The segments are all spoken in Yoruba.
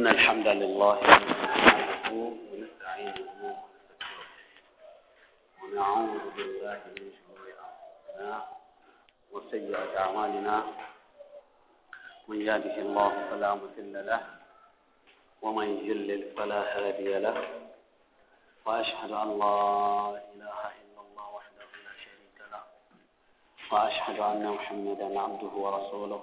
إن الحمد لله ونستعينه ونعوذ بالله من شرور أنفسنا وسيئة أعمالنا من يهده الله فلا مثل له ومن يضلل فلا هادي له وأشهد أن لا إله إلا الله وحده لا شريك له وأشهد أن محمدا عبده ورسوله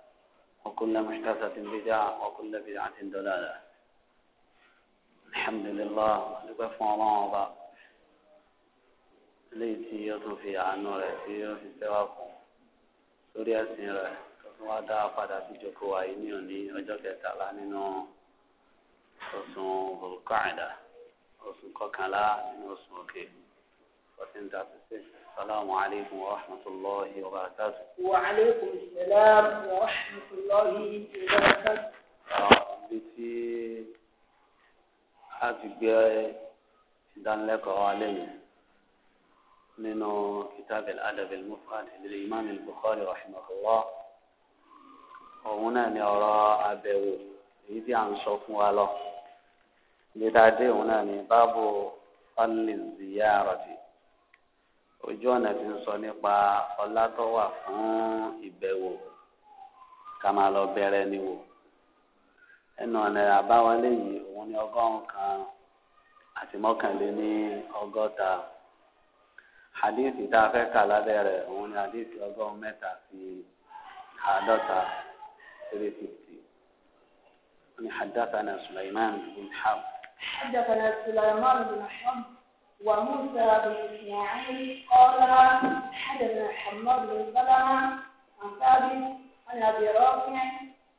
وكل محدثة بدعة وكل بدعة ضلالة الحمد لله لقف الله léyìí yóò fi àánú rẹ̀ tí yóò fi fẹ́ wá fún lórí ẹ̀sìn rẹ̀ tó wá dá padà sí ìjókòó wa yìí ní òní ọjọ́ kẹtàlá nínú oṣù olùkọ́ àìdá oṣù kọkànlá nínú oṣù òkè fourteen thirty six. السلام عليكم ورحمة الله وبركاته وعليكم السلام ورحمة الله وبركاته ibi tí a ti gbé ìdánilẹ́kọ̀ọ́ alẹ́ yìí nínú kitab al-adab al-mufrad lil-imam al-bukhari rahimahullah òun náà ni ọ̀rọ̀ àbẹ̀wò èyí tí a ń sọ fún wa lọ gbẹdàdé òun náà ni báàbò fadli ziyarati ojú ọ̀nà tí ń sọ nípa ọlá tó wà fún ìbẹ̀wò ká máa lọ bẹ̀rẹ̀ ni wò ẹnu ọ̀nà àbáwọlé yìí òun ni ọgọ́rùn-ún kan àti mọ́kànléní ọgọ́ta hadithi tá a fẹ́ kà lábẹ́ rẹ̀ òun ni hadithi ọgọ́rùn-ún mẹ́ta sí àádọ́ta three fifty ni hadathana Sulaiman bin Harb. hadathana Sulaiman bin Harb. وموسى بن إسماعيل قال حدثنا حماد بن سلمة عن ثابت عن أبي رافع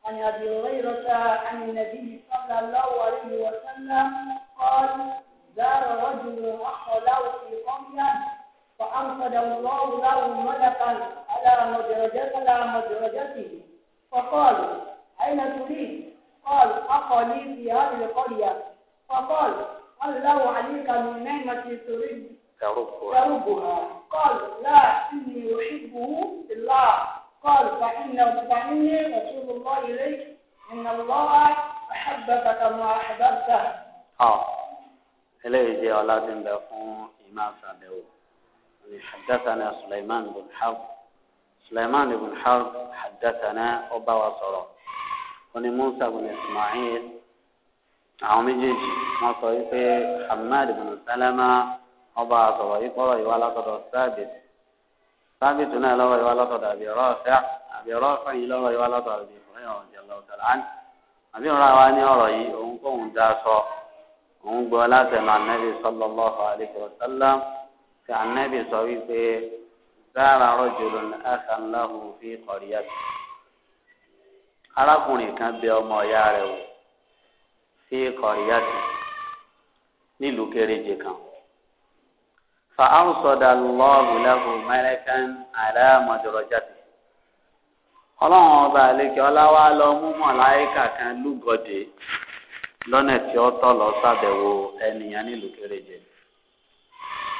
عن أبي هريرة عن النبي صلى الله عليه وسلم قال دار رجل أخ له في قرية فأنقذ الله له ملكا على مدرجة على مدرجته فقال أين تريد؟ قال أخ لي في هذه القرية فقال الله عليك من نعمة ترد تربها قال لا إني أحبه الله قال فإنه فإني رسول الله إليك إن الله أحبك كما أحببته آه إليه جاء الله دين بأخون إمام صدقه حدثنا سليمان بن حرب سليمان بن حرب حدثنا أبا وصرا وني موسى بن إسماعيل àwọn méjèèjì wọn sọ wípé Hamad bin Salama ọba àtọ̀wọ̀ yìí kọ́rọ̀ ìwà látọ̀dọ̀ sábẹ̀ sábẹ̀ tó náà lọ́wọ́ ìwà látọ̀dọ̀ àbí rọ́ọ̀fẹ́ àbí rọ́ọ̀fẹ́ yìí lọ́wọ́ ìwà látọ̀dọ̀ àbí ìfọ̀rẹ́yìn ọ̀jẹ̀ lọ́tọ̀lá àbí ọ̀rọ̀ àwa ní ọ̀rọ̀ yìí òun kóun dá sọ òun gbọ́ láti ẹ̀nà ànẹ́bí sallallahu alaihi wasallam tí ànẹ́bí sọ wípé zára rajulun akhan lahu fi qaryati arákùnrin kan bẹ ọmọ ọ̀yá rẹ̀ wò fi kọ̀ríyàtì nílùú kan. fàáhùsọ̀dà lọ́ọ̀rù lẹ́hùn mẹ́rẹ́kán àlàmọ̀dọ̀rọ̀jáde. ọlọ́run ọba àlekè ọláwá lọ mú mọ̀láyíkà kan lúgọ̀dé lọ́nà tí ó tọ́ lọ nílùú kéréje.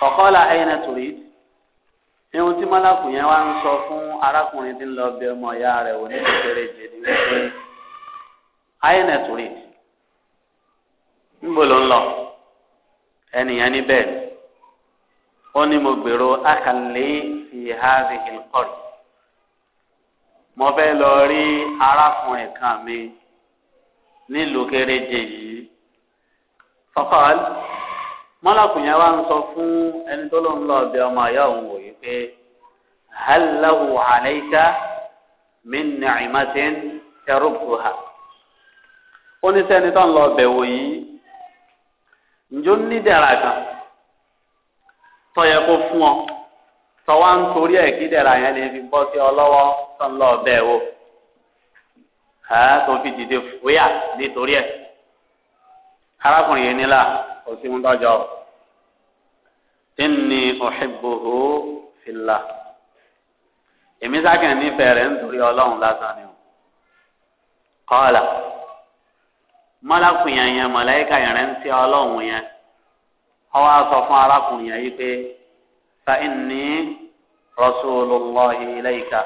ọ̀kọ́lá ihun tí mọ́lákù yẹn sọ fún arákùnrin tí ń lọ bí ọmọ ìyá níbo ló ń lọ ẹnìyàn níbẹ̀ ó ní mo gbèrò àkàlẹ́ ìhàrí ìkọ̀rì mo fẹ́ lọ rí arákùnrin kan mi nílùú kéréje yìí fọkàn mọ́làkùnyẹn wa ń sọ fún ẹni tó ló ń lọ ọbẹ̀ ọmọ ayé òun wòye pé hàlàwù àlẹ́ká mi nìcìmá ti ń tẹrù bùhà ó ní sẹ́ni tó ń lọ ọbẹ̀ wòye ǹjọ́ ní dẹ̀ra kan tọ́yẹ kó fún ọ tọ́wá ń torí ẹ̀ kí dẹ̀ra yẹn lè fi bọ́ sí ọ lọ́wọ́ tó ń lọ bẹ́ẹ̀ wò ẹ̀ tó fi dìde fúyà nítorí ẹ̀ arákùnrin yìí nílà kò sí ń dọ́jọ́ inni uhibbuhu fillah èmi sákẹ̀ nífẹ̀ẹ́ rẹ̀ nítorí ọlọ́run lásán ni o kọ́ọ̀là. Mala yẹn yẹn mọ̀láyíkà yẹn rẹ̀ ń ṣe ọlọ́run yẹn ọwọ́ aṣọ fún arákùnrin yẹn yìí pé ilayka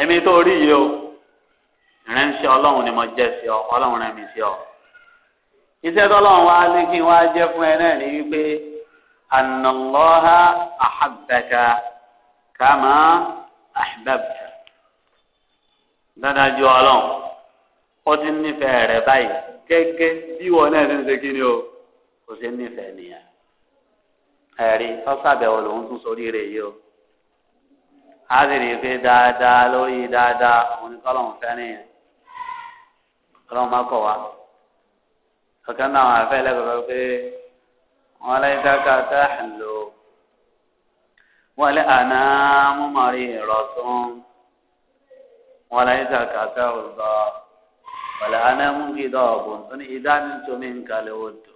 èmi tó rí yìí o rẹ̀ ń ṣe ọlọ́run ni mo jẹ́ sí ọ ọlọ́run rẹ̀ mi sí ọ. iṣẹ́ tọ́lọ́run wá ní kí n ẹ náà wípé kama dáadáa ju ọlọ́run. ó ti nífẹ̀ẹ́ rẹ̀ báyìí gẹ́gẹ́ bí wọn náà ti ń ṣe kíni o kò ṣe nífẹ̀ẹ́ nìyẹn ẹ̀rí ọ̀sàbẹ̀wò lòún tún sórí rẹ̀ yìí o á sì rí i pé dáadáa lórí dáadáa òun ni kọ́lọ́hún fẹ́ nìyẹn kọ́lọ́hún má kọ̀ wá ọ̀kan náà àwọn afẹ́ lẹ́kọ̀ọ́ pé wọ́n lé dáká táàlù wọ́n lé àná múmọ́rí ìrọ̀tún wọ́n lé dáká táàlù bọ́ọ̀ wàlẹ̀ anámú kí dọ̀ ọ̀bùn tó ní ìdánitòmí nkàlẹ̀ wòdò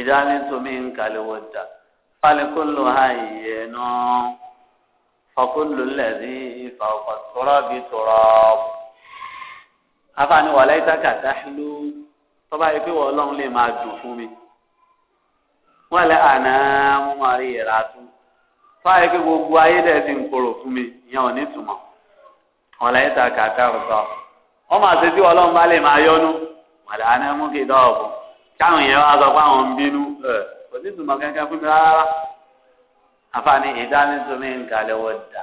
ìdánitòmí nkàlẹ̀ wòdà falikulu ha yẹnu fakulu lẹ́dí ìfàkọ̀tọ́rọ̀ bí tọrọ. afaani wàlẹ̀ ìtàkà dáhìlú tọ́ba yìí pé wọ́n lọ́n lè máa dùn fún mi wọ́n lẹ́ anámú máa rí yẹra tún fáyé pé gbogbo ayé dẹ̀ ti ń korò fún mi ìyẹn ò ní túmọ̀ wàlẹ̀ ìtàkà dáhìlú tọ́ wọ́n máa ṣe tí ọlọ́run bá lè máa yọnu màdà á náà mú kí dọ́ ọ̀fọ̀ káwọn èèyàn wá sọ pé àwọn ń bínú kò sí ìtumọ̀ kankan fún mi rárá àfààní ìdánisọ́mí nkàlẹ́ wọ́n dà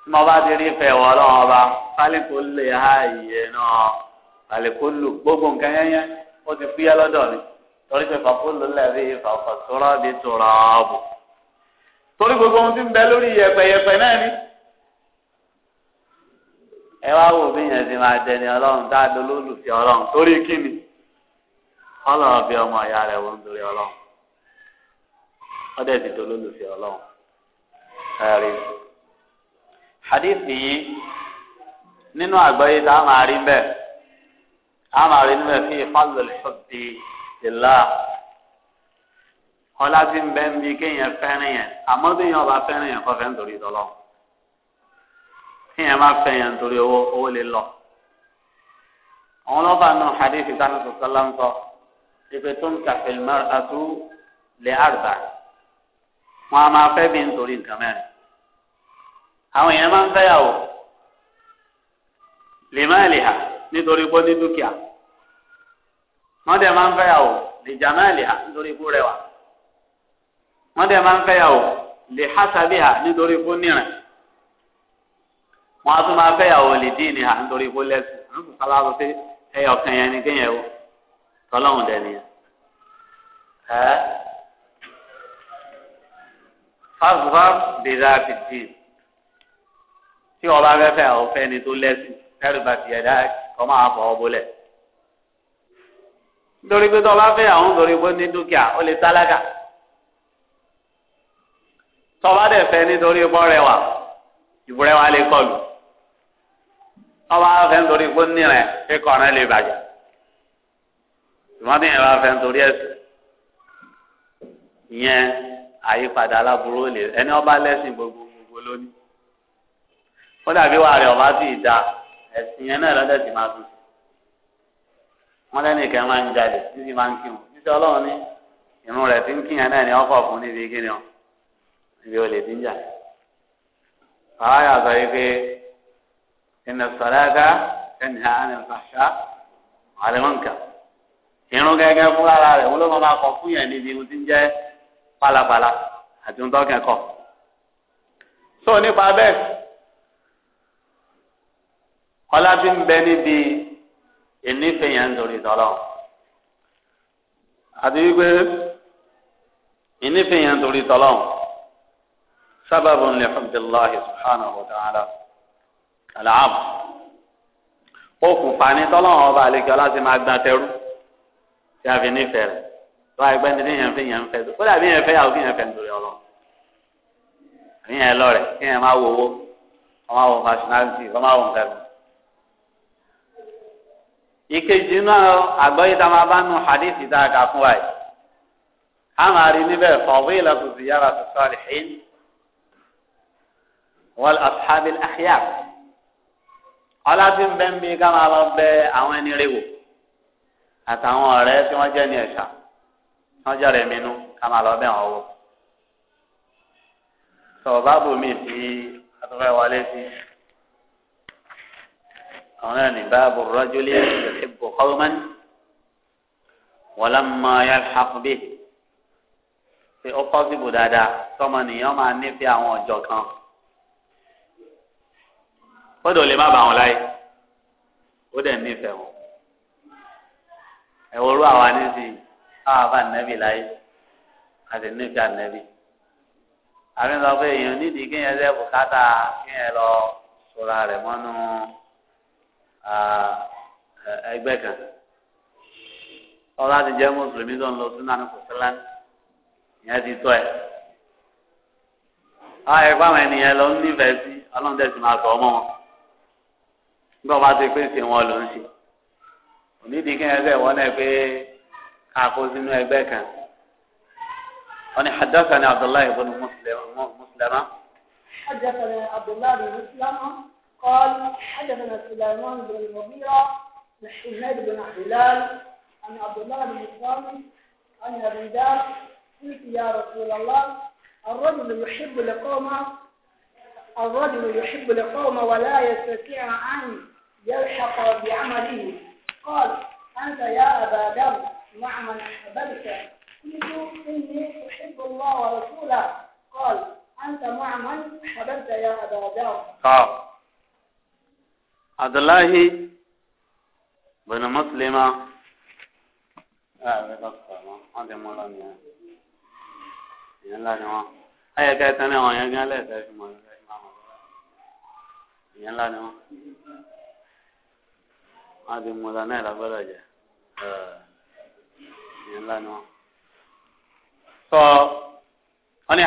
tí mo bá ti rí ìfẹ́ wọ ọlọ́run ọba fálíkò lè ha ìyẹn náà fálíkò lù gbogbo nǹkan yẹn ó ti fúyẹ́ lọ́dọ̀ mi torí pé fàkó ló lẹ́rí fàkó tóró bí tóró bù torí gbogbo ohun tí ń bẹ lórí yẹ̀pẹ̀yẹ̀pẹ̀ náà ni ẹ wá wò bí yẹn ti máa dẹni ọlọ́run tá a lọ lólùfẹ́ ọlọ́run torí kíni ọlọ́run fi ọmọ ìyá rẹ̀ wọ́n torí ọlọ́run ọdẹ ti tó lólùfẹ́ ọlọ́run ẹ̀rí. hadith yìí nínú àgbáyé tá a máa rí bẹ́ẹ̀ a máa rí níbẹ̀ fi fadlul hubbi lillah ọlá ti ń bẹ́ẹ̀ bí kéèyàn fẹ́ràn yẹn àmọ́ bí yẹn ọba fẹ́ràn yẹn kọ́ fẹ́ ń torí ọlọ́run kéèyàn má fẹ́ yẹn nítorí owó owó lè lọ. àwọn ọlọ́fà náà hadith ìdáná sọ sọ́lá ń sọ ìpè tó ń kàfé àtú lè àrùbá wọn a máa fẹ́ bí nítorí nǹkan mẹ́rin. àwọn èèyàn máa ń fẹ́yàwó lè má lè hà nítorí pé ó ní dúkìá wọ́n dẹ̀ máa ń fẹ́yàwó lè jàmá lè nítorí ikú rẹwà wọ́n dẹ̀ máa ń fẹ́yàwó lè hásábíhà nítorí ikú nírìn wọn a tún máa fẹ́ yàwó lè dín ní àtúntorí kó lẹ́sìn àwọn kò kálá lọ sí ẹyọ kan yẹn ni kéèyàn wò tọ́lọ́hùn dẹ̀ nìyẹn. fásitì bèèrè àfìdí tí ọba fẹ́fẹ́ àwọn fẹ́ni tó lẹ́sìn kẹrù bá ti ẹ̀dá kọ́ máa fọ ọ bólẹ̀. nítorí pé tọ́ba fẹ́ àwọn torí pé ní dúkìá ó lè tálákà tọ́ba dẹ̀ fẹ́ nítorí pọ́ rẹwà ìbúrẹ́wà lè kọlù ọba afẹ́ nítorí kó nírẹ̀ kíkọ́ rẹ̀ lè bàjẹ́ tùmọ́tì yẹn bá fẹ́ nítorí ẹ̀sìn yẹn àyípadà aláburú lè ẹni ọba lẹ́sìn gbogbo gbogbo lónìí ó dàbí wàá rẹ̀ ọba sì da ẹ̀sìn yẹn náà lọ́dẹ̀ sì máa tún wọn lẹ́nu ìkẹ́ máa ń jalè títí máa ń kírun títí ọlọ́run ní ìrun rẹ̀ ti ń kíyàn náà ní ọkọ̀ fún níbi kíni ọ níbi olè ti ń jà. bàbá yà sọ yìí pé. إن الصلاة تنهى عن الفحشاء وعن المنكر irun gẹ́gẹ́ fúnra ara rẹ̀ wọn ló máa kọ fún yẹn níbi ohun tí ń jẹ́ pálapàla àti ohun tó kẹ́kọ̀ọ́ so nípa bẹ́ẹ̀ ọlá bí ń bẹ níbi ìnífẹ̀yàn nítorí tọ́lọ́ àti wípé ìnífẹ̀yàn nítorí sábàbùn li hubbillahi subhanahu wa ta'ala àlàáfù okùnfà ní tọ́lọ́wọ́n ọba àlejò aláṣẹ máa gbọ́n tẹrú tí a fi nífẹ̀ẹ́ rẹ̀ tó àgbẹ̀ ní yẹn fi yẹn fẹ́ kó dàbí yẹn fẹ́ yàwó kí yẹn fẹ́ nítorí ọlọ́ àbí yẹn lọ rẹ̀ kí yẹn máa wo owó kọ́ máa wo fashionality kọ́ máa wo nǹkan mi. ìkejì náà àgbọ̀yé tá a máa bá nu hadith tá a fún wa yìí a máa rí níbẹ̀ fọ̀wé ìlàkùn ziyara sọ̀rọ̀ wal ashabil akhyar ọlátí ń bẹ ń bí ká máa lọ bẹ àwọn ẹni rẹ wò àtàwọn ọ̀rẹ́ tí wọ́n jẹ́ ní ẹ̀ṣà wọ́n jẹ́ rẹ̀ mínú ká máa lọ bẹ wọn wò. sọ̀rọ̀ báàbò mi tí atúfẹ́ wọlé sí àwọn náà ní báàbò rọ́júlé ìbò kọ́wọ́mán wọ́lámọ́ yálhàkú bíi ṣe ó pọ́sibù dáadáa tọmọ nìyẹn máa nífẹ̀ẹ́ àwọn ọjọ́ kan kọ́dọ̀ lè má bà wọn láyé ó dẹ̀ nífẹ̀ẹ́ wọn ẹ̀wọ̀n rú àwa nísìnyí káwá bá nẹ́bí láyé àti nífẹ̀ẹ́ ànẹ́bí àmì sọ pé èèyàn nídìí kí yẹn lẹ́ bùkátà kí yẹn lọ sọ̀rọ̀ rẹ̀ mọ́nú ẹgbẹ́ kan ọlá ti jẹ́ mùsùlùmí tó ń lọ sínú àná kò sílẹ̀ ìyẹn ti tọ́ ẹ̀ àwọn ẹ̀fọ́ àwọn ènìyàn lọ ń nífẹ̀ẹ́ sí ọlọ́run tẹ̀sí máa sọ ọmọ wọn gbọ́ bá ti pé ṣe wọn ló ń ṣe onídìí kí ẹ sẹ́wọ́n náà pé káàkó sínú ẹgbẹ́ kan wọ́n ní hadassani abdullahi ibn muslima. hadassani abdullahi ibn muslima قال حدثنا سليمان بن المغيرة عن حماد بن هلال عن عبد الله بن صامت عن ابي ذر قلت يا رسول الله الرجل يحب لقومه الرجل يحب القوم ولا يستطيع أن يلحق بعمله قال أنت يا أبا ذر مع نعم، من أحببت قلت إني أحب الله ورسوله قال أنت مع من أحببت يا أبا ذر عبد الله بن مسلمة آه، نعم. لا لا لا لا لا أنا لا لا لا لا ìyẹn ńlá ni wọn wọn ti mú lọ náà lágbọ́dọ̀ jẹ ìyẹn ńlá ni wọn. sọ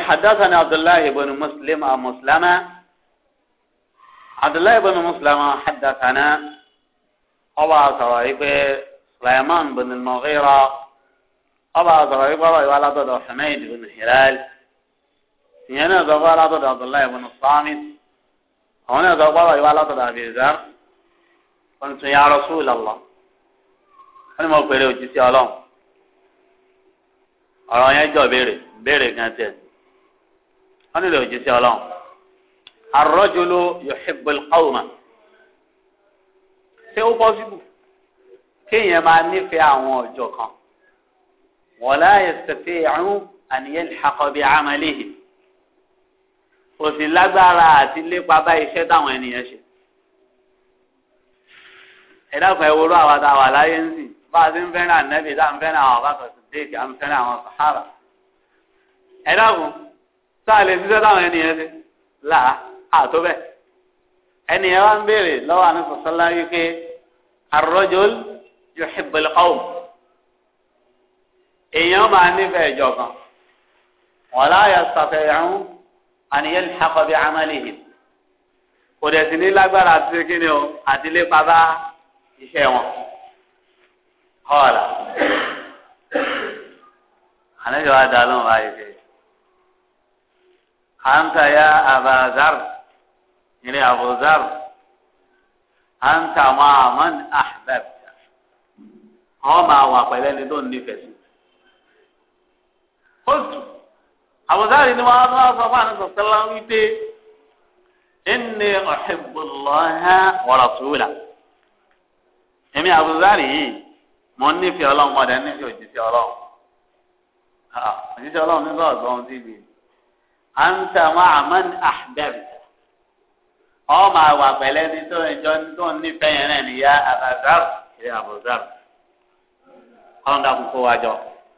حدثنا عبد الله بن مسلم أو مسلمة عبد الله بن مسلمة حدثنا أبا سرايب سليمان بن المغيرة أبا سرايب رأي على حميد بن هلال ìyẹn náà sọ fún alátọ̀dọ̀ àwọn náà sọ gbọ́dọ̀ yìí wá látọ̀dọ̀ àbẹ̀zá wọn tún yà rọ́sùn lọ́lọ́ wọn ni mo pèrè òjíṣẹ́ ọlọ́run ọ̀rọ̀ yẹn jọ béèrè béèrè gan tẹ̀ wọn nílò òjíṣẹ́ ọlọ́run arọ́júlù yuhibbul qawma ṣé ó pọ́sibù kéèyàn máa nífẹ̀ẹ́ àwọn ọ̀jọ̀ kan wọ́n láyé sẹ́fẹ̀ẹ́ àrùn àníyàn ìhàkọ́ bíi àmàlẹ́yìn kò sì lágbára àti lépa bá iṣẹ́ táwọn ènìyàn ṣe. ẹ dákun ẹ wúrọ àwọn àtàwọn àláyé ń sìn bá a ti ń fẹ́ràn ànẹ́bí tá à ń fẹ́ràn àwọn ọba kọ̀ọ̀sì déèkì à ń fẹ́ràn àwọn sàhárà. ẹ dákun lè ṣiṣẹ́ táwọn ènìyàn ṣe là á tó bẹ́ẹ̀. ènìyàn wá ń béèrè lọ́wọ́ àná sọ̀sọ́lá wípé ar-rajul yuhibbul qawm èèyàn máa nífẹ̀ẹ́ ìjọ àníyàn ṣàkọ bí amálihìn kò dẹ̀ sí ní lágbára àti kíni o àti lépa bá iṣẹ́ wọn. ọ̀la àníjọ wa dàlú wa yìí anta ya abazar ilé abuzar anta máa man ahbab ọ máa wà pẹ̀lẹ́ni tó nífẹ̀ẹ́ sí àbùdáàrí ni wọ́n á sọ fún àná sọ̀tẹ́lá wípé ẹnì ọ̀hìnbùlọ́hà wọ̀rọ̀sùwìlà èmi àbùdáàrí yìí mo nífẹ̀ẹ́ ọlọ́run mọ́dẹ nífẹ̀ẹ́ òjíṣẹ́ ọlọ́run òjíṣẹ́ ọlọ́run nígbà ọ̀gbọ́n ti di àǹtà máa man àbẹ̀rẹ̀ ọ máa wà pẹ̀lẹ́ ní tó ìjọ tó nífẹ̀ẹ́ yẹn náà níyà àbàzàrù ìyá àbùdáàrù kọ́ńdà kúkú wájọ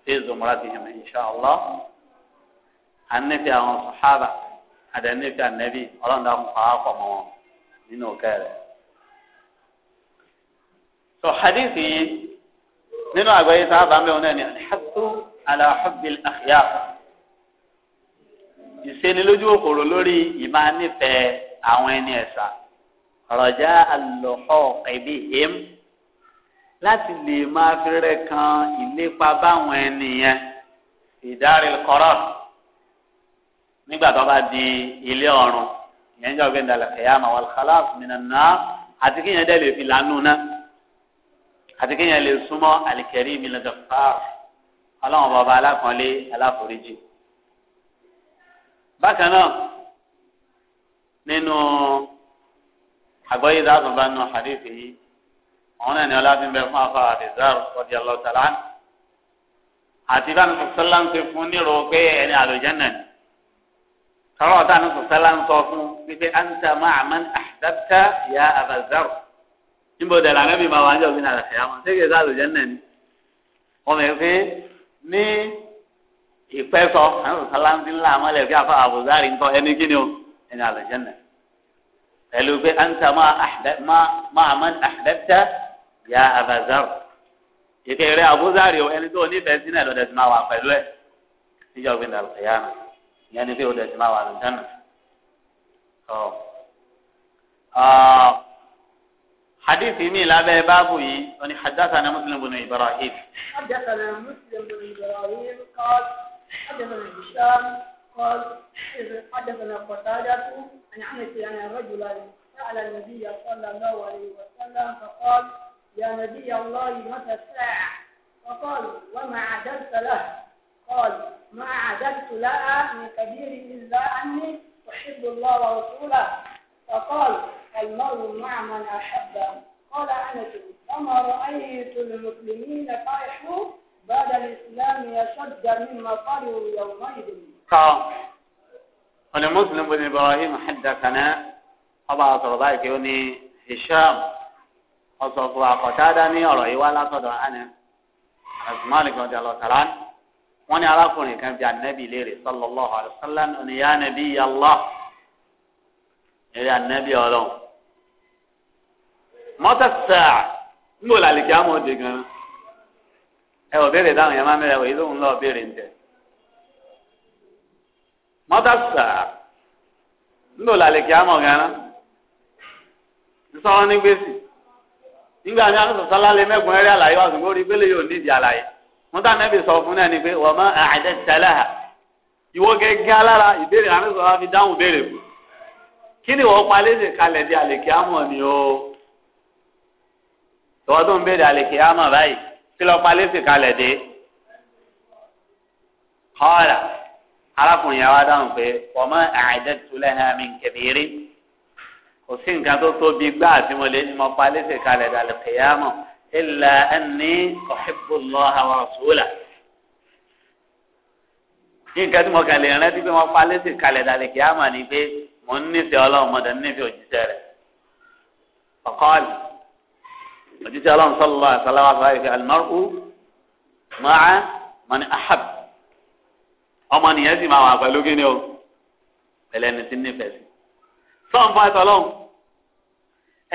ṣé zòmùrà ti yẹn mọ́ inṣàlá anabi àwọn sàhábà àti anabi anabi ọlọ́run dàkún fàá pọ̀ mọ́ wọn nínú òkè rẹ̀. sọ hadith yìí nínú àgbáyé sábà mẹ́wọ̀n náà ni alḥadu ala hubbil akhyar ìṣenilójú òkòrò lórí ìmáa nífẹ̀ẹ́ àwọn ẹni ẹ̀sà rọ̀já àlọ́kọ̀ ẹ̀bí him láti lè máa fi kan ìlépa báwọn ẹni yẹn ìdárí nígbà tó bá di ilé ọ̀run ìyẹn jọ gbẹ̀ndà lẹ́kẹ̀yàmà wal khalas minan nar àti kéèyàn dẹ́ lè fi lánú náà àti kéèyàn lè súnmọ́ al-karim al-ghaffar ọlọ́run bọba alákànlé aláforíjì. bákan náà nínú àgbọ̀yé dáàbò bá nù hadith yìí àwọn ènìyàn láti bẹ fún afa àdìsáró ọdí ọlọ́tàlá àti bá nù sọ́lá ń pè fún nírò pé ẹni àlùjànnà ni àwọn ọ̀tá ní sọ̀sálà ń sọ fún wípé anta máa man ahbabta ya abazar níbo dẹ̀ lànà bí màá wà níjọ́ bínú àlàkà yà wọn ṣéke sáà lòjẹ́ nà ni wọn mẹ̀ pé ní ìpẹ́ sọ àwọn sọ̀sálà ń dín láàmú ẹlẹ́ bí afọ àbùzárì ń tọ́ ẹni kí ni o ẹni àlàjẹ́ nà pẹ̀lú pé anta máa man ahbabta ya abazar ìkẹrẹ àbùzárì o ẹni tó ní bẹ́ẹ̀ sínú ẹ̀ lọ́dẹ̀ tí máa wà pẹ̀lú ẹ̀ níjọ́ bínú àlàkà yà náà. يعني ni pé o dẹ̀ ti máa wà حديث يميل لابا بابوي أني يعني حدثنا مسلم بن إبراهيم حدثنا مسلم بن إبراهيم قال حدثنا هشام قال حدثنا قتادة أن عمت عن رجلا سأل النبي صلى الله عليه وسلم فقال يا نبي الله متى الساعة فقال وما عدلت له قال ما عددت لها من كبير إلا أني أحب الله ورسوله فقال المرء مع من أحب قال أنس وما رأيت المسلمين فرحوا بعد الإسلام أشد مما فرحوا يومئذ أنا مسلم بن إبراهيم حدثنا أبا عليه وسلم هشام أصف وقتادني أرأي ولا صدر أنا أسمالك رضي الله تعالى wọ́n ni arákùnrin kan bí anabi léèrè sallallahu alayhi wa sallam oníyà ya yàlla eré anabi ọlọ́run mọ́tàsá ńgbò làlìkí àmọ́ òde gan ẹ ò béèrè dáhùn yẹn máa mẹ́rẹ̀ wòye lóhùn lọ́ọ́ béèrè ń tẹ̀ mọ́tàsá ńgbò làlìkí àmọ́ gan nígbèsì nígbà mi àwọn sọ̀sọ́ lálẹ́ eré àlàyé wa orí gbélé yóò nídìí àlàyé. wọn tà nẹbi sọ fún náà ni pé wọn máa àdẹ tẹlẹ ha ìwọ gẹ́gẹ́ alára ìbéèrè àmì sọ wá fi dáhùn béèrè fún kí ni wọn palẹ ní kalẹ di àlèkè àmọ ni o tọwọ tó ń béèrè àlèkè àmọ báyìí kí lọ palẹ sí kalẹ dé kọ́ọ̀dà arákùnrin yà dáhùn pé wọn máa àdẹ tẹlẹ ha mi kẹbìrì kò sí nǹkan tó tóbi gbáà tí mo lè ní mo palẹ sí kalẹ di àlèkè إلا أني أحب الله ورسوله nǹkan tí mo kàn lè rántí pé wọ́n palẹ́ sí kalẹ̀ dalẹ̀ kí á mà ní pé mo ń nífẹ̀ẹ́ ọlọ́run mọ̀dà ń nífẹ̀ẹ́ òjíṣẹ́ rẹ̀ ọ̀kọ́ọ̀lì òjíṣẹ́ ọlọ́run sọ́lọ́ àṣàláwà sọ́wọ́ ìfẹ́ alimọ́rú máa mọ̀ni ahab ọmọ nìyẹn sì máa wà pẹ̀lú kíni o pẹ̀lú ẹni tí nífẹ̀ẹ́ sí. sọ́ọ̀n fún ẹ̀tọ́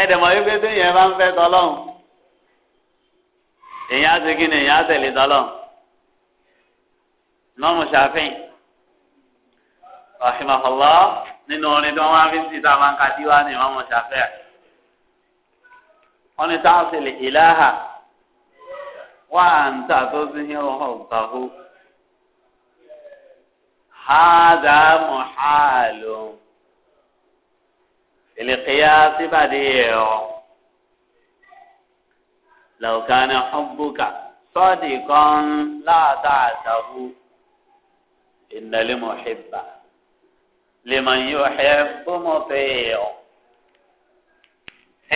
ẹ̀dẹ̀mọ̀ yóò gbé èyàn á ti kí ni èyàn á tẹ̀lé tọ́lọ̀ nọ́ọ̀mù ṣàfihàn rahimahullah nínú orin tí wọ́n máa fi ń sìta máa ń ka díwá ni wọ́n mọ̀ ṣàfihàn wọ́n ní sáàsìlì ìlàhà wà á ń tà tó sí hírò ọ̀gbàhó hádà mọ̀hálù ìlẹ̀kẹ́yà síbàdí ẹ̀rọ làwùkánì ọ̀bùkà sọ́ọ̀dì kan láàtà àtàwù ìnàlẹ́mọ̀ ṣẹ̀bà lèmọ̀ yóò ṣẹ́ fúnmọ̀fẹ́ ọ̀.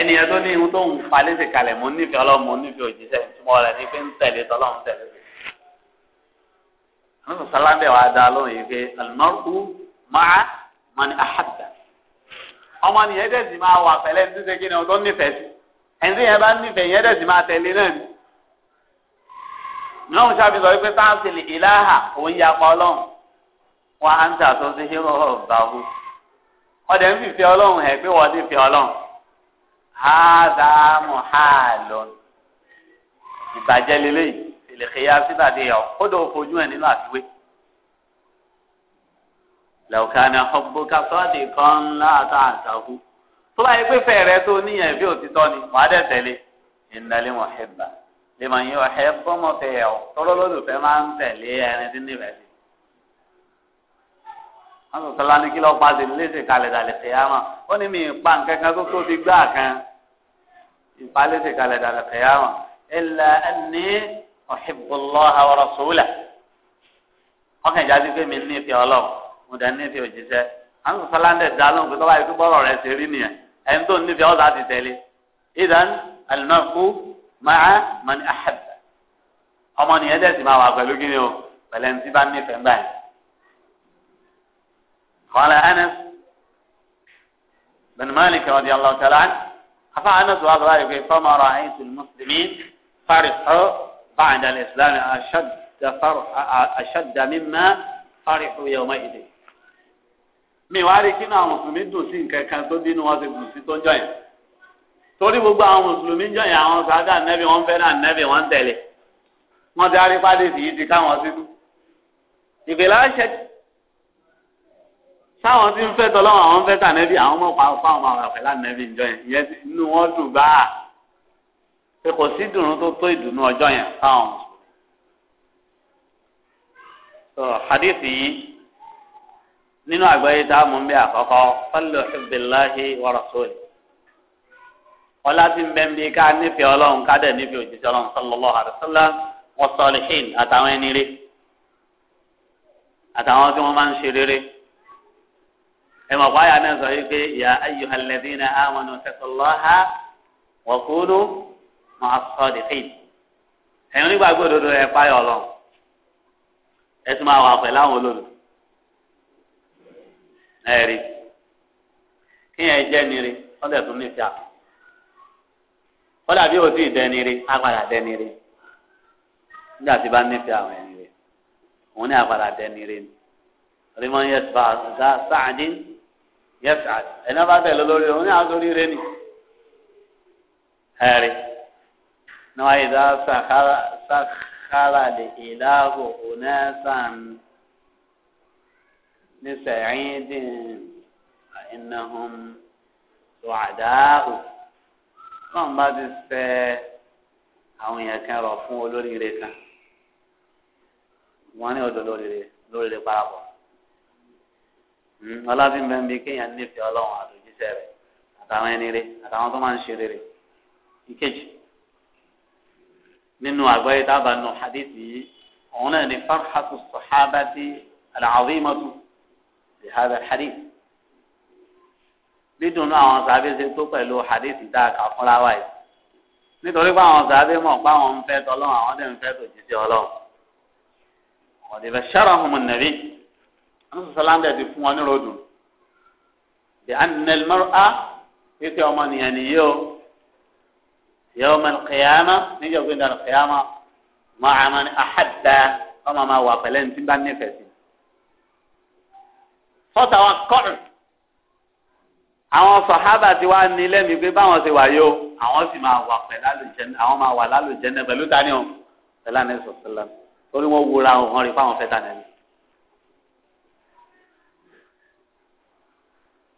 ẹnìyẹn tó ní ihun tó ń fa léṣe kalẹ̀ mọ́ nífẹ̀ẹ́ ọlọ́run mọ́ nífẹ̀ẹ́ òjíṣẹ́ ìtumọ̀ rẹ̀ ní pé ń tẹ̀lé tọ́lọ́run tẹ̀lé. àwọn sàlámẹ̀ wa dá lóhùn yìí pé alimọ́rùkù máa mọ́ni àhàtà ọmọ nìyẹn tẹ̀sí máa wà pẹ̀lẹ́ ní ẹni tí yẹn bá nífẹ̀ẹ́ yẹn dẹ̀ sì máa tẹ̀lé náà ni. náà ń ṣàfihàn wípé sáàsìlì ìláhà òun ya pa ọlọ́run wọn á ń tà tó ṣe hírò ọ̀bàwù ọdẹ ń fìfẹ́ ọlọ́run ẹ̀ pé wọ́n ti fi ọlọ́run hádàámù hàlọ́ ìbàjẹ́ lélẹ́yìí ìlẹ̀kẹ̀yà síbàdí ọ̀ kódò fojú ẹ̀ nínú àfiwé. lẹ́wọ̀n kan ní ọgbó kásọ́ọ̀dì kan láàtà àtàkù tó bá yẹ pé fẹ́ rẹ tó níyàn bí òtítọ́ ni wàá dẹ̀ tẹ̀lé ìnàlẹ́ wọn ẹ̀ bá lè máa yọ ẹ̀ bọ́mọ fẹ́ yà ọ́ tọ́lọ́ lọ́dọ̀fẹ́ máa ń tẹ̀lé ẹni tí níbẹ̀ sí. wọ́n sọ sọ́lá ní kí lọ́ọ́ pa sí léṣe kalẹ̀ dàlẹ́ fẹ́yàmà ó ní mi ìpa nkankan tó tóbi gbá kan ìpa léṣe kalẹ̀ dàlẹ́ fẹ́yàmà ẹ̀là ẹni ọ̀hìbùlọ́ àwọ̀rọ̀ sùúlà ọkàn ìjà sí mi ní ìfẹ́ ọlọ́run mo dẹ̀ ní ìfẹ́ òjíṣẹ́ àwọn sọ́lá ń dẹ̀ dá pé tọ́ba yìí tó ṣe rí nìyẹn عندهم النبي وضع ذلك اذا المرق مع من احب امان يدز ما وقالوا جنيو بل انسيب عني فنبان قال انس بن مالك رضي الله تعالى عنه حفا انس وقال رأيك فما رأيت المسلمين فرحوا بعد الاسلام اشد فرح اشد مما فرحوا يومئذ mi wá rí kí náà mùsùlùmí dùn sí nǹkan kan tó dínú wọn ti dùn sí tó jọyìn torí gbogbo àwọn mùsùlùmí jọyìn àwọn sàádà nẹ́bí wọn fẹ́ náà nẹ́bí wọn tẹ̀lé wọn ti arí pàdé yìí ti káwọn sínú ìfèlè àṣẹ sáwọn tí ń fẹ́ tọ́lọ́wọ́ àwọn fẹ́ tànẹ́bí àwọn ọmọ pa fáwọn ọmọ àwọn àfẹ́lá nẹ́bí jọyìn ìyẹn inú wọn dùn gbáà pé kò sí ìdùnnú tó tó ìdùnnú ọjọ́ yẹn fáwọn mùsùlùmí nínú àgbáyé tá a mú bí àkọ́kọ́ fọlọ ìbíláhi wàrasọlì ọlá tí ń bẹ bí ká nífẹ̀ẹ́ Ọlọ́run ká dẹ̀ nífẹ̀ẹ́ òjijì Ọlọ́run sallallahu alaihi wasallam wọn sọlẹ hìn àtàwọn ẹni rí àtàwọn tí wọn máa ń ṣe rere ẹ mọ̀ báyà náà sọ yìí pé ya ayyuhal ladhina amanu taqullaha wa kunu ma'as sadiqin ẹ̀yin onígbàgbọ́ òdodo ẹ̀ páyọ̀ Ọlọ́run ẹ tún máa wà pẹ̀lú àwọn olódodo. ẹ̀rí kíyàn jẹ́ niri tún ní fíà dẹ́ niri agbára dẹ́ nígbà tí bá ní fíà òun ní agbára dẹ́ ni yẹ fà zá sáàdì yẹ bá tẹ̀lé lórí òun ní àtúrí ni ẹ̀rí níwáyé ìdáàbò òun sàn. لسعيد فإنهم سعداء wọn bá ti fẹ́ àwọn èèyàn kan rọ fún olóríire kan wọn ní ọ̀dọ̀ lóríire lóríire parapọ̀ hmm, ọlọ́bìn bẹ́ẹ̀ bíi kéèyàn nífẹ̀ẹ́ ọlọ́run àtòjíṣẹ́ rẹ̀ àtàwọn ẹni rẹ̀ àtàwọn tó máa ń ṣe rere ìkejì nínú àgbáyé tábà nù hadith yìí òun náà ní farhatu sahabati al-azimatu ìhàdà hadith dídùnú àwọn sàbẹ̀ ṣe tó pẹ̀lú hadith tá a kà fúnra wa yìí nítorí pé àwọn sàbẹ̀ mọ̀ pé àwọn ń fẹ́ tọ́lọ́run àwọn dẹ̀ ń fẹ́ tó jíjẹ́ ọlọ́run ọ̀dẹ̀bẹ̀ ṣẹ́rọ̀ ọ̀hún mọ̀nẹ́bí ọ̀nà sàlámbẹ̀ ti fún wọn ní ròdù bí anilmọ́rọ́ á pípẹ́ ọmọ nìyẹn nìyí o yẹ́wọ́ mẹ́rin kìyàmá níjọ́ gbé dàrú kìyàmá mọ́ àmọ́ ni àhàdà ọmọ máa wà pẹ̀lẹ́ ní tí bá nífẹ̀ẹ́ sí fọ́tà wa kọ́rù àwọn sọ̀hábà ti wá ní lẹ́mìí pé báwọn ṣe wà yóò àwọn sì máa wà pẹ̀lú àlùjẹ́nà àwọn máa wà lálùjẹ́nà pẹ̀lú tani o pẹ̀lú àná sọ̀sọ́lá torí wọ́n wúra wọn rí fáwọn fẹ́ tani ẹni.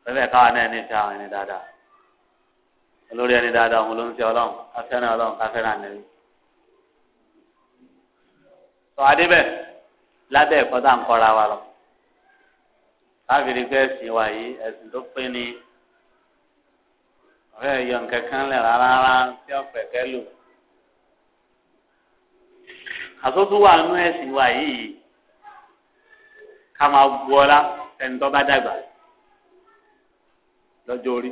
pẹ̀lú káwa náà ní ìfẹ́ àwọn ẹni dáadáa olórí ẹni dáadáa òun ló ń fi ọlọ́run káfẹ́ràn ọlọ́run káfẹ́ràn ànẹ́rí. sọ adébẹ̀ lábẹ́ ẹ̀kọ́ tá à ń kọ́ra wa lọ káfíìrì pé ẹ̀sìn wa ẹ̀sìn tó pín ni ọ̀rẹ́ yọ nǹkan lẹ̀ rárá tí ọ̀pẹ̀ kẹ́lù. àtúntò wà nú ẹ̀sìn wa yìí ká máa bu ọlá ẹni tó bá dàgbà lọ́jọ́ orí.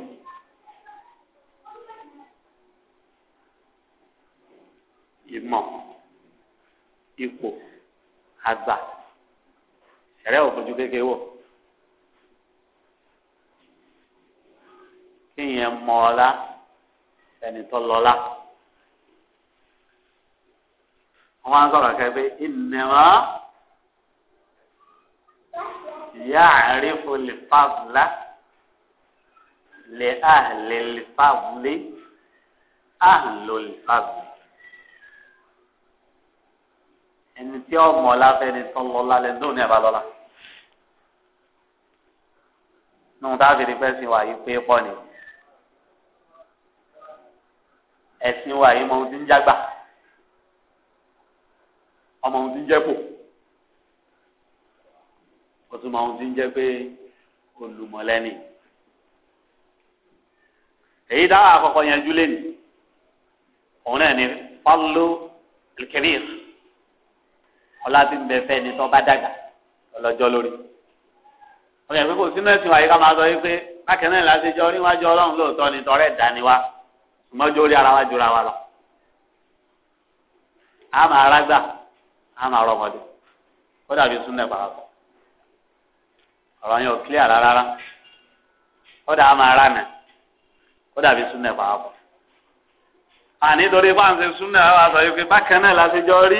ìmọ̀ ipò àgbà ẹ̀rẹ́ òfojú kékeré wọ̀. kéèyàn mọ ọlá ẹni tó lọlá wọn á sọ̀rọ̀ kẹ pé ìnìmọ ìyá àrífò lè fàbùlà lè àlè lè fàbùlé àlò lè fàbùlé ẹni tí ó mọ ọlá tó lọlá lẹni tó ní ẹ bá lọlá nù tá pẹ́ sí wàá pé pọ́ nìyí. ẹ̀sìn wa yìí mọ ohun tí ń jágbà ọmọ ohun tí ń jẹ́pò ó tún mọ ohun tí ń jẹ́ pé olùmọ̀lẹ́ni èyí dáhà àkọ́kọ́ yanjú lẹ́nu òun náà ni pálọ́ kìrìs ọlá tí ń bẹ fẹ́ ni tó bá dàgbà ọlọ́jọ́ lórí ọ̀rẹ́ pé kò sínú ẹ̀sìn wa yìí ká máa sọ wípé mákẹ́rẹ́ láti jọ níwájú ọlọ́run lóòótọ́ ni tọrẹ ìdániwá. mọ́jú orí ara wa jura wa lọ. a máa rágbà a máa rọmọdé ó dàbí súnlẹ̀ pàápàá ọ̀rọ̀ yẹn ò clear rárá ó dà a máa rà nà ó dàbí súnlẹ̀ pàápàá. àní torí fáǹsì súnlẹ̀ wa sọ yìí pé bákan náà la jọ rí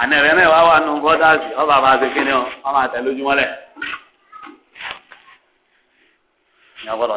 àní náà wá wà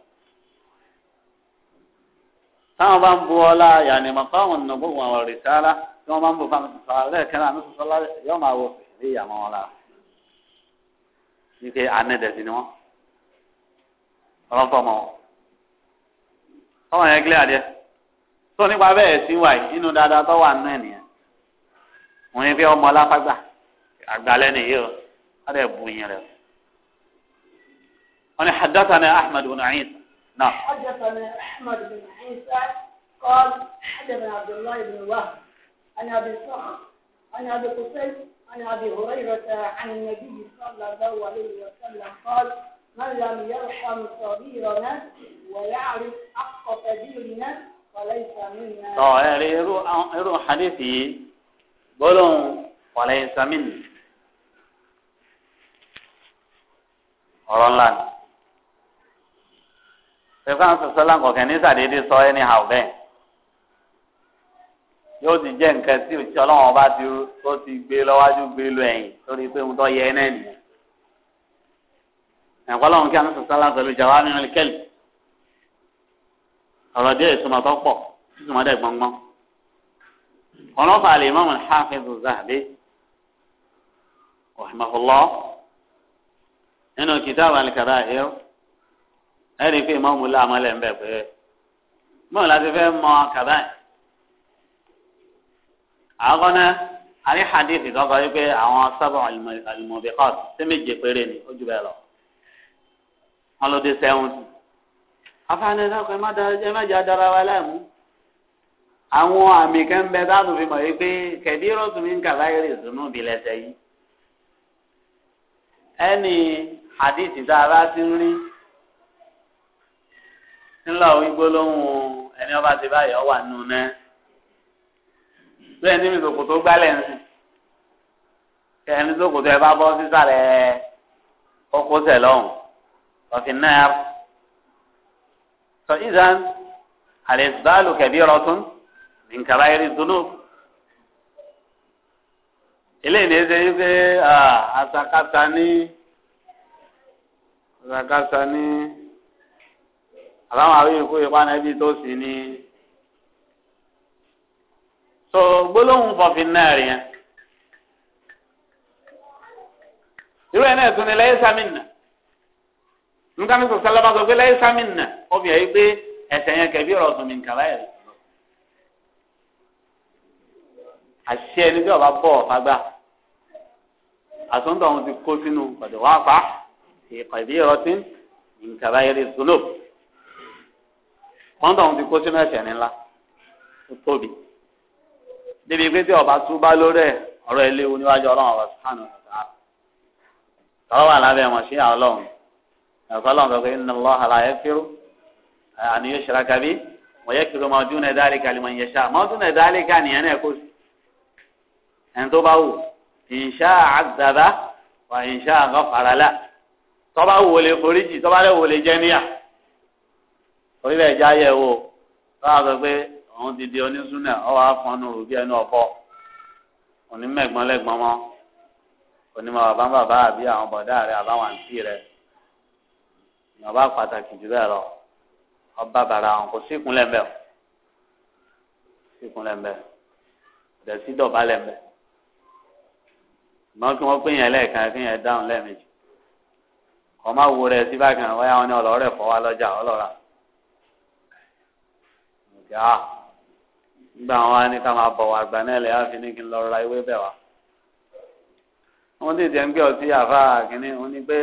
táwọn bá ń bu ọlá yànnìmọ̀ fáwọn nàgbó wọn ọ̀rọ̀ rìsáálá tí wọ́n bá ń bu fáwọn sọ̀rọ̀ alẹ́ kẹ́lá ní sọ̀sọ́lá yóò máa wo ilé ìyàmọ́ wọn lára wípé anẹ́dẹ̀sí ni wọ́n ọlọ́fọ́ ọmọ wọn. ọmọ yẹn gílẹ̀ adìẹ tó nípa bẹ́ẹ̀ sí wáyé nínú dáadáa tó wà ẹ̀ nìyẹn wọ́n yẹn fi ọmọ láfágbà àgbàlẹ́ nìyí o wọ́n bu yẹn rẹ̀ wọ́n ni hadathana Ahmad ibn Isa نعم حدثنا أحمد بن عيسى قال حدثنا عبد الله بن وهب عن أبي صخر عن أبي قتيل عن أبي هريرة عن النبي صلى الله عليه وسلم قال من لم يرحم صغيرنا ويعرف حق كبيرنا فليس منا اه يعني يروح حديثي بولون فليس منا ṣèkọ́n sọ̀sọ́lá kọ̀kẹ́ ní sàdédé sọ ẹ́ ní hàù bẹ́ẹ̀ yóò ti jẹ́ nǹkan tí òṣìṣẹ́ ọlọ́run ọba ti tó ti gbé lọ́wájú gbé lọ ẹ̀yìn lórí pé òun tó yẹ ẹ́ náà nìyẹn. ẹ̀kọ́ lọ́run kí àwọn sọ̀sọ́lá pẹ̀lú jàwá nínú kẹ́lì ọ̀rọ̀ díẹ̀ ìtumọ̀ tó pọ̀ ìtumọ̀ dẹ̀ gbọ́ngbọ́n. ọlọ́fà lè mọ̀mọ́ Hafizu Zahabi rahimahullah nínú kìtàbù al-Kaba'ir ẹ̀rí pé mọ́mú láàmọ́lẹ̀ ń bẹ̀ pé mọ́mú láti fẹ́ mọ kàbá yìí. àwọn náà àrí hadith ìdọ́gba wípé àwọn sábà àlùmọ̀bìkọ́t sí méje péré ni ó jù bẹ́ẹ̀ lọ. wọ́n ló dé sẹ́wọ̀n tì. afáàní sáko ẹ má jẹ́ adara wa láìmú. àwọn àmì kan bẹ fi mọ̀ wípé kẹ̀dí rọ̀tún mi ń yìí rè sùnú bí lẹ́sẹ̀ yìí. ẹni hadith ìdá ti ń rí ńlá wígbó lóhùn ẹni ọba ti báyìí ọwà nù náà bẹ́ẹ̀ ní mi sòkò tó gbálẹ̀ ń sìn ẹni sòkò tó ẹ bá bọ́ sísàlẹ̀ ọkọ̀ tẹ̀ lọ́hùn ọ̀fìn náà sọ ìzán àlẹ́sìbáàlù kẹ̀bí rọ̀tún nìkàrà eré dunu eléyìí ní ẹsẹ̀ yìí pé àtàkàtà ní àtàkàtà ní àbáwọn àwọn èkó ìpánẹ́bí tó sì ní. so gbólóhùn fọ̀fin náà rí yẹn. irú ẹ̀ náà tún ni lẹ́yìn sámìnà nǹkan ní sọ̀sẹ́ lọ́ba sọ pé lẹ́yìn sámìnà obìnrin yìí pé ẹ̀sẹ̀ yẹn kẹ̀bí ọ̀rọ̀ ọ̀sùn mi nǹkan láyẹ̀ rí. àṣìṣe ẹni tí ọba bọ̀ ọ̀fà gbà àtúntò àwọn ti kó sínú ọ̀dọ̀ wá pa ìpàdé ọ̀rọ̀ tí nǹkan láyẹ̀ rí sùnú wọ́n tọ̀hún ti kó sínú ẹ̀ṣẹ̀ ńlá tó tóbi débi pé tí ọba túbá lórí ẹ̀ ọ̀rọ̀ ilé wo níwájú ọlọ́run ọba sùkánù ọ̀tá tọ́lọ́ wà lábẹ́ wọn sí ọlọ́run ẹ̀kọ́ ọlọ́run sọ pé inna Allaha la yaghfiru an yushraka bihi wa yaghfiru ma duna dhalika liman yasha ma duna dhalika nìyẹn náà kó sí ẹni tó bá wù in sha'a 'azzaba wa in sha'a ghafara la tọ́ba wò lè foríjì tọ́ba lè wò lè jẹ́ níyà orílẹ̀ èdè ayẹwo lọ́wọ́ sọ pé òun ti di onísúnà ọwọ́ afọ́nù òbí ẹnu ọ̀fọ́ òní lẹ́gbọ́n mọ́ òní bàbá bàbá àbí àwọn bọ̀dá rẹ àbáwọn àǹtí rẹ ìyàn bá pàtàkì jù bẹ́ẹ̀ lọ ọba bàrà àwọn kò síkúnlẹ̀ mbẹ́ o síkúnlẹ̀ mbẹ́ ìdẹ̀sí dọ̀bálẹ̀ mbẹ́ ìmọ̀ kí wọ́n pè yẹn lẹ́ẹ̀kan kí yẹn dáhùn lẹ́ẹ̀mejì kọ́ má wo rẹ̀ síbákan wáyà wọn ni ọlọ́rẹ̀ fọ́ wa lọ́jà yá ah, nígbà wọn á ní ká máa bọ̀ wá àgbà náà lẹ́yìn àfi ní kí n lọ ra ewé bẹ̀ wá. wọ́n tètè ń gbé ọtí àfa kínní wọ́n ni pé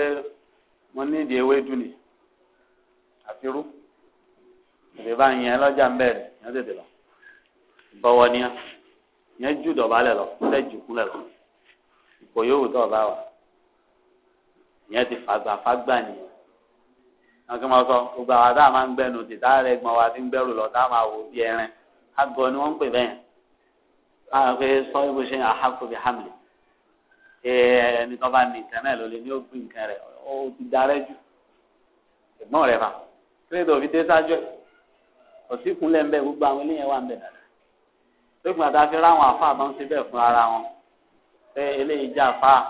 mo ní ìdí ewé dùn ní àfirú tètè bá yẹn lọ́jà ń bẹ̀rẹ̀ yẹn tètè lọ bọ́wọ́ níyà yẹn jù dọ̀bálẹ̀ lọ fẹ́ jù kúlẹ̀ lọ ìkòyówó tó ọba wa yẹn ti fàgbà fàgbà nìyẹn wọn kì í máa sọ gbogbo àwọn tá a máa ń gbẹnu tì tá a rẹ gbọn wa ti ń gbẹrù lọ tá a máa wò bí ẹran àgọ ni wọn ń pè bẹ́ẹ̀ àwọn pé sọ ibo ṣe àhàkù bí hamlin ẹni tó bá ní nǹkan náà ló lè ní ó gbìn nǹkan rẹ ó ti darẹ jù ẹ̀gbọ́n rẹ fà kílẹ̀ tó fi dé sáájú òsì kúnlẹ̀ ń bẹ gbogbo àwọn eléyẹn wà ń bẹ dáadáa lókùn àti àfi ráwọn àfáà máa ń ṣe bẹ́ẹ̀ fún ara wọn pé eléyìí jẹ́ àfáà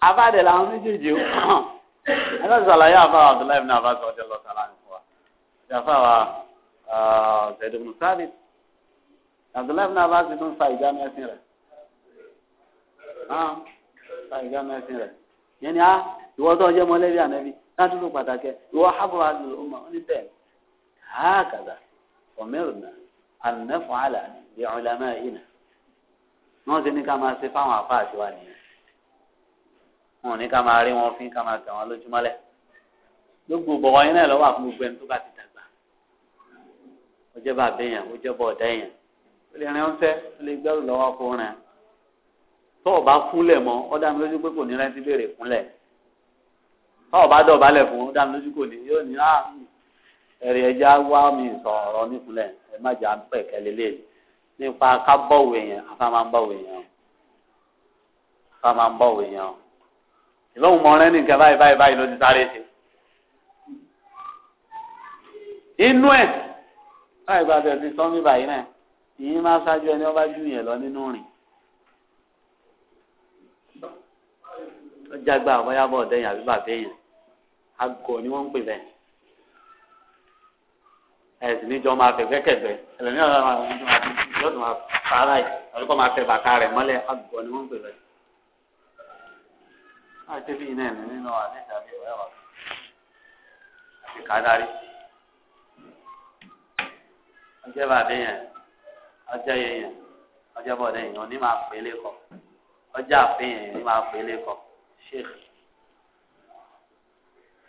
àfáà ẹlẹ́sìn àlàyé àfa abdullahi ibn abbas ọjọ́ lọ sára ní fún wa ìjàfà wa uh, zẹ̀dùnmù sáàbì abdullahi ibn abbas tún fa ìjà mẹ́sìn rẹ̀ fa ìjà mẹ́sìn rẹ̀ yẹn ni a ah, ìwọ tó ọjọ́ mọ́lẹ́bí ànẹ́bí láti tó pàtàkì ìwọ hábọ̀ àlùlù ọmọ oníbẹ̀ hákàdà ọ̀mẹ́rùnà ànẹ́fọ̀ àlà ìyàwó ìlànà yìí nà wọ́n ti ní ká máa ṣe fáwọn àfa àtiwá nìyẹn wọn ní ká máa rí wọn fín ká máa tẹ̀ wọn lójúmọ́lẹ̀ gbogbo bọ̀wọ́ yín náà lọ́wọ́ àfún gbogbo ẹni tó bá ti dàgbà ó jẹ́ bàbá èèyàn ó jẹ́ bọ̀ọ̀dá èèyàn ó lè rìn ọ́nfẹ́ ó lè gbẹ́rù lọ́wọ́ kó rìn tó o bá fúnlẹ̀ mọ́ ó dá mi lójú pé kò ní rántí béèrè fúnlẹ̀ tó o bá dọ̀bálẹ̀ fún ó dá mi lójú kò ní yóò ní á ah, ẹ̀rì ẹja wá mi sọ̀rọ̀ nípìnlẹ̀ ẹ má jà ń pẹ̀ kẹ́lẹ́lẹ́ nípa ká bọ̀wé yẹn afá máa ń bọ̀wé yẹn afá máa ń bọ̀wé yẹn ìlọ́hùn mọ̀ọ́rẹ́ ní nǹkan báyìí báyìí báyìí ló ti sáré ṣe. inú ẹ̀ báyìí bá bẹ̀rẹ̀ sí sọ́mí báyìí náà ìyín máa ṣáájú ẹni ọba jù yẹn lọ nínú rìn. ọjà gba àbọ̀yábọ̀ ọ̀dẹ́yìn àbí bàbá èèyàn àgọ̀ ni wọ́n ń pè bẹ́ẹ̀. ẹ̀sìn níjọ máa fẹ̀ gbẹ́kẹ̀gbẹ́ ẹlẹ́ni ọ̀la máa yọ̀dùn máa fara ẹ̀ àbíkọ́ máa fẹ̀ bàtà rẹ̀ mọ́lẹ̀ àgọ̀ ni wọ́n ń pè bẹ́ẹ̀ àti bí iná ẹ̀mí nínú àdéhùn àbí ìwé wà àti kádàrí. ọjọ́ bàbá yẹn ọjọ́ yẹn yẹn ọjọ́ bọ̀dẹ̀ yẹn òní máa pè é lẹ́kọ̀ọ́ ọjọ́ àfin yẹn òní máa pè é lẹ́kọ̀ọ́ sheikh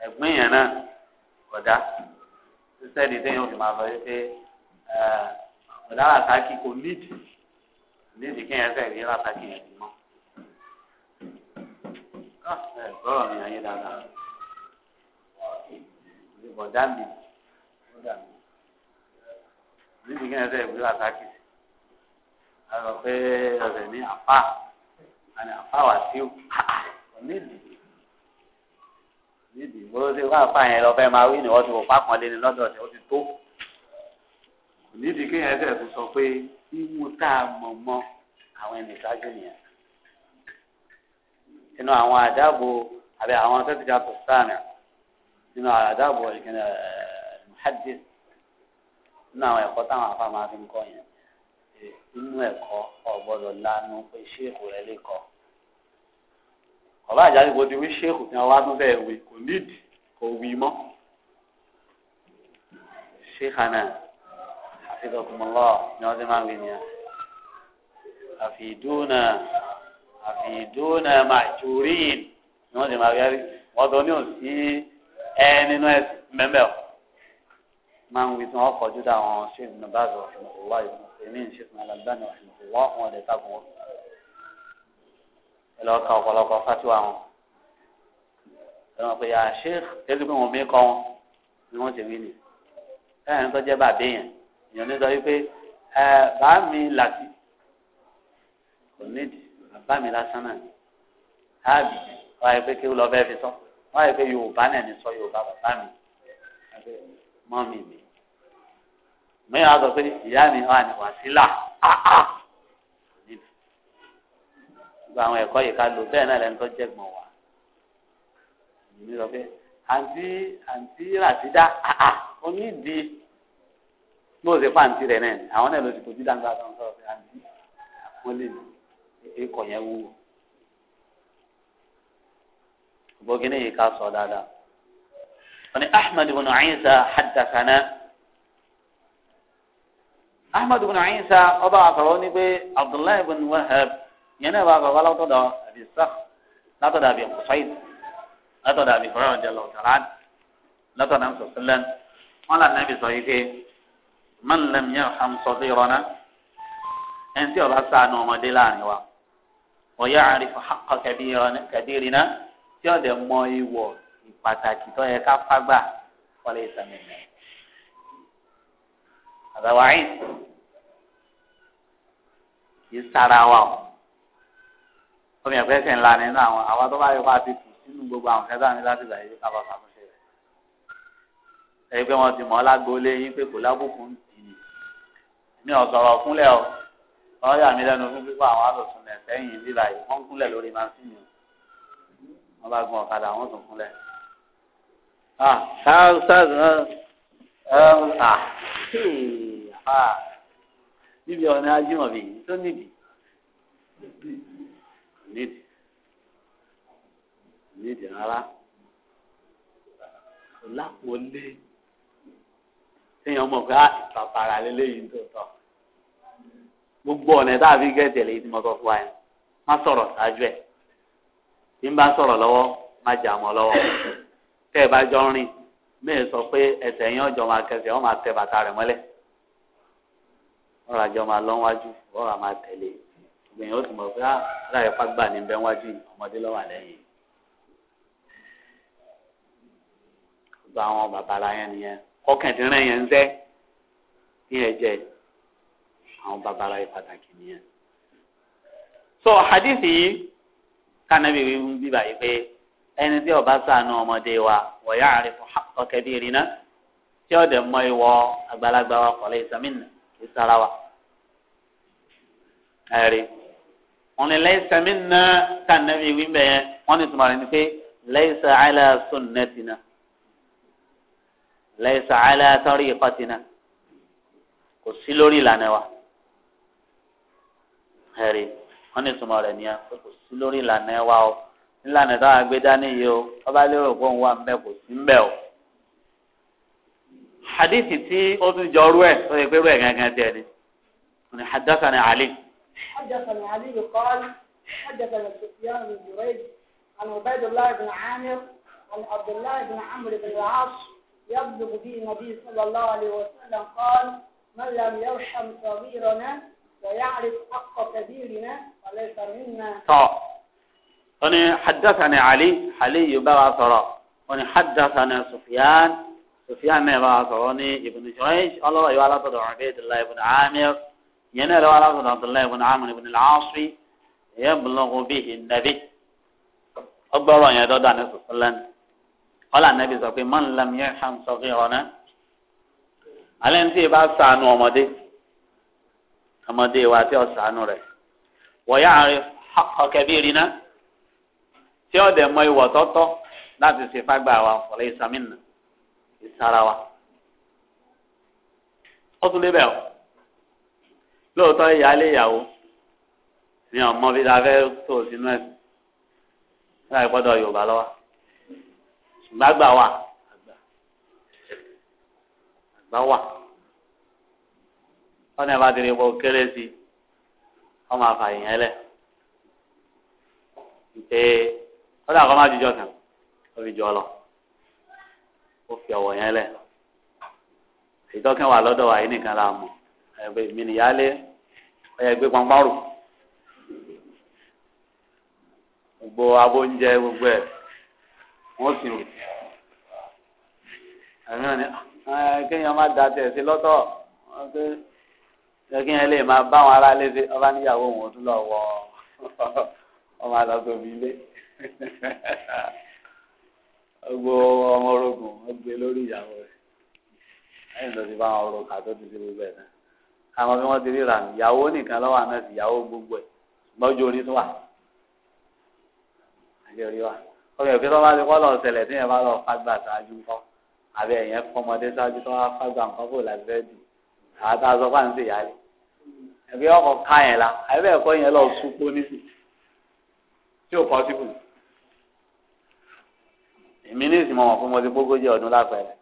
ẹ̀gbìn yẹn náà kọ̀dá sísẹ́ẹ̀dì téèyàn fi máa sọ yìí pé ọ̀dà àtàkì kò nídìí nídìí kéèyàn sẹ́ẹ̀dì látàkì yẹn ti mọ́ gbọ́rọ̀ mi àyè dáadáa ìbọ̀dá mi níbi kí ẹsẹ̀ ìwé làtàkì a sọ pé ọ̀sẹ̀ ní àfà àní àfà wà sí ò nídìí nídìí bó ṣe wá yẹn lọ fẹ́ máa wí ni wọ́n ti wò pákan lé ní lọ́dọ̀ ṣe ó ti tó nídìí kí ẹsẹ̀ tó sọ pé mímú tá a mọ̀ mọ́ àwọn ẹnì ṣáájú nìyẹn inú àwọn àdáàbò àbẹ àwọn tẹ́tìkà tó sáànà inú àdáàbò ìkànnì eh, muhaddis inú àwọn ẹ̀kọ́ táwọn afá máa fi ń kọ́ yẹn inú ẹ̀kọ́ ọ̀gbọ́dọ̀ lanu pé ṣéèkù rẹ̀ lè kọ́ ọba àjálù kò ti wí ṣéèkù tí wọn wá tún bẹ́ẹ̀ wí kò nídìí kò wí mọ́ ṣéèkànnà àfikọ̀kùnmọ́lọ́ ni wọ́n ti máa ń wí nìyẹn àfi dúnà àfìdúnà màjúrín ni wọ́n ti máa rí wọ́n tó ní òsì ẹ nínú ẹ̀sìn mẹ́mẹ́ ọ̀ máa ń wí tí wọ́n kọjú dáwọn ṣéèkì náà bá zọ̀ ọ̀ṣunmọ̀lá ìmí ṣéèkì náà lágbàáni ọ̀ṣunmọ̀lá wọn ò lè takùn wọn. ẹ lọ́ọ́ ka ọ̀pọ̀lọpọ̀ fatiwa wọn ẹ lọ́ọ́ pé yà ṣéèkì kéde pé wọn mi kọ́ wọn ni wọ́n ti wí ni káyọ̀ ní tọ́jú ẹ bá béèyàn èèyàn ní sọ ẹ bá mi làtì kò nídìí bàbá mi lásán náà ni áàbì wọ́n á yẹ pé kí ó lọ bẹ́ẹ̀ fi sọ wọ́n á yẹ pé yorùbá náà ní sọ yorùbá bàbá mi mọ́ mi mi mẹ́rin á sọ pé ìyá mi wà ní wàsílà áá gba àwọn ẹ̀kọ́ yìí ká lò bẹ́ẹ̀ náà lẹ́nu tó jẹ́ gbọ̀n wá mi sọ pé àǹtí àǹtí ràṣídá áá onídìí bó ṣe fáǹtì rẹ̀ náà àwọn náà ló ti kojú dáńgbà tó ń sọ̀rọ̀ pé àǹtí àpọ́nlé mi ikọ̀ yẹn wúwo bókínì yìí ká sọ dáadáa wọn ni ahmed bin Isa haddathana ahmed bin Isa ọba àtọ̀rọ̀ ní pé abdullahi bin wahab yẹn náà bá a bàbá látọ̀dọ̀ àbí sàk látọ̀dọ̀ àbí kùsáyid látọ̀dọ̀ àbí fúráwọ̀ jẹ́ lọ́tàrá látọ̀dọ̀ àmì sọ̀sílẹ̀ wọn là nàbì sọ yìí pé man lam yarham saghirana ẹni tí ó bá ṣàánú ọmọdé láàrin wa ọ̀yá àrífọ̀ akọ kẹdìrínà tí ọ̀dẹ̀ mọ ìwọ̀ ìpàtàkì tó yẹ ká fágbà wọlé ìsàmìlẹ̀. àbáwáyé kìí sára wa o omi ẹgbẹ́ sẹ̀ ńlá nínú àwọn àwa tó bá yọ bá ti kù sínú gbogbo àwọn kẹta ní láti gbà yìí kábà fàmúṣe rẹ̀ ẹgbẹ́ wọn ti mọ̀ ọ́ lágboolé yín pé kò lábùkù ń tì í fúnlẹ̀ o wọ́n yà mí lẹ́nu fún pípa àwọn àlòsùn lẹ̀ sẹ́yìn bíbá yìí wọ́n kúnlẹ̀ lórí mansini o wọ́n bá gun ọ̀kadà wọ́n tún kúnlẹ̀. níbi ọ̀nà ajímọ̀bì yìí tó níbi níbi níbi rárá lápò lé téèyàn mọ̀ pé àtàtàrà lélẹ́yìn tó tọ̀ gbogbo ọ̀nà tá a fi gẹ́ tẹ̀lé tí mo sọ fún wa yẹn má sọ̀rọ̀ ṣáájú ẹ̀ bí n bá sọ̀rọ̀ lọ́wọ́ má jà mọ́ lọ́wọ́ tẹ́ ẹ bá jọ rìn mẹ́ẹ̀ sọ pé ẹsẹ̀ yẹn ọjọ́ máa kẹsẹ̀ wọ́n máa tẹ bàtà rẹ̀ mọ́lẹ̀ ọ̀rọ̀ àjọ máa lọ́ wájú ọ̀rọ̀ máa tẹ̀lé gbìyànjú ó ti mọ̀ pé ah, aláyẹ̀ pàgbà ní bẹ́ẹ̀ wájú ọmọdé lọ́wọ́ àlẹ́yìn gbogbo àwọn bàbá ara yẹn nìyẹn kọ́kẹ̀dínrín yẹn ń tẹ́ yẹn jẹ́ àwọn babara yìí pàtàkì nìyẹn. so hadith yìí kànábì wí ń bíbà yìí pé ẹni tí ó bá ṣàánú ọmọdé wa wa ya'rifu haqqa kabirina tí ó dẹ̀ mọ ìwọ àgbàlagbà wa kọ̀lẹ́ ìsàmìnà kì í sara wa. ẹ̀rí wọn ni laysa minna wí ń bẹ̀yẹn wọn ni tùmọ̀ ni pé laysa ala sunnatina laysa ala tariqatina kò sí lórí ìlànà wa ẹ̀rí wọ́n ní ìtumọ̀ rẹ̀ nìyẹn pé kò sí lórí ìlànà ẹwà o nílànà táwọn gbé dání yìí o wọ́n bá lérò pé òun wà ń bẹ kò sí ń bẹ o. hadith tí ó tún jọ rú ẹ̀ tó yẹ pé rú ẹ̀ gángan tẹ̀ ni ni hadassani ali. hadassani ali yìí kọ́ hadassani sufyan bin jurayj an ubaydullah bin amir an abdullah bin amr bin al yabdu bi nabi sallallahu alayhi wa sallam qala man lam yarham sabirana. ويعرف حق كبيرنا وليس منا طب حدثني علي علي بن صراء حدثني سفيان سفيان بن صراء ابن جريج الله يعلى عبيد الله بن عامر ينال يعني على عبد الله بن عامر بن العاصي يبلغ به النبي أبو يا يعني دودا نسلا قال النبي صلى الله عليه وسلم من لم يرحم صغيرنا على أنت بعد سعنوا ọmọdé wa tí ọ̀sánú rẹ̀ wọ̀nyá àárín ọkẹ́bìrin náà tí ọ̀dẹ̀ mọ ìwọ̀ tọ́tọ́ láti ṣe fágbà wa ọ̀lẹ́ ìsàmìnà ìsara wa. ó tún débẹ̀ o lóòótọ́ ìyáálé ìyàwó ni ọmọ bí ta fẹ́ tó sínú ẹ̀sìn láì gbọ́dọ̀ Yorùbá lọ́wọ́ ṣùgbọ́n àgbà wà àgbà wà. ọ̀nà ìbá ti rí pọ̀ ọ ma ọmọ àfàyàn ẹlẹ̀ ìpè ọ̀dà kọ́ má jíjọ kan ó fi jọ lọ ó fi yẹn lẹ̀ ìtọ́kẹ́ wà lọ́dọ̀ wa yìí nìkan mọ̀ mi nìyálé ọ̀yà gbogbo abóúnjẹ gbogbo sì lọ́kí yẹn lè máa bá àwọn ará léṣe ọba níyàwó òun ọdún lọ wọ ọmọ àlọ́sọ̀bí ilé gbogbo ọmọ orogun wọn gbé lórí ìyàwó rẹ ẹ̀yìn tó ti bá àwọn orogun àti òtítí gbogbo ẹ̀ náà àmọ́ bí wọ́n ti ríra ìyàwó nìkan lọ́wọ́ àná sí ìyàwó gbogbo ẹ̀ lọ́jọ́ orí tó wà àjẹ́ orí wa ọmọ ìfẹ́ tó bá ti kọ́ lọ́ọ́ ṣẹlẹ̀ tí yẹn bá lọ́ọ́ fagbà ṣáájú ńkọ́ àbí ẹ̀yẹn fọmọdé ṣáájú tó wá ńkọ́ kò láti fẹ́ dì àti azọpá ń ṣèyálé ẹbí ọkọ ká yẹn la ẹbí ẹkọ yẹn lọ súpó nísì tí ò pọsibú èmi ní ìsìn mọ̀mọ́ fún mo ti gbógójì ọdún lápẹẹrẹ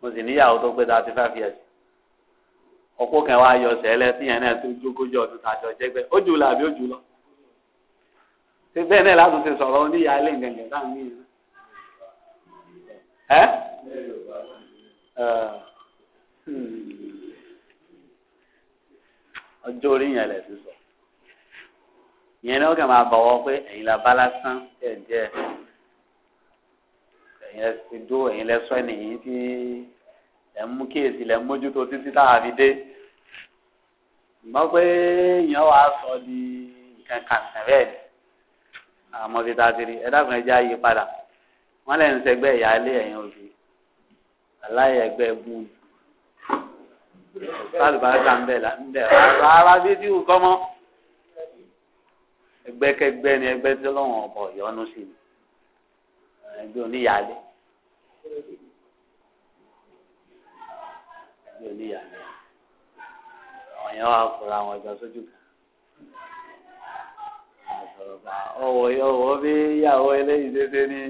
mo sì níyàwó tó pé thirty five years ọkọ kan wá yọ sẹ́lẹ̀ tí yẹn náà tó gbógójì ọdún tàjọ jẹ́gbẹ́ ó jù lọ àbí ó jù lọ ṣe bẹ́ẹ̀ náà látún ti sọ̀rọ̀ oníyàálé nǹkan kẹta ń gbìyànjú. ẹ ẹ. Hmm. ọjọ́ orí yẹn lẹ̀ sísọ ìyẹn ni wọ́n kàn máa bọ̀wọ́ pé ẹ̀yin la bá lásán díẹ̀díẹ̀ ẹ̀yin lẹ ti dó ẹ̀yin lẹ sọ ẹ̀nìyìn tí lẹ ń mú kíyèsí lẹ ń mójútó títí táwa fi dé mọ pé ìyẹn wàá sọ di nǹkan kàǹkàn bẹ́ẹ̀ ni àmọ́ fi ta kiri ẹ dákun ẹ jẹ́ àyè padà wọ́n lẹ́nu sẹgbẹ́ ìyáálé ẹ̀yin òbí aláyẹ̀gbẹ́ gbùn sálùbáríkà ń bẹ̀ là ń bẹ̀ rárá bí tí o kọ́ mọ́ ẹgbẹ́kẹgbẹ́ ni ẹgbẹ́ tí ọlọ́run ọ̀bọ̀ yọnu sí ni ẹgbẹ́ oníyàlé ẹgbẹ́ oníyàlé àwọn yẹn wà fúnra wọn jọ sójú kan ọwọ́ ọwọ́ bí ìyàwó eléyìí dédé ní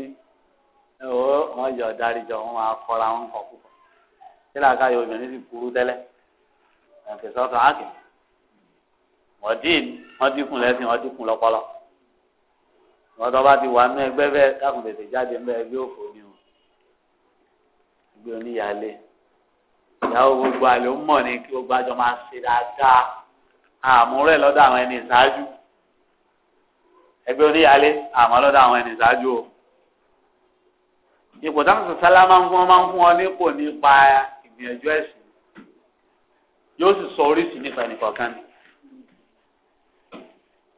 ọwọ́ wọn jọ dáríjọ wọn máa fọra wọn kọ púpọ̀ sílẹ̀ àkáyọ̀ obìnrin sì kúrú tẹ́lẹ̀ ẹ̀kẹ́ sọ́tọ̀ ákìn wọ́n dín wọ́n dín lẹ́sìn wọ́n dín kùn wọ́n tọ́ bá ti wà nú ẹgbẹ́ bẹ́ẹ̀ kákùn tètè jáde mbẹ́ ẹgbẹ́ òfò ni o ẹgbẹ́ oníyàlé ìyàwó gbogbo àlè ń mọ̀ ní kí gbogbo àjọ máa ṣe dáadáa àmúrẹ́ lọ́dọ̀ àwọn ẹni ìṣáájú ẹgbẹ́ oníyàlé àmọ́ lọ́dọ̀ àwọn ẹni ìṣáájú o ipò táwọn sọ̀sálà máa máa ń fún ọ nípò yóò sì sọ oríṣi nípa ẹnìkọ̀ọ̀kan ni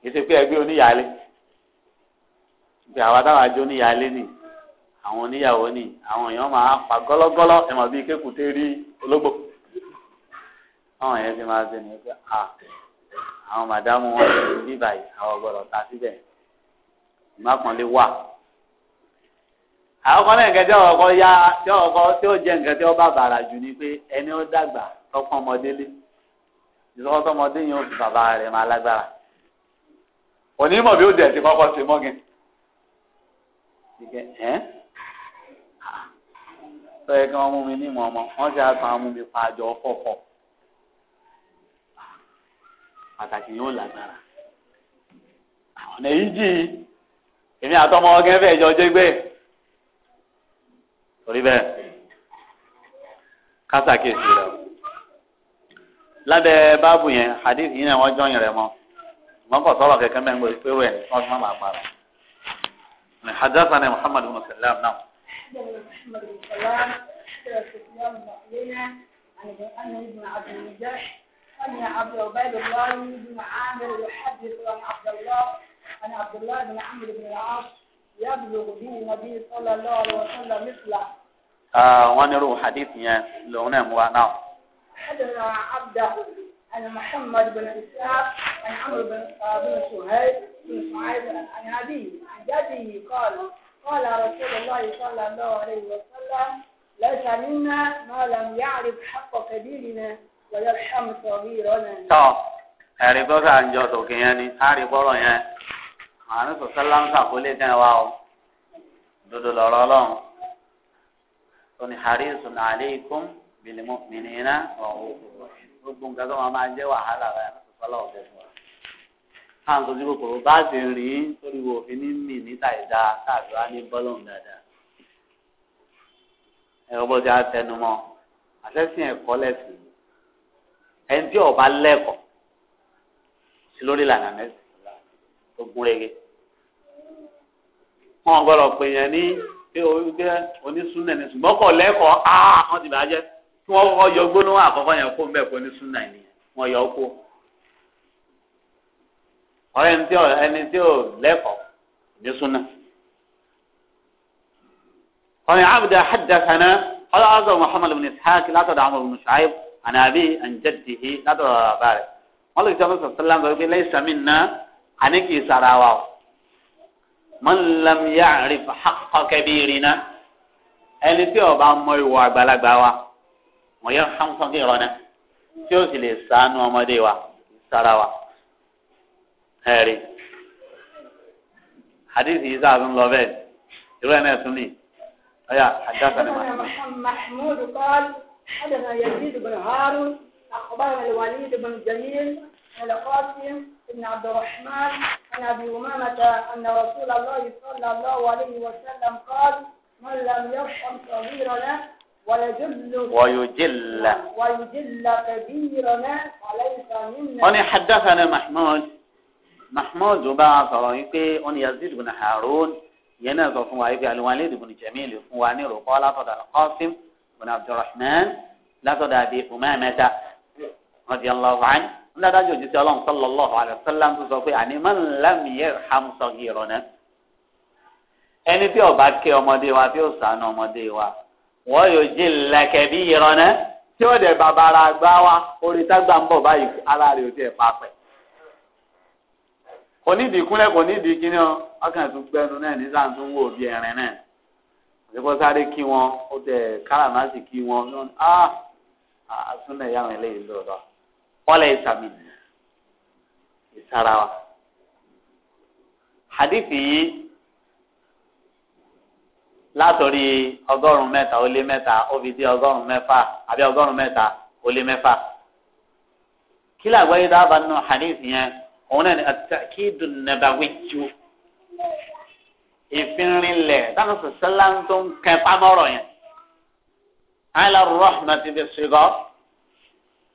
èsì pé ẹgbẹ́ oníyàálé bí àwa táwa jẹ́ oníyàálé nì àwọn oníyàwó nì àwọn èèyàn máa pa gọ́lọ́gọ́lọ́ ẹ̀ mọ̀ bíi kékùté rí ológbò àwọn yẹn ti máa ṣe ní pé à àwọn màdámù wọn ti ní báyìí àwọn gbọ́dọ̀ ta síbẹ̀ ìmákanlé wà àwọn kan náà nǹkan tí ọkọ ya tí ọkọ tí ó jẹ nǹkan tí ó bá bàrà jù ni pé ẹni ó dàgbà tọkàn ọmọdé lé ìsọkọ tọmọdé yẹn oṣù bàbá rẹ máa lágbára onímọ̀ bí ó dẹ̀ ti kọ́kọ́ ṣe mọ́gin ìgbẹ́ ẹ́ sọ yẹ kí wọ́n mú mi ní ìmọ̀ ọmọ wọ́n ṣe àtàn àwọn mi pa àjọ fọ̀fọ̀ pàtàkì yóò lágbára àwọn èyí jì í èmi àtọmọ ọgẹ́ fẹ́ jọ jẹ́gbẹ́ torí bẹ́ẹ̀ kásàkíyèsí rẹ̀ lábẹ́ báàbù yẹn hadith yìí náà wọ́n jọyìn rẹ̀ mọ́ wọ́n kọ̀ sọ̀rọ̀ kẹ̀kẹ́ mẹ́rin gbé pé wẹ̀ wọ́n fi má bàa para. حدثنا محمد بن سلام نعم. محمد بن سلام سفيان بن عيينة عن ابن عبد النجاح أن عبد عبيد الله بن عامر يحدث عن عبد الله عن عبد الله بن عمرو بن العاص يبلغ به النبي صلى الله عليه وسلم مثله. آه وانا روح حديث يعني لو نعم وانا حدثنا عبده عن محمد بن إسحاق عن عمرو بن بن سهيل بن سعيد عن أبيه عن جده قال قال رسول الله صلى الله عليه وسلم ليس منا ما لم يعرف حق كبيرنا ويرحم صغيرنا. ẹ̀rí gbọ́dọ̀ àjọ tòkè yẹn ni sáré gbọ́dọ̀ yẹn àánú sọ̀tẹ́ láǹsà kó tẹ̀ wá o dodo lọ́rọ́ ọlọ́run tó ní harisun aleikum bìnnìmọ mìnìyàn ọwọ́ gbogbo nǹkan tó máa máa jẹ wàhálà rẹ sọlá ọbẹ fún wa. káà ń sojú kòkòrò bá ti rìn sórí wo òfin ní mì níta ìdá káàdó á ní bọ́lọ̀n dáadáa. ẹ̀rọ bó ti á tẹnu mọ́ àṣẹ́sìn ẹ̀kọ́ lẹ́sìn ẹni tí ọba lẹ́kọ̀ọ́ sí lórí ìlànà mẹ́sìn tó gún régé. wọ́n gbọ́dọ̀ pè yẹn ní pé onísúnẹ̀ ní ṣùgbọ́n kọ̀ lẹ́kọ̀ọ́ á wọ́n ti bàjẹ́ tí wọ́n kọ́ yọ gbólóhùn àkọ́kọ́ yẹn kó mbẹ́ kó ní súnà ni wọ́n yọ kó. ọ̀rẹ́ ẹni tí ò ẹni tí ò lẹ́kọ̀ọ́ ní súnà. ọ̀rẹ́ abdul hadathana ọlọ́wọ́sọ muhammad bin ishaq látọ̀dọ̀ amr bin shu'aib anabi anjadihi látọ̀dọ̀ bàbá wọ́n lè sọ́kọ́ sọ́sọ́lá ń bọ̀ wípé lẹ́yìn sàmìnà àní kì í sara wa o man lam ya'rif haqqa kabirina ẹni tí ó bá mọ ìwọ àgbàlagbà wa ويرحم yẹ hamsan kí ìrọ̀nà tí ó sì lè sànú ọmọdé wa sára wa ẹ̀rí hadith yìí sáà tún lọ bẹ́ẹ̀ irú ẹ̀ náà tún ọ̀yà ni حدثنا يزيد بن هارون أخبرنا الوليد بن جميل على قاسم بن عبد الرحمن عن أبي أمامة أن رسول الله صلى الله عليه وسلم قال من لم يرحم صغيرنا ويجل ويجل كبيرنا وليس منا وني حدثنا محمود محمود وبعض رأيك أن يزيد بن هارون ينازل فهو الوالد بن جميل فهو أن يرقى لطد القاسم بن عبد الرحمن لطد أبي أمامة رضي الله عنه لا دجو جزي الله صلى الله عليه وسلم تزوفي يعني من لم يرحم صغيرنا ẹni tí ó bá kẹ́ ọmọdé wa tí ó ṣàánú wọ́n yóò jí lẹ́kẹ̀ bí ìrọ̀nà tí ó dẹ̀ bàbára gbá wa orí tágbà ń bọ̀ báyìí ara rẹ̀ ò tiẹ̀ papẹ̀. kò ní ìdí kúnlẹ̀ kò ní ìdí kíní o ọkàn tún gbẹnu náà ní sáà tún wò bí ẹ̀rín náà àdìgbò sáré kí wọn ó tẹ̀ káràmásì kí wọn ah, ó ní ah yàrá eléyìí lọ́dọ̀ ọ̀lẹ̀ ìsàmì ìsara hadith yìí látọ̀rí ọgọ́rùn-ún mẹ́ta ó lé mẹ́ta ó fi dé ọgọ́rùn-ún mẹ́fà àbí ọgọ́rùn-ún mẹ́ta ó lé mẹ́fà. kí làgbáyé dábàá nínú hadith yẹn òun náà ni àtàkìdù nàbàwíjú ìfinrinlẹ̀ táwọn sọ̀sẹ́lá ń tó ń kẹ́ pamọ́rọ̀ yẹn. àìlà rọ́ọ̀mẹ́tì bí ṣùgbọ́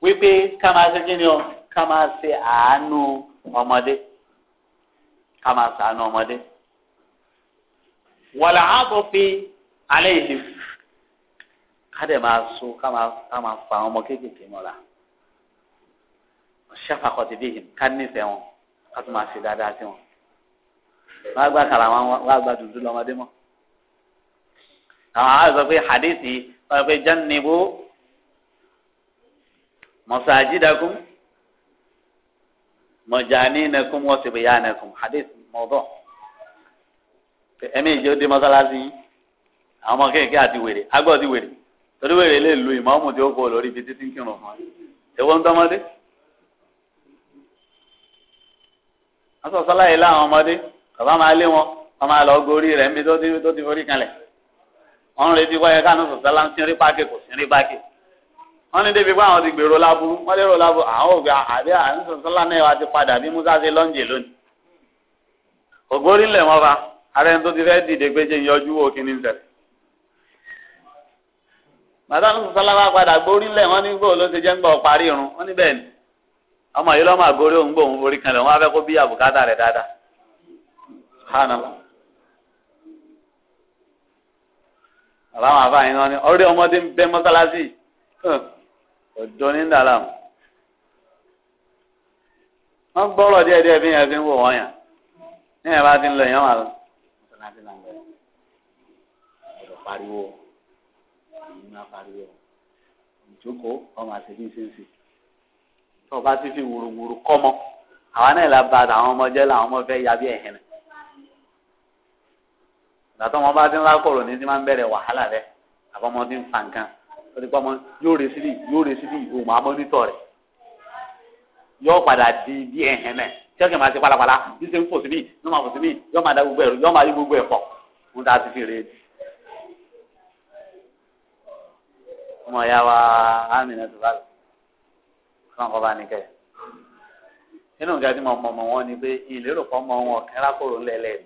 wípé ká máa ṣe kí o ká máa ṣe àánú ọmọdé ká máa ṣàánú ọmọdé wàlà àbọ̀ pé alẹ́ ìlú kádẹ máa so ká máa fa àwọn ọmọ kéékèèké mọ́ra ṣàfàkọ̀tì bíi ká nífẹ̀ẹ́ wọn ká tún máa ṣe dáadáa sí wọn wọ́n á gbà kàrà wọn wọ́n á gbà dùdú lọ́mọdé mọ́ àwọn àwọn sọ pé hadithi sọ pé jannibu masajidakum majaninakum wa sibyanakum hadith ẹ̀mí ìjẹ́ ó dé mọ́sálásí yín àwọn ọmọ kéèké àti wèrè agbọ́ ti wèrè torí wèrè lè lu ìmọ̀ọ́mù tí ó kọ lórí ibi títí ń kírun fún ẹ ẹ̀wọ́n tọ́mọdé wọ́n sọ sọ́lá yìí láwọn ọmọdé bàbá máa lé wọn wọ́n máa lọ gorí rẹ̀ níbi tó ti forí kanlẹ̀ wọ́n ń retí wáyé káàánú sọ̀tà lá ń sinrí pákì kò sinrí pákì wọ́n ní débi pé àwọn ti gbèrò láburú wọ́n lérò láburú àwọn ògbà àbí àánú sọ̀tà náà wá ti padà bí Musa ṣe lọ́ǹjẹ̀ lónìí ògbórí ńlẹ̀ wọn fa ara ẹni tó ti fẹ́ dìde gbèjè yọjú wò kí ni ń tẹ̀lé. màdánù sọ́lábà padà gbórí ńlẹ̀ wọ́n ní gbò ló ti jẹ́ ń gbọ́ parí irun wọ́n ní bẹ́ẹ̀ ni ọmọ yìí lọ́mọ àgórí òun gbòòrùn forí kanlẹ̀ wọ́n á fẹ́ kó bí àbùkátà rẹ̀ dáadáa. bàbá àwọn afáàyàn náà ni ọ̀rẹ́ ọmọdé ń bẹ mọ́sálásí ọjọ́ ní dàlá wọ́n gbọ́rọ̀ díẹ̀ bí yẹn fi ń wò wọ́n yàn náfìlà ń bẹ̀rẹ̀ ọ̀rọ̀ pariwo èyí máa pariwo ìjókòó ọmọ àti bí ṣéǹsì tó o bá ti fi wùrùwùrù kọ́ mọ́ àwa náà la ba àwọn ọmọ jẹ́ làwọn ọmọ fẹ́ ya bí ẹ̀hìn ìgbà tó wọn bá ti ń rákòrò ní ti máa ń bẹ̀rẹ̀ wàhálà rẹ̀ àbọ̀mọ́ ti ń fa nǹkan ó ti pọ́ mọ́ yóò rè síbi yóò rè síbi ìhòòmọ́ amọ́nítọ̀ rẹ̀ yóò padà di bí ẹ̀hìn náà kẹ́kẹ́ máa ṣe palapala bí ṣe ń fò sí mi yọ́ máa fò sí mi yọ́ máa da gbogbo ẹ̀rù yọ́ máa yí gbogbo ẹ̀ pọ̀ mo ta ti fi rè é. ọmọ ìyá wa amina tó bá lọ kàn kọ́ bá ní kẹ́ nínú ìgbà tí mo mọ̀ mọ̀ wọn ni pé ìlérò kan mọ wọn kẹ́rà kòrò lẹ́lẹ̀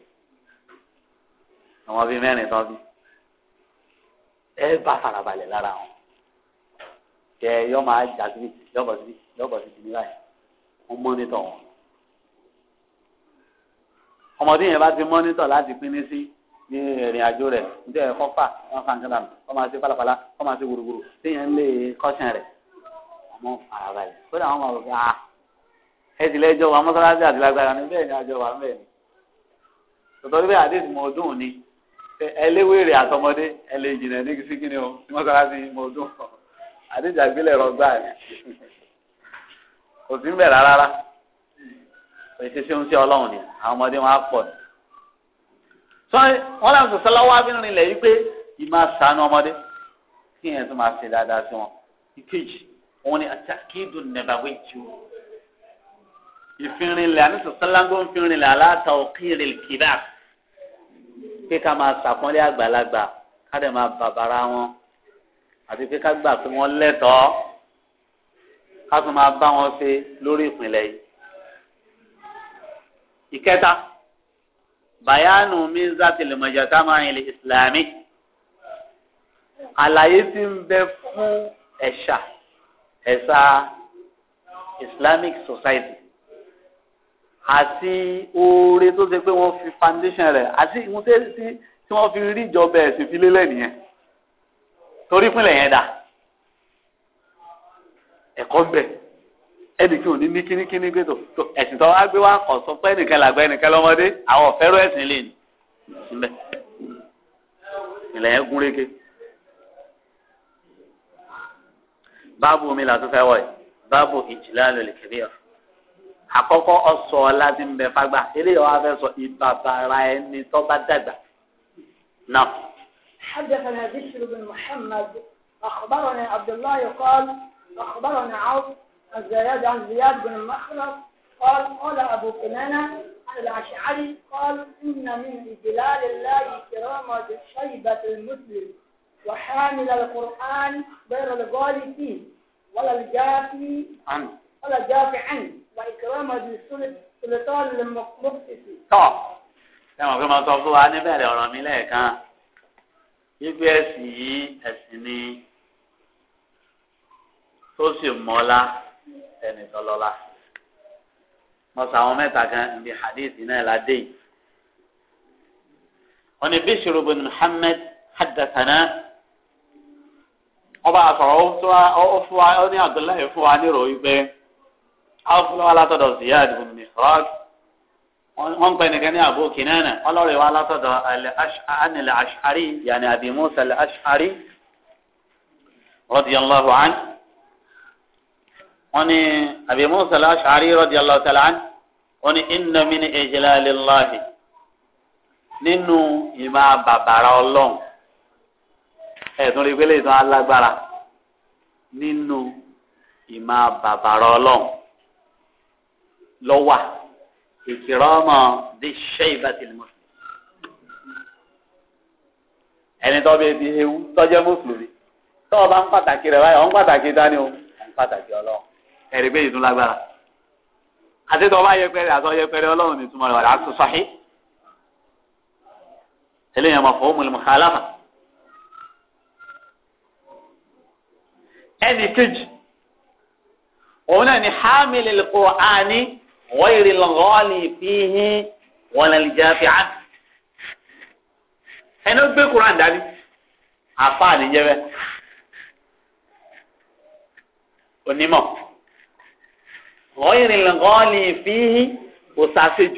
ni àwọn bíi mẹ́rin tán bí ẹ bá farabalẹ̀ lára wọn kẹ yọ máa jà síbi yọ bọ̀ síbi yọ bọ̀ síbi ní báyìí mọ́ nítọ̀ ọmọdé yẹn bá ti mọ́nítọ̀ láti pín ní sí ní ìrìn àjò rẹ̀ ǹjẹ́ ẹ̀kọ́ fà wọ́n fà nǹkan dànù wọ́n máa ṣe pálapàla wọ́n máa ṣe gbùrùgbùrù téèyàn ń lè kọ́sìn rẹ̀ àmọ́ àrà yìí kódà wọ́n máa rò pé ah ẹ ti lẹ́jọ́ wa mọ́sálásí àti lágbára ni bẹ́ẹ̀ ni àjọ wa ń bẹ̀ ni tòtọ́ bí àdéhùn mọ ọdún ni ẹlẹ́wẹ̀rẹ̀ àtọmọdé ẹ lè jìnà ní sí kíni o ní mọ́sálásí mọ ọdún àdéhùn àgbélẹ̀rọ̀ gbáà ni kò sí ń bẹ̀ rárá ìṣesí ń ṣe ọlọ́run ni àwọn ọmọdé wọn á pọ̀ ni. sọ wọn làwọn sọ̀sọ́ lọ́wọ́ abínrin lẹ̀ wípé ìmọ̀ àṣàánú ọmọdé kí yẹn tó máa ṣe dáadáa sí wọn. ìkejì òun ni àtàkìdùn nẹ̀bàwé jù ìfinrinlẹ̀ àní sọ̀sọ́ lágbó ń aláta òkìrì kìdá pé ká máa ṣàpọ́nlé àgbàlagbà ká dẹ̀ máa bàbàrà wọn àti pé ká gbà pé wọ́n lẹ́tọ̀ọ́ ká tún máa bá wọn ṣe lórí ìpìlẹ̀ yìí ìkẹta bayanu mizati lemajata mahili islami àlàyé tí ń bẹ fún ẹ̀ṣà ẹ̀ṣà islamic society àti oore tó ṣe pé wọ́n fi foundation rẹ̀ àti ìwọ̀n tí wọ́n fi rí ìjọba ẹ̀sìn fi nìyẹn torí pínlẹ̀ yẹn dà ẹ̀kọ́ bẹ̀ ẹnìkan ò ní ní kínníkínní gbé tó ẹ̀sìn tó wá gbé wá kàn sọ pé ẹnìkan làgbà ẹnìkan lọ́mọdé àwọn ọ̀fẹ́rọ̀ ẹ̀sìn lè ní síbẹ̀ ìlẹ̀ yẹn gún régé. báàbù mi làtún fẹ́ wọ̀ yìí báàbù ìjìlá lòlì kìlíọ̀ àkọ́kọ́ ọ̀sọ̀ ọ̀la eléyìí wàá fẹ́ sọ ìbàbàrà ẹni tó bá dàgbà náà. حدثنا بشر بن محمد أخبرنا عبد الله قال أخبرنا عوف الزياد عن زياد بن المخلص قال قال أبو كنانة عن الأشعري قال إن من جلال الله كرامة شيبة المسلم وحامل القرآن غير الغالي ولا الجافي عنه ولا الجافي عنه وإكرام السلطان المقتسي. طب sẹ́wọ̀n fún ma sọ fún wa níbẹ̀rẹ̀ ọ̀rọ̀ mi lẹ́ẹ̀kan gbígbé ẹ̀sìn yìí ẹ̀sìn ni tó sì mọ́lá ẹni tọ́lọ́lá wọ́n sọ àwọn mẹ́ta kan níbi hadith náà la dé yìí wọ́n ní Bishr bin Muhammad haddathana ọba àsọ̀rọ̀ ó fún wa ó ní Abdullahi fún wa nírò wípé àwọn wa látọ̀dọ̀ Ziyad bin Mihraj wọ́n pẹ́ nìkan ní Abu Kinana wọ́n lọ́rọ̀ wa látọ̀dọ̀ anil Ash'ari yàní Abi al-Ash'ari radiyallahu anhu wọ́n ní Abi Musa al-Ash'ari radiyallahu ta'ala anhu wọ́n ní inna min ijlalillahi nínú ìmọ̀ àbàbàrà ọlọ́run ẹ̀sùn rí pélé ìtàn alágbára nínú ìmọ̀ àbàbàrà ọlọ́run lọ́wà ìkìrọ́mọ̀ dé shaybatil muslim ẹni tó bẹ di ewu tọ́jẹ́ mùsùlùmí tọ́ ọ bá ń pàtàkì rẹ̀ báyọ̀ ń pàtàkì o ń pàtàkì ẹ̀rí pé ìtún lágbára àti tó bá yẹpẹrẹ àtọ yẹpẹrẹ ọlọ́run ní túmọ̀ rẹ̀ àti sọ́hí eléyàn máa fọwọ́ mọ̀lẹ́mọ̀ kálámà ẹnì kejì òun náà ni hamil al-Qur'ani wọ́ọ̀rì lọ́ọ̀lì fíhí wọn lè jẹ́ fìhàn ẹni ó gbé Qur'an dání àfa àníjẹ́ onímọ̀. غير الغالي فيه وساسج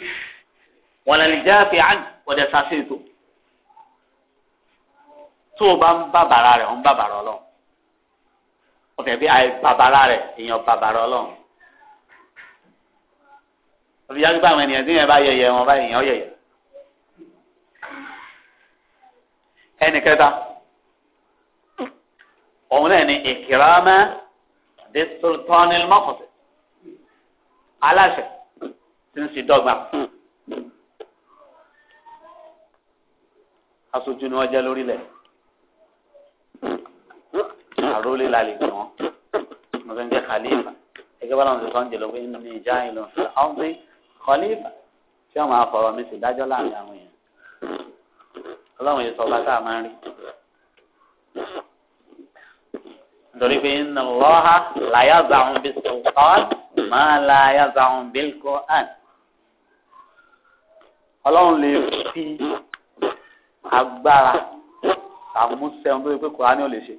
ولا الجافي عنه وده ساسيته tó o bá ń bá bàrà rẹ̀ ó ń bá bàrà ọlọ́run ọkẹ́ bí àì bá bàrà rẹ̀ èèyàn bá bàrà ọlọ́run òbí yàgbé àwọn ènìyàn tí yẹn bá yẹyẹ wọn bá èèyàn yẹyẹ ẹnì kẹta òun náà ni ìkìrámẹ́ dé sultanil mọ́kànsí aláṣẹ tí ń sì dọ́gba aṣojú ni wọ́n jẹ́ lórílẹ̀ àrólé lálẹ́ gbọ́n mo fẹ́ ń jẹ́ khalifa ẹgbẹ́ bá lọ́nà sọ́n jẹ́ lọ́wọ́ inú mi ìjà ìlú ọ̀hún pé khalifa tí wọ́n máa fọ̀rọ̀ mi sì dájọ́ láàrin àwọn èèyàn ọlọ́run yìí sọ bá tá a máa ń rí nítorí pé inna Allaha la yaz'u bis-sultan máa la yàtọ̀ àwọn bílkọ̀ àn. ọlọ́run lè fi agbára àmúṣẹ ohun tó yẹ pé kòránì ò lè ṣe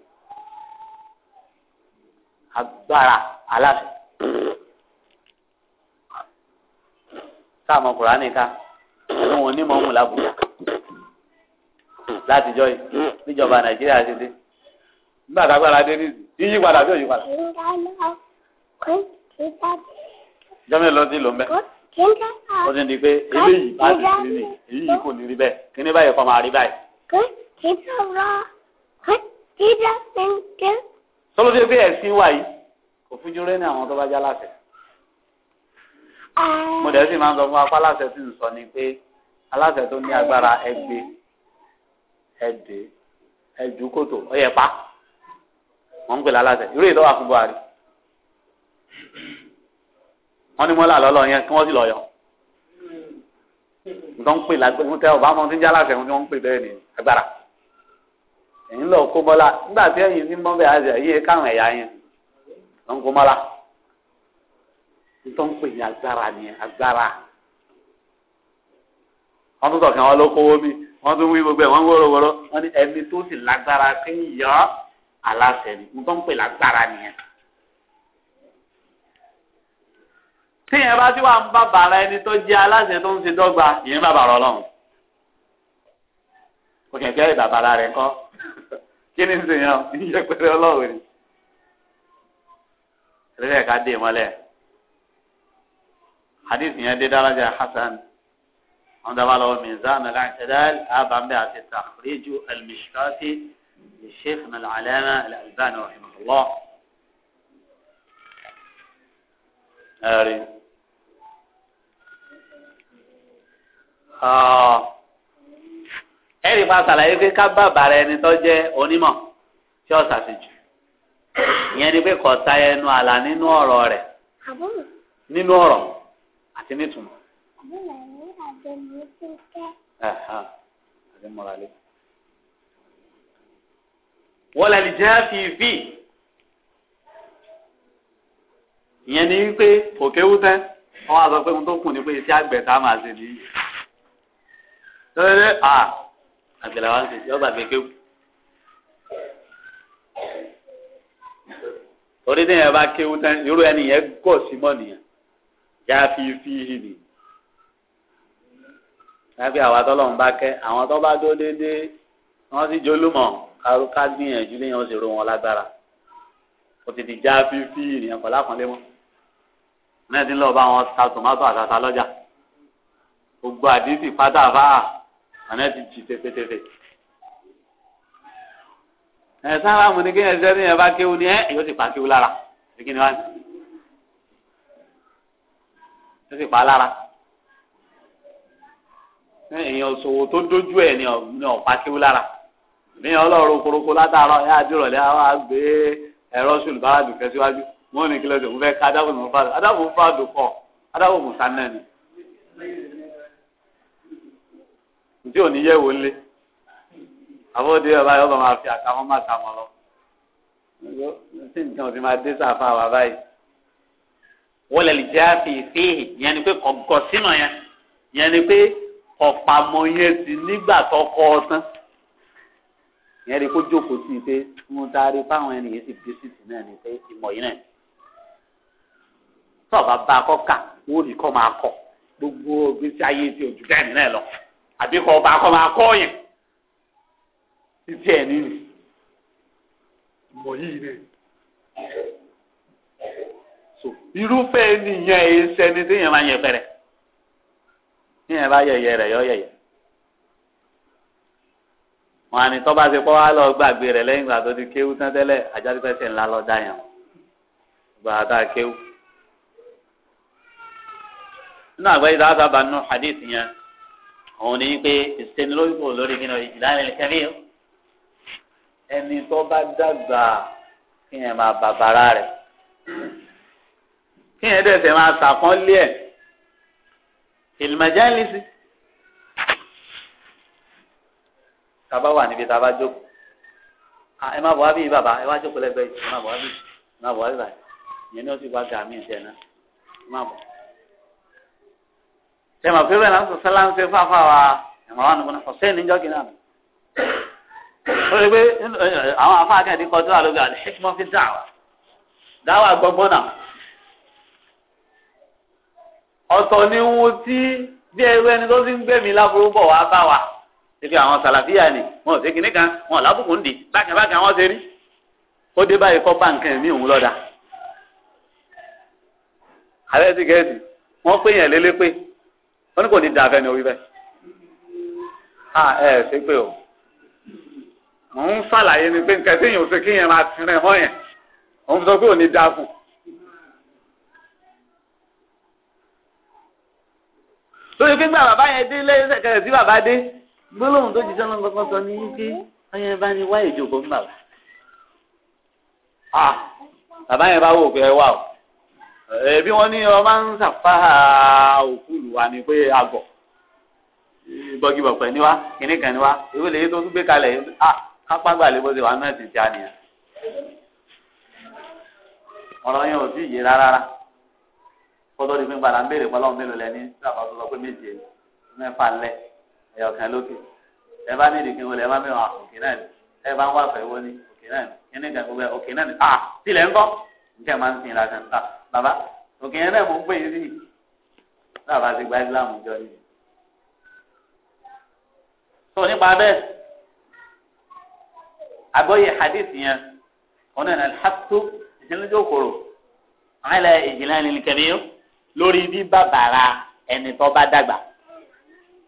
agbára aláṣẹ káàmọ kòránì ká òun ò ní mọ̀ ọ́n làbújá látijọ́ yìí níjọba nàìjíríà ṣe dé nígbà tá a gbára dé nídìí yíyí padà bí òyìnbó jọ́mi lọ sí lọ mbẹ́ ó ti di pé eléyìí bá ti rí ni èyí yìí kò ní rí bẹ́ẹ̀ kí ní báyìí kọ́ máa rí báyìí. sọ́lọ́ dé pé ẹ̀sìn wà yìí kò fújú rẹ́ ní àwọn tó bá já láṣẹ. mo dẹ̀ sì máa ń sọ fún apá aláṣẹ tí ń sọ ni pé aláṣẹ tó ní agbára ẹgbẹ́ ẹdè ẹdùkòtò ọ̀yẹ̀pá wọ́n ń pè láláṣẹ irú ìlọ́wà fún Buhari wọ́n ní mọ́là lọ́lọ́ yẹn kí wọ́n sì lọ yọ nǹkan ń pè lágbẹ́ ń tẹ ọba ọmọ tí ń jẹ́ aláṣẹ ń tí wọ́n ń pè bẹ́ẹ̀ ni agbára èyí lọ kó mọ́là nígbà tí ẹ̀yìn ní mọ́bẹ̀ àṣẹ yìí káwọn ẹ̀yà yẹn ló ń kó mọ́là nítorí ń pè ní agbára ni agbára wọ́n tún sọ̀kan wọn ló kówó bí wọ́n tún wí gbogbo ẹ̀ wọ́n wọ́rọ̀wọ́rọ̀ wọ́n ní ẹni tó sì lágbára téèyàn bá ti wà ń bá bàrà ẹni tó jẹ́ aláṣẹ tó ń ṣe dọ́gba ìyẹn bá bàrà ọlọ́run kò kẹ̀kẹ́ ìbàbàrà rẹ̀ kọ́ kí ni sèyàn ìyẹn pẹ̀lú ọlọ́run ni rírẹ̀ ká dé mọ́lẹ̀ hadith yẹn dé dáradà hasan wọn dábàá lọ́wọ́ mizan al-i'tidal abambe àti takhriju al sheikh al-alama al-albani rahimahullah. Ari. ẹ̀rì pa ṣàlàyé pé ká bàbà rẹ ẹni tó jẹ́ onímọ̀ tí ó ṣàṣejù ìyẹn ni pé kò ta ẹnu àlà nínú ọ̀rọ̀ rẹ̀ nínú ọ̀rọ̀ àti nítumọ̀. wọ́n lẹ́nu jẹ́ fífi ìyẹn ni wípé òkè wútẹ́ wọ́n á sọ pé mo tó kù ní pé iṣẹ́ àgbẹ̀ tá a máa ṣe nìyí lọ́dọ̀dẹ́ à àgbẹ̀là wa ń sèse ọgbà kékeré torí téèyàn bá kéwú tán irú ẹni yẹn gọ̀ sí mọ́ nìyẹn já fi fi hì ní. lábẹ́ àwa tọ́lọ́run bá kẹ́ àwọn tó bá dó déédéé wọ́n sì jólúmọ̀ ká gbìyànjú léyìn ó sì ro wọn lágbára kò tètè já fi fi hì ní ẹ̀kọ́ lápọ̀nlé mọ́ mẹ́ẹ̀dínlọ́ọ̀ bá wọn sa tòmátò àtàtà lọ́jà gbogbo àdìsí pátáfáà ànábì jí tẹfẹtẹfẹ ẹ sára mu ni kéèyàn sẹ́ni ẹ bá kéwu ni ẹ yóò ti pa kéwu lára kí ni wá ní yóò ti pa lára èèyàn ṣòwò tó dójú ẹ ni ọ̀pá kéwu lára èèyàn ọlọ́run koroko látàárọ̀ ẹ àdúrọ̀lẹ́ àwọn àgbẹ̀ ẹ̀rọ ṣùlùbárà dùn fẹ́ síwájú mọ́ ní kílódé mo fẹ́ ká adábò mo fà dùn kọ́ adábò mo sá náà ni. ntí ò ní yẹ wò lé àbọ̀dé ọba yọba máa fi àtàwọn máa tà wọn lọ sí nǹkan òsì máa dé sáfà wà báyìí wọ́n lè jẹ́ àfihìfihì yẹn ni pé kọ̀ọ̀kọ̀ sínú yẹn yẹn ni pé ọ̀pamọ́ yẹn ti nígbà tó kọ́ ọ tán yẹn ni kó jókòó sí i pé mo darí fáwọn ẹni yẹn sì bí sísì náà ni pé ìmọ̀ yìí náà tọ́ọ̀bá bá a kọ́ kà wọ́n ò ní kọ́ máa kọ́ gbogbo gbèsè ayé ti òjò dáìní náà lọ àbí kọ ọba akọ máa kọ yẹn títí ẹ nínú mọ yìí ni so irúfẹ́ nìyẹn ẹsẹ̀ ni téèyàn máa yẹ fẹ́rẹ̀ téèyàn bá yẹyẹ rẹ̀ yọ yẹyẹ wọn àní tọ́ba ti kọ́ wá lọ gbàgbé rẹ̀ lẹ́yìn ìgbà tó ti kéwú tán tẹ́lẹ̀ ajádúpẹ́sẹ̀ ńlá lọ dá yẹn gbà tá a kéwú nínú àgbáyé tá a sábà nù hadith yẹn òun ni pé ìsẹnilóyìnbó lórí kí ni ìlànà ìkẹlẹ yìí ẹni tó bá dàgbà kí yẹn máa bàbàrà rẹ̀ kí yẹn dẹ̀ tẹ̀ máa sàkọ́lé ẹ̀ ìlmẹ̀jẹ́lísì tàbá wà níbi tàbá jókòó ẹ má bọ̀ wá bí bàbá ẹ wá jókòó lẹ́gbẹ̀ẹ́ yìí ẹ má bọ̀ wá bí ẹ má bọ̀ wá bí bàbá yẹn ni ó sì wá gàmí ìtẹ̀ náà ẹ má bọ̀ ṣe mọ̀ pé bẹ́ẹ̀ náà sọ sẹ́lá ń ṣe fáfá wa ẹ̀mọ́ wa nìkan ọ̀sẹ̀ níjọ́ kìíní àná. ó rí pé àwọn afáàkẹ́ ìdíkọ̀ tó wà lóbi àti hikmọ́ fi dáwà dáwà gbọ́gbọ́n náà. ọ̀tọ̀ ni wo tí bí ẹrú ẹni tó ti ń gbé mi láburú bọ̀ wá bá wa ibi àwọn sàlàfíà ni wọn ò sí kinní kan wọn ò lábùkù ń dì bákẹ́bákẹ́ àwọn ṣe rí ó dé báyìí kọ́ báǹkì mi òun lọ́dà. àbẹ́sí gẹ̀ẹ́sì wọ́n pè yàn lélépè wọ́n ní kò ní da afẹ́ ni wí bẹ́ẹ̀ a ẹ ṣe pé o mò ń ṣàlàyé ni pé nǹkan téèyàn ò ṣe kéèyàn máa tirẹ̀ hàn yẹn òun sọ pé ò ní da fún lórí pé gbà bàbá yẹn dé lẹ́yìn sẹ́kẹ̀rẹ̀ tí bàbá dé gbólóhùn tó jíjẹ́ lọ́nà kankan sọ ní wípé ọyàn bá ní wá ìjókòó ń bàbá. bàbá yẹn bá wò pé ẹ wà o ẹbí wọn ní ọba ń sàfà òkúlù wa ni pé agọ bọgibọpẹ ni wa kan ni wa lè tó gbé kalẹ̀ a kápágbà lè bó ṣe náà ti ti àníyàn ọ̀rọ̀ yẹn ò sí yé rárá kótó di pín ń béèrè pọlọ mélòó lẹ ní sábà tó lọ pé méje mẹ́fà lẹ ẹyọkan lókè ẹ bá ní ìdíkin wọlé ẹ bá mẹ́wàá òkè náà ni ẹ bá ń wà fẹ́ wọ ni òkè náà ni kìnnì kan gbogbo òkè náà ni bàbá òkè yẹn náà mò ń pè é sí bàbá ti gba ìsìlámù jọ ni. tó nípa bẹ́ẹ̀ àgbọ̀yé hadith yẹn wọn náà nàá hàtó ìdílójú òkòrò àwọn ilẹ̀ ìjìnlẹ̀ ní kẹ́mi lórí bí bàbàrà ẹni tó bá dàgbà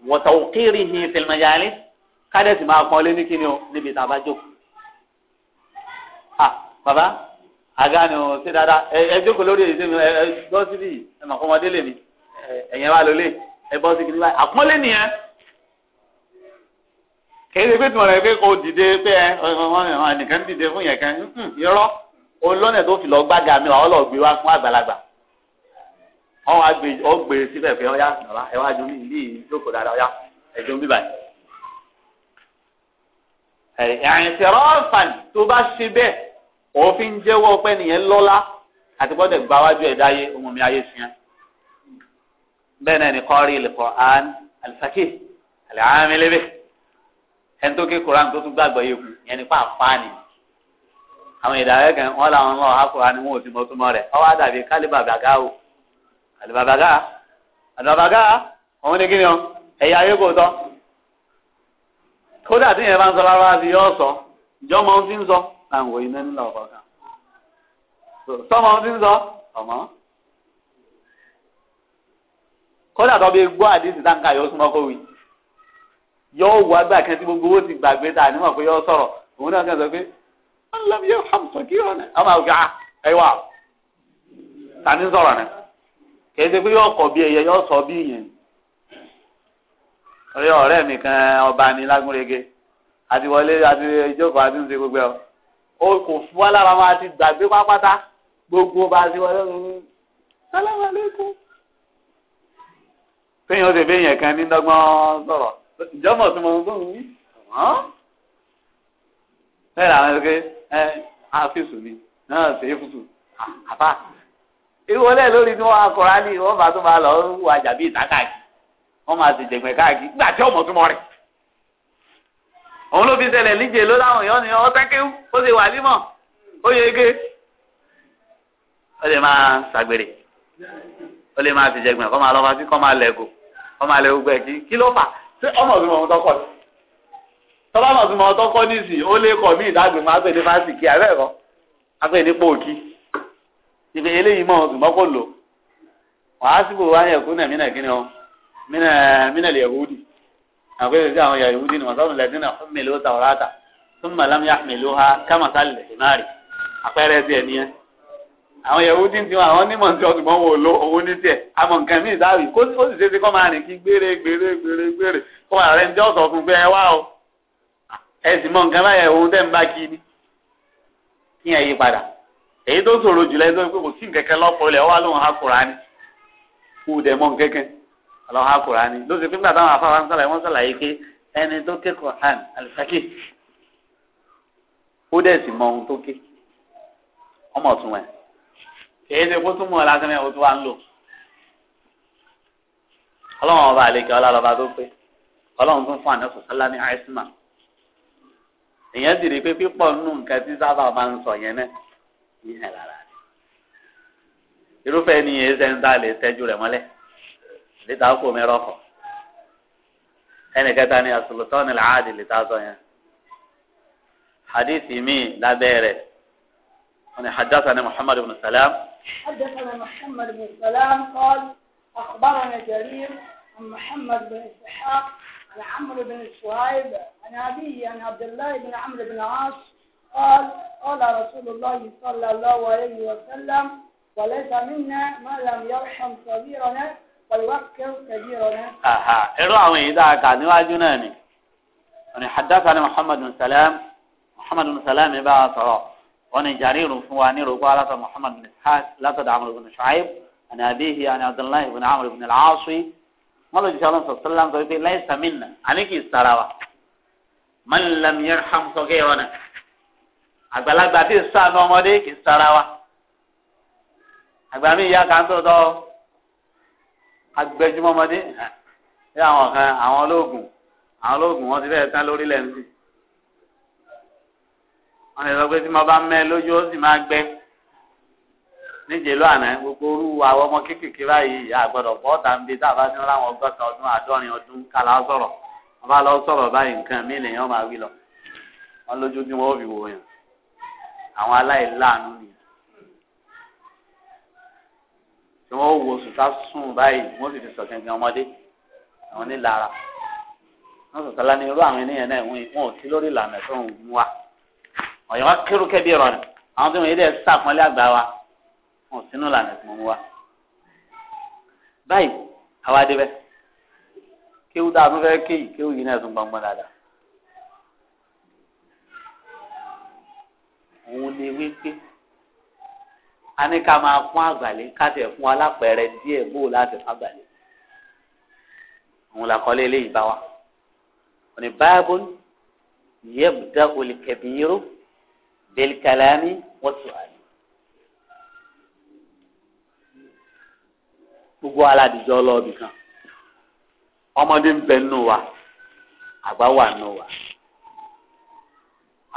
wọ́tọ̀ òkèèrè hin fìlìmọ̀jáde kádẹ́sì máa kọ́ lé ní kíni o níbi tá a bá jókòó. ah bàbá aga ni o ṣe dada ẹ jókòó lórí èyí sẹ́mi ẹ gbọ́ síbi ẹ mọ̀ kọ́mọdé lè mi ẹ̀yẹn wa lólè ẹ bọ́ sí kìnìún báyìí àpọ́nlé nìyẹn kìí ṣe pé tí mo rẹ̀ pé kò dìde pé ẹ ẹnìkan dìde fún yẹn kan hmm, irọ́ olónà tó fi lọ gbága mi ọ̀ lọ́ọ́ gbé wá fún àgbàlagbà ọ̀ wá gbé ọ̀ gbé e síbẹ̀ pé ọ̀yá ẹ wá jọ mí ní ìjókòó dada ọ̀yá ẹ jọ mí báyìí. ẹ̀yìn tí rọ́ọ̀fà tó bá ṣe bẹ́ẹ̀ òfin jẹ́wọ́ pé nìyẹn lọ́lá àti gbọ́dọ̀ gba wájú ẹ̀dá ayé ọmọ mi ayé sìn án bẹ́ẹ̀ náà ni kọ́rí ìlẹ̀kọ́ án alifakí alìhámẹ́lẹ́bẹ̀ ẹni tó ké koran tó tún gbàgbọ́ yẹ kù yẹn ni fáàfáàní àwọn ìdàrẹ́ kan wọ́n làwọn lọ́wọ́ akura ni wọ́n ò ti mọ túmọ̀ rẹ̀ ọwọ́ àdàbí kálíbàbàgà o kálíbàbàgà àdàbàgà òun ni kíni o ẹ̀yà ayé kò tọ́ kódà tí yẹn bá ń sọ lára sí yọ láwọn iná bí gbọ́ àdìsí táǹkà yóò súnmọ́ kó wí yóò wọ agbá kan tí gbogbo owó ti gbàgbé ta ànímọ̀ pé yóò sọ̀rọ̀ òun náà kàn sọ pé ọlọ́mọ yóò hàn sọ̀kí ọ̀nà ọmọ àwùjọ ẹ̀wà tani sọ̀rọ̀ rẹ̀ kìí ṣe pé yóò kọ̀ bí ẹyẹ yóò sọ bí ìyẹn ọ̀rẹ́ mi kan ọba ni lágúnrege àti wọlé àti ìjókòó àti ń gbogbo ẹ̀ o kò fún wa lára máa ti gbàgbé pápátá gbogbo bá a ti wọlé ọ̀hún sálámà lẹ́kọ̀ọ́. fẹ́yìn ọ̀sẹ̀ fẹ́yìn ẹ̀kan ní dọ́gbọ́n sọ̀rọ̀ ìjọ́mọ̀ tí mo ń gbóhùn yín. bẹ́ẹ̀ làwọn ẹgbẹ́ ẹ àfíìsù ni náà ṣe é fùtù àbá. ìwọlé lórí ni wọ́n akọ̀rá ní wọ́n bá tó máa lọ wọ àjàbí ìta wọ́n máa ti jẹ̀gbẹ́ káàkiri òun ló fi ṣẹlẹ̀ níjẹ̀ ló láwọn èèyàn ni ọ sẹ́kẹ́wù ó ṣe wà límọ̀ ó yege ó lè máa ṣàgbèrè ó lè máa fìjẹgbẹ̀ kọ́ máa lọ́ fásitì kọ́ máa lẹ́gò kọ́ máa lẹ́gò gbẹ̀ kí kí ló fà ṣé ọmọ mi mọ̀ ọ́n tọ́kọ̀ ni tọ́lá mọ̀ sí mọ̀ ọ́n tọ́kọ̀ ní ìsìn ó lè kọ̀ mí ìdágbèmọ̀ á pè ní fásitì àbẹ́ẹ̀kọ́ á pè ní pòkì ìpè eléyìí mọ̀ ọ̀sùn mọ́kò wàásù àpẹẹrẹ sí àwọn yahoo dínú masalun lẹ́dínà fún mélòó tàwọ́rátà fún malam yahmilu ha kámasá lẹ́dínárì àpẹẹrẹ sí ẹni yẹn. àwọn yahoo dín tiwọn àwọn onímọ̀ tí wọ́n ṣùgbọ́n wò ló owó ní tiẹ̀ àmọ̀ nǹkan míì sáwì kó ó sì ṣe sí kó máa rìn kí gbére gbére gbére gbére kó máa rẹ̀ ń jọ́ sọ fún pé wá o ẹ sì mọ nǹkan ohun tẹ́ ń bá kí ni kí ẹ yí padà èyí tó ṣòro jùlọ ẹ pé kò sí nǹkankan lọ́pọ̀ ilẹ̀ wà lóhun akùrá ni dẹ̀ mọ ọlọ́wọ́ akùránì ló ti pípa táwọn afáwa ń sàlàyé wọ́n sàlàyé pé ẹni tó ké Quran alifaki ó dẹ̀ sì mọ ohun tó ké ọmọ ọ̀tún ẹ̀ kìí ṣe kó tún mú ọ lásán ẹ̀ o tún wá ń lò ọlọ́wọ́n ọba àlekè ọlọ́lọ́ba tó pé ọlọ́run tún fún àná sọ̀sálá ní àìsímà èèyàn sì rí i pé pípọ̀ nínú nǹkan tí sábà máa ń sọ yẹn náà yíyan lára irúfẹ́ ni èyí ṣe ń dá lè tẹ́jú rẹ̀ mọ́lẹ̀ اللي تعقو ميرافا انا كتاني السلطان العادي اللي تعطي يعني. حديث يمي لا بيري انا حدثنا محمد بن السلام حدث حدثنا محمد بن السلام قال اخبرنا جرير عن محمد بن اسحاق عن عمرو بن شهيب عن ابي عن عبد الله بن عمرو بن عاص قال قال رسول الله صلى الله عليه وسلم وليس منا ما لم يرحم صغيرنا اها ارعوا اذا كان واجناني اني حدثني محمد بن سلام محمد بن سلام ابا صرا وانا جرير وفواني رقوا على محمد بن اسحاق لا تدع عمرو بن شعيب انا ابيه يعني عبد الله بن عمرو بن العاص ما له صلى الله عليه وسلم قلت ليس منا عليك استراوا من لم يرحم فقيرنا اقبل اقبل اقبل اقبل اقبل اقبل اقبل اقبل اقبل agbẹjúmọmọdé ẹ àwọn kan àwọn olóògùn àwọn olóògùn wọn ti fẹẹ tán lórílẹ̀ ń sìn wọn lè sọ pé tí mo bá mẹ lójú ó sì máa gbẹ níjẹlú àná gbogbo orú àwọn ọmọ kéékèèké báyìí ìyá àgbọ́dọ̀ pọ ọta ń bi táàbá tí wọn láwọn ọgọ́ta ọdún àádọ́rin ọdún kálá sọ̀rọ̀ wọn bá lọ sọ̀rọ̀ báyìí nǹkan mí lèèyàn máa wí lọ wọn lójú bí wọn ò fi wò yàn àwọn aláìláàánú nìyẹn tí wọ́n wo sùtá sùn báyìí wọ́n sì fi sọ kẹ̀kẹ́ ọmọdé àwọn nílara wọ́n sọ̀tọ́ lá ní irú àwọn ènìyàn náà wọ́n ò sí lórí ìlànà tó ń mú wa ọ̀yàn wa kérú kẹ́bí ìrọ̀rùn àwọn tó ń yẹ dẹ́ sàpọ́nlé àgbà wa wọ́n ò sínú ìlànà tó ń mú wa. báyìí àwa débẹ̀ kéwú tá a tún fẹ́ kéyìí yìí náà tún gbọ́ngbọ́n dáadáa. òun lè wí pé a ní ká máa fún àgbàlẹ̀ ká tẹ̀ fún alápẹ̀rẹ̀ díẹ̀ bó láti fún àgbàlẹ̀ òun là kọ́lé eléyìí bá wa òní báàbò yẹ́bùdá olùkẹ́bìyìrò bẹ́ẹ̀kàlámì wọ́tò àlè. gbogbo aládìjọ lọ́ọ̀bì kan ọmọdé ń bẹ nínú wa àgbà wà nínú wa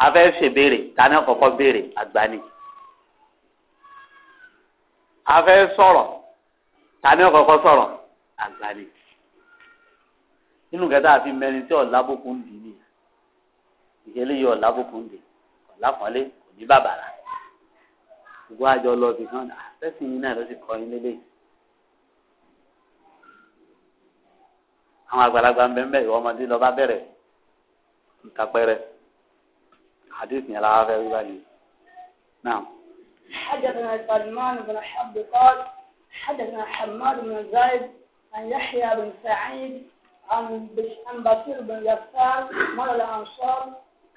a fẹ́ ṣèbéèrè tani ọkọ̀ọ̀kọ̀ béèrè àgbà ni afẹ́ sọ̀rọ̀ tani ọ̀kọ̀ọ̀kọ̀ sọ̀rọ̀ àgbàdì nínú kẹta àfi mẹ́rin tí ọ̀làbùkù ń dì ní ìdílé yìí ọ̀làbùkù ń dì ọ̀làpọ̀lé kò ní bàbàrà gbogbo àjọ lọ sí kan àfẹ́sìn yìí náà ló sì kọ́ yín lélẹ̀ àwọn àgbàlagbà ń bẹ ń bẹ ìwọ ọmọdé lọ bá bẹ̀rẹ̀ nǹkan pẹ́rẹ́ àdéhùn yẹn lára fẹ́ wíwáyé náà. حدثنا سلمان بن حب قال حدثنا حماد بن زيد عن يحيى بن سعيد عن عن بشير بن يسار مر الانصار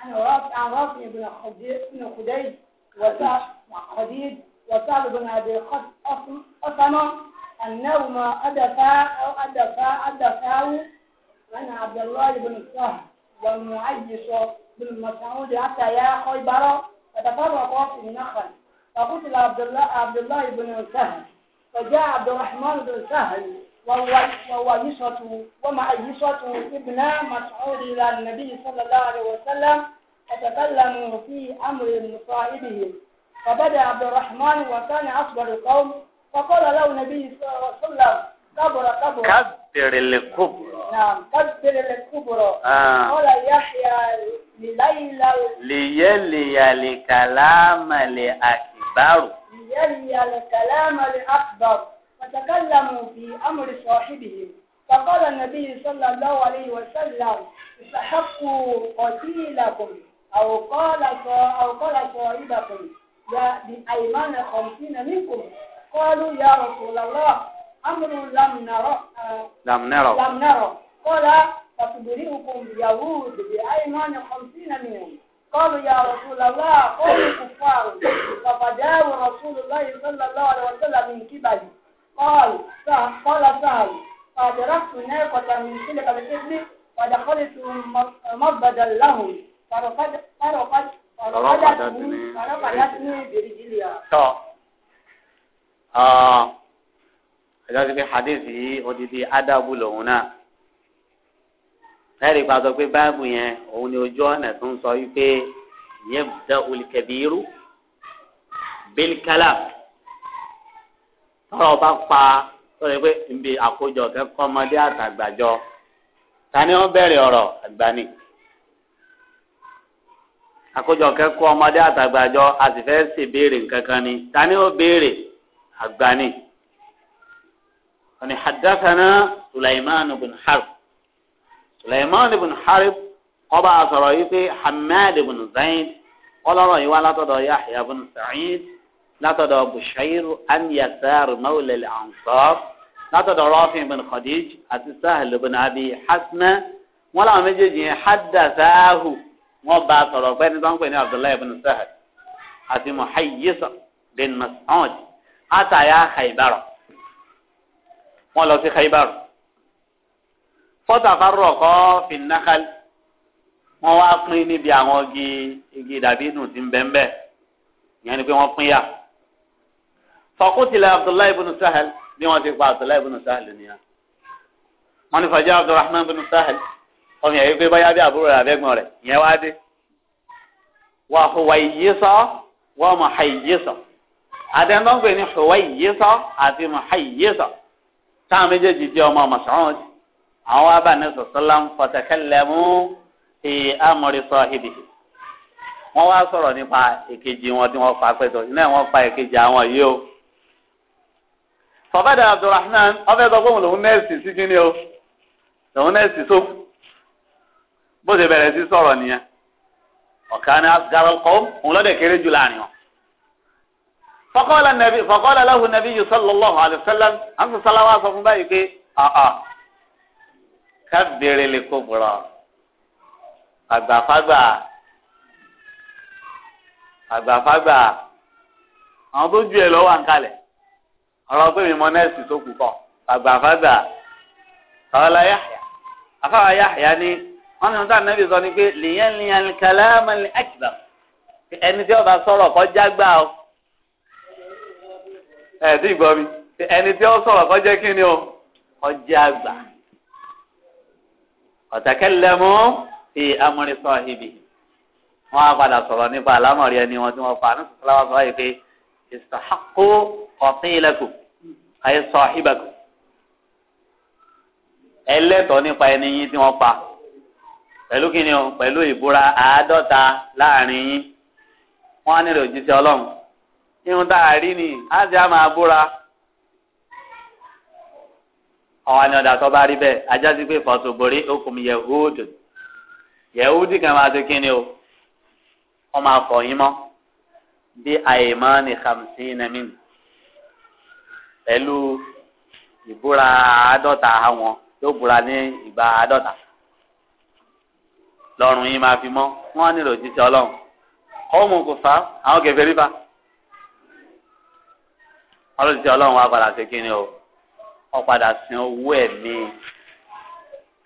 عن رافع عن رافع بن بن خديج وسعد خديج وسعد بن ابي قسم انه ما ادفع او ادفع ادفع عن عبد الله بن سهل والمعيش بن مسعود حتى يا خيبر فتفرقا في النخل فقتل عبد الله عبد الله بن سهل فجاء عبد الرحمن بن سهل وهو يسرته ابن مسعود إلى النبي صلى الله عليه وسلم فتكلموا في أمر مصائبهم فبدأ عبد الرحمن وكان أصغر القوم فقال له النبي صلى الله عليه وسلم كبر كبر كبر الكبرى نعم كبر الكبرى آه. قال يحيى لليلى ليلي لكلام لأكل الجبار ليلي الكلام الأكبر فتكلموا في أمر صاحبهم فقال النبي صلى الله عليه وسلم استحقوا قتيلكم أو قال أو قال صاحبكم يا بأيمان خمسين منكم قالوا يا رسول الله أمر لم نرى لم نرى لم نرى قال فتبرئكم يهود بأيمان خمسين منهم قالوا يا رسول الله قوم كفار فقدام رسول الله صلى الله عليه وسلم من كبد قال سهل قال سهل فأدركت ناقة من تلك الإبل ودخلت مبدا لهم فرقدت فرقدت فرقدتني ti fi hadith yìí odidi adabu lòun náà lẹ́rìí pa sọ pé báàbù yẹn òun ni ojú ọ̀nà tó ń sọ wípé yẹn da olùkẹ́bìrú bílkálà tọ́rọ̀ bá pa sọ̀rọ̀ pé nbí àkójọ kẹkọọ ọmọdé àtàgbàjọ tani wọ́n bẹrẹ ọrọ àgbàní àkójọ kẹkọọ ọmọdé àtàgbàjọ a sì fẹ́ sì béèrè nǹkan ni tani béèrè Sulaiman bin سليمان بن حرب قضى سرايته حماد بن زيد قال رأي ولا تدى يحيى بن سعيد لا تدى بشير أن يسار مولى الأنصار لا تدى رافع بن خديج أتسهل بن أبي حسن ولا مجد حدثاه وبا سرايته بن عبد الله بن سهل أتي محيص بن مسعود أتى يا خيبر ولو في خيبر kọ́tàfárọ̀ kọ́ fìnnákàlì wọ́n wá pín níbi àwọn igi igi dàbínù tí ń bẹ́ẹ̀ bẹ́ẹ̀ ìyẹn ni pé wọ́n pín yà. fọkútìlẹ̀ abdullahi ibùnú sahel bí wọ́n ti pa abdullahi ibùnú sahel nìyà. wọ́n ní fàjá abdulrahman ibùnú sahel ọmọ yẹn wípé báyà bí àbúrò rẹ̀ abẹ́gbọ̀n rẹ̀ ìyẹn wá dé. wà hùwà ìyísọ́ wọ́n mọ̀ ha ìyísọ́ àdéhùn tó ń pè àti mọ̀ ha ìyísọ́ táwọn méjèèjì àwọn abánisọ̀ sọ́lá ń fọ̀tẹ̀kẹ́lẹ́mú ti amọ̀rí sọ́hìbì wọ́n wá sọ̀rọ̀ nípa èkejì wọn tí wọ́n pa pẹ́tọ̀ iná wọn pa èkejì àwọn yìí o. fọ̀bádà abdulrahman ọ̀fẹ́ sọ pé òun lòun nẹ́ẹ̀sì sí kíní o lòun nẹ́ẹ̀sì tó bó ṣe bẹ̀rẹ̀ sí sọ̀rọ̀ nìyẹn ọ̀kan ní asgaralkọ́ òun lọ́dẹ̀ kéré jù láàrin wọn. fọkọ́lá lahu nàbí yusuf lọ́lọ́hu alẹ́ sẹ́lẹ̀m àti sẹ́lẹ̀wá sọ fún báyìí pé àà kábìrì lè kó bùrọ̀ àgbàfagbà àgbàfagbà àwọn tó ju ẹ lọ wà ń kalẹ̀ ọ̀rọ̀ pé mi mọ nẹ́ẹ̀sì tó kù kọ́ àgbàfagbà kọ́lá yáhìá afáwà yáhìá ni wọ́n ní wọn táwọn nẹ́ẹ̀bì sọ ni pé lìyẹn lìyẹn kàlámà lè àkìlà ẹni tí ó bá sọ̀rọ̀ kọjá gbà ó ẹ̀ẹ́dì gbọ́ mi ẹni tí ó sọ̀rọ̀ kọjá kí ni ó kọjá gbà ọ̀tẹ̀kẹ́lẹ́mú fi amúrí sọ́ọ̀hìbì wọ́n á padà sọ̀rọ̀ nípa àlámọ̀rí ẹni wọn tí wọ́n fa àánú sọ̀rọ̀ wọn sọ̀rọ̀ yìí pé ìsàkó ọ̀sìn ilẹ̀kùn ayé sọ̀hìbàkùn ẹlẹ́tọ̀ọ́ nípa ẹni yín tí wọ́n pa pẹ̀lú kíni o pẹ̀lú ìbúra àádọ́ta láàrin yín wọ́n á nílò òjíṣẹ́ ọlọ́run irun tá a rí ni á ti á máa búra ọwọ́ ni ọ̀dà tó bá rí bẹ́ẹ̀ ajá sí pé fọ̀tòbórí okùn yẹ̀húdù yẹ̀húdù kan máa ti kíni o wọ́n máa fọ̀ yín mọ́ bí àìmọ́ ní kàmsí nẹ́mìn pẹ̀lú ìbúra àádọ́ta àwọn yóò búra ní ìgbà àádọ́ta lọ́rùn yín máa fi mọ́ wọ́n nílò jíjẹ ọlọ́run ọmọ kò fà á àwọn kẹfẹ́ rí fa ọlọ́run ti ọlọ́run wá padà ṣe kíni o ọ̀padà sin owó ẹ̀mí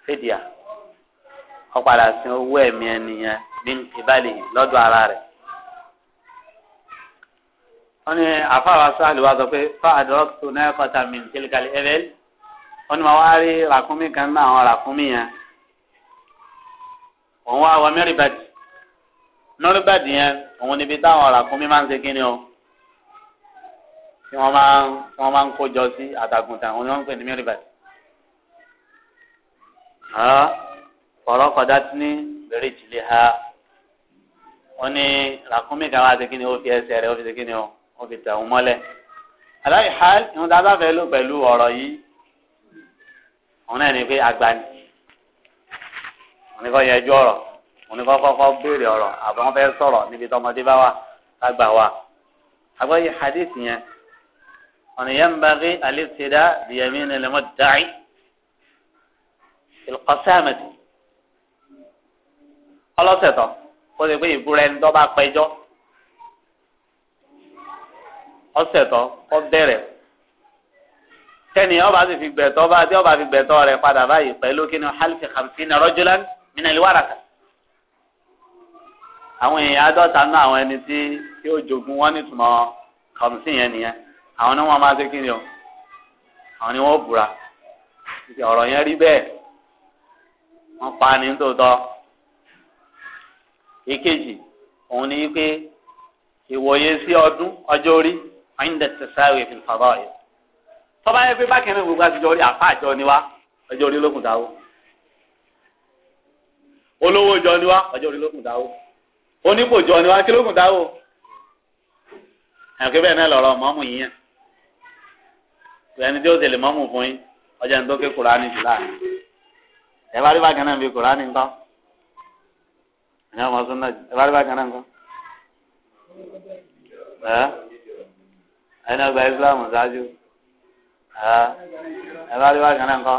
fídíà ọ̀padà sin owó ẹ̀mí ẹnìyẹn ní ìbálẹ̀ yìí lọ́dọ̀ ara rẹ̀. wọ́n ní àfáàrà sáàlì wa sọ pé fa àdọ́rọ́tò náà kọta mi tìlìkàlì ẹ̀rẹ́lì wọ́n ní wàá rí ràkúnmí kan náà àwọn ràkúnmí yẹn òun wá wọ mẹ́rìbàdì mẹ́rìbàdì yẹn òun níbi táwọn ràkúnmí máa ń ṣe kíni o tí wọ́n máa ń wọ́n máa ń kójọ sí àtàkùntà wọn ni wọ́n ń pè ní mẹ́rìbà. ọ̀rọ̀ kọjá tí ní bẹ̀rẹ̀ ìjìnlẹ̀ ha wọ́n ní làkúnmí kan wá sí kí ni ó fi ẹsẹ̀ rẹ̀ ó fi sí kí ni ó fi tẹ̀ ọ́n mọ́lẹ̀. aláì ha ìwọ̀n tá a bá fẹ́ lò pẹ̀lú ọ̀rọ̀ yìí òun náà ní pé àgbà ni òun ní kọ́ yẹjú ọ̀rọ̀ òun ní kọ́ kọ́kọ́ béèrè ọ̀rọ̀ àbọ̀ wọn fẹ́ sọ̀rọ̀ níbi tọmọdé bá wà lágbà wà. àgbọ̀yé hadith أن ينبغي الابتداء بيمين المدعي القسامة خلاص يا kó lè pé ìbúra ẹni tó bá pẹjọ́ ọ̀sẹ̀ tó kọ bẹ̀rẹ̀ kẹni ọba sì fi gbẹtọ bá tí ọba fi gbẹtọ rẹ̀ padà báyìí pẹ̀lú kí ni halifi hamsin rọjòlan minali waraka àwọn èèyàn àádọ́ta náà àwọn ẹni tí yóò jogun wọn nítumọ̀ hamsin yẹn nìyẹn àwọn náà wọn máa ṣe kíni o àwọn ni wọn búra ọ̀rọ̀ yẹn rí bẹ́ẹ̀ wọn pa ni nítòótọ́ èkejì òun ni pé ìwòye sí ọdún ọjọ́ orí àyíǹda tẹsáwé fi fàbá rẹ tọ́ba yẹn pé bákẹ́ni gbogbo àtijọ́ orí àfa àjọ ni wá ọjọ́ orí lókùn dáwó olówó jọ ni wá ọjọ́ orí lókùn dáwó onípò jọ ni wá kí lókùn dáwó ẹ̀ pé bẹ́ẹ̀ náà lọ̀rọ̀ ọmọ ọmọ ẹni tí ó tẹ̀lé mọ́mù fún yín ọjà ní tó ké kúránì jù láàrin ẹ bá rí bákan náà bí kúránì ńkọ́ ẹ náà mọ súnà ẹ bá rí bákan náà ńkọ́ ẹ ẹ náà gba Islam ṣáájú ẹ ẹ bá rí bákan náà ńkọ́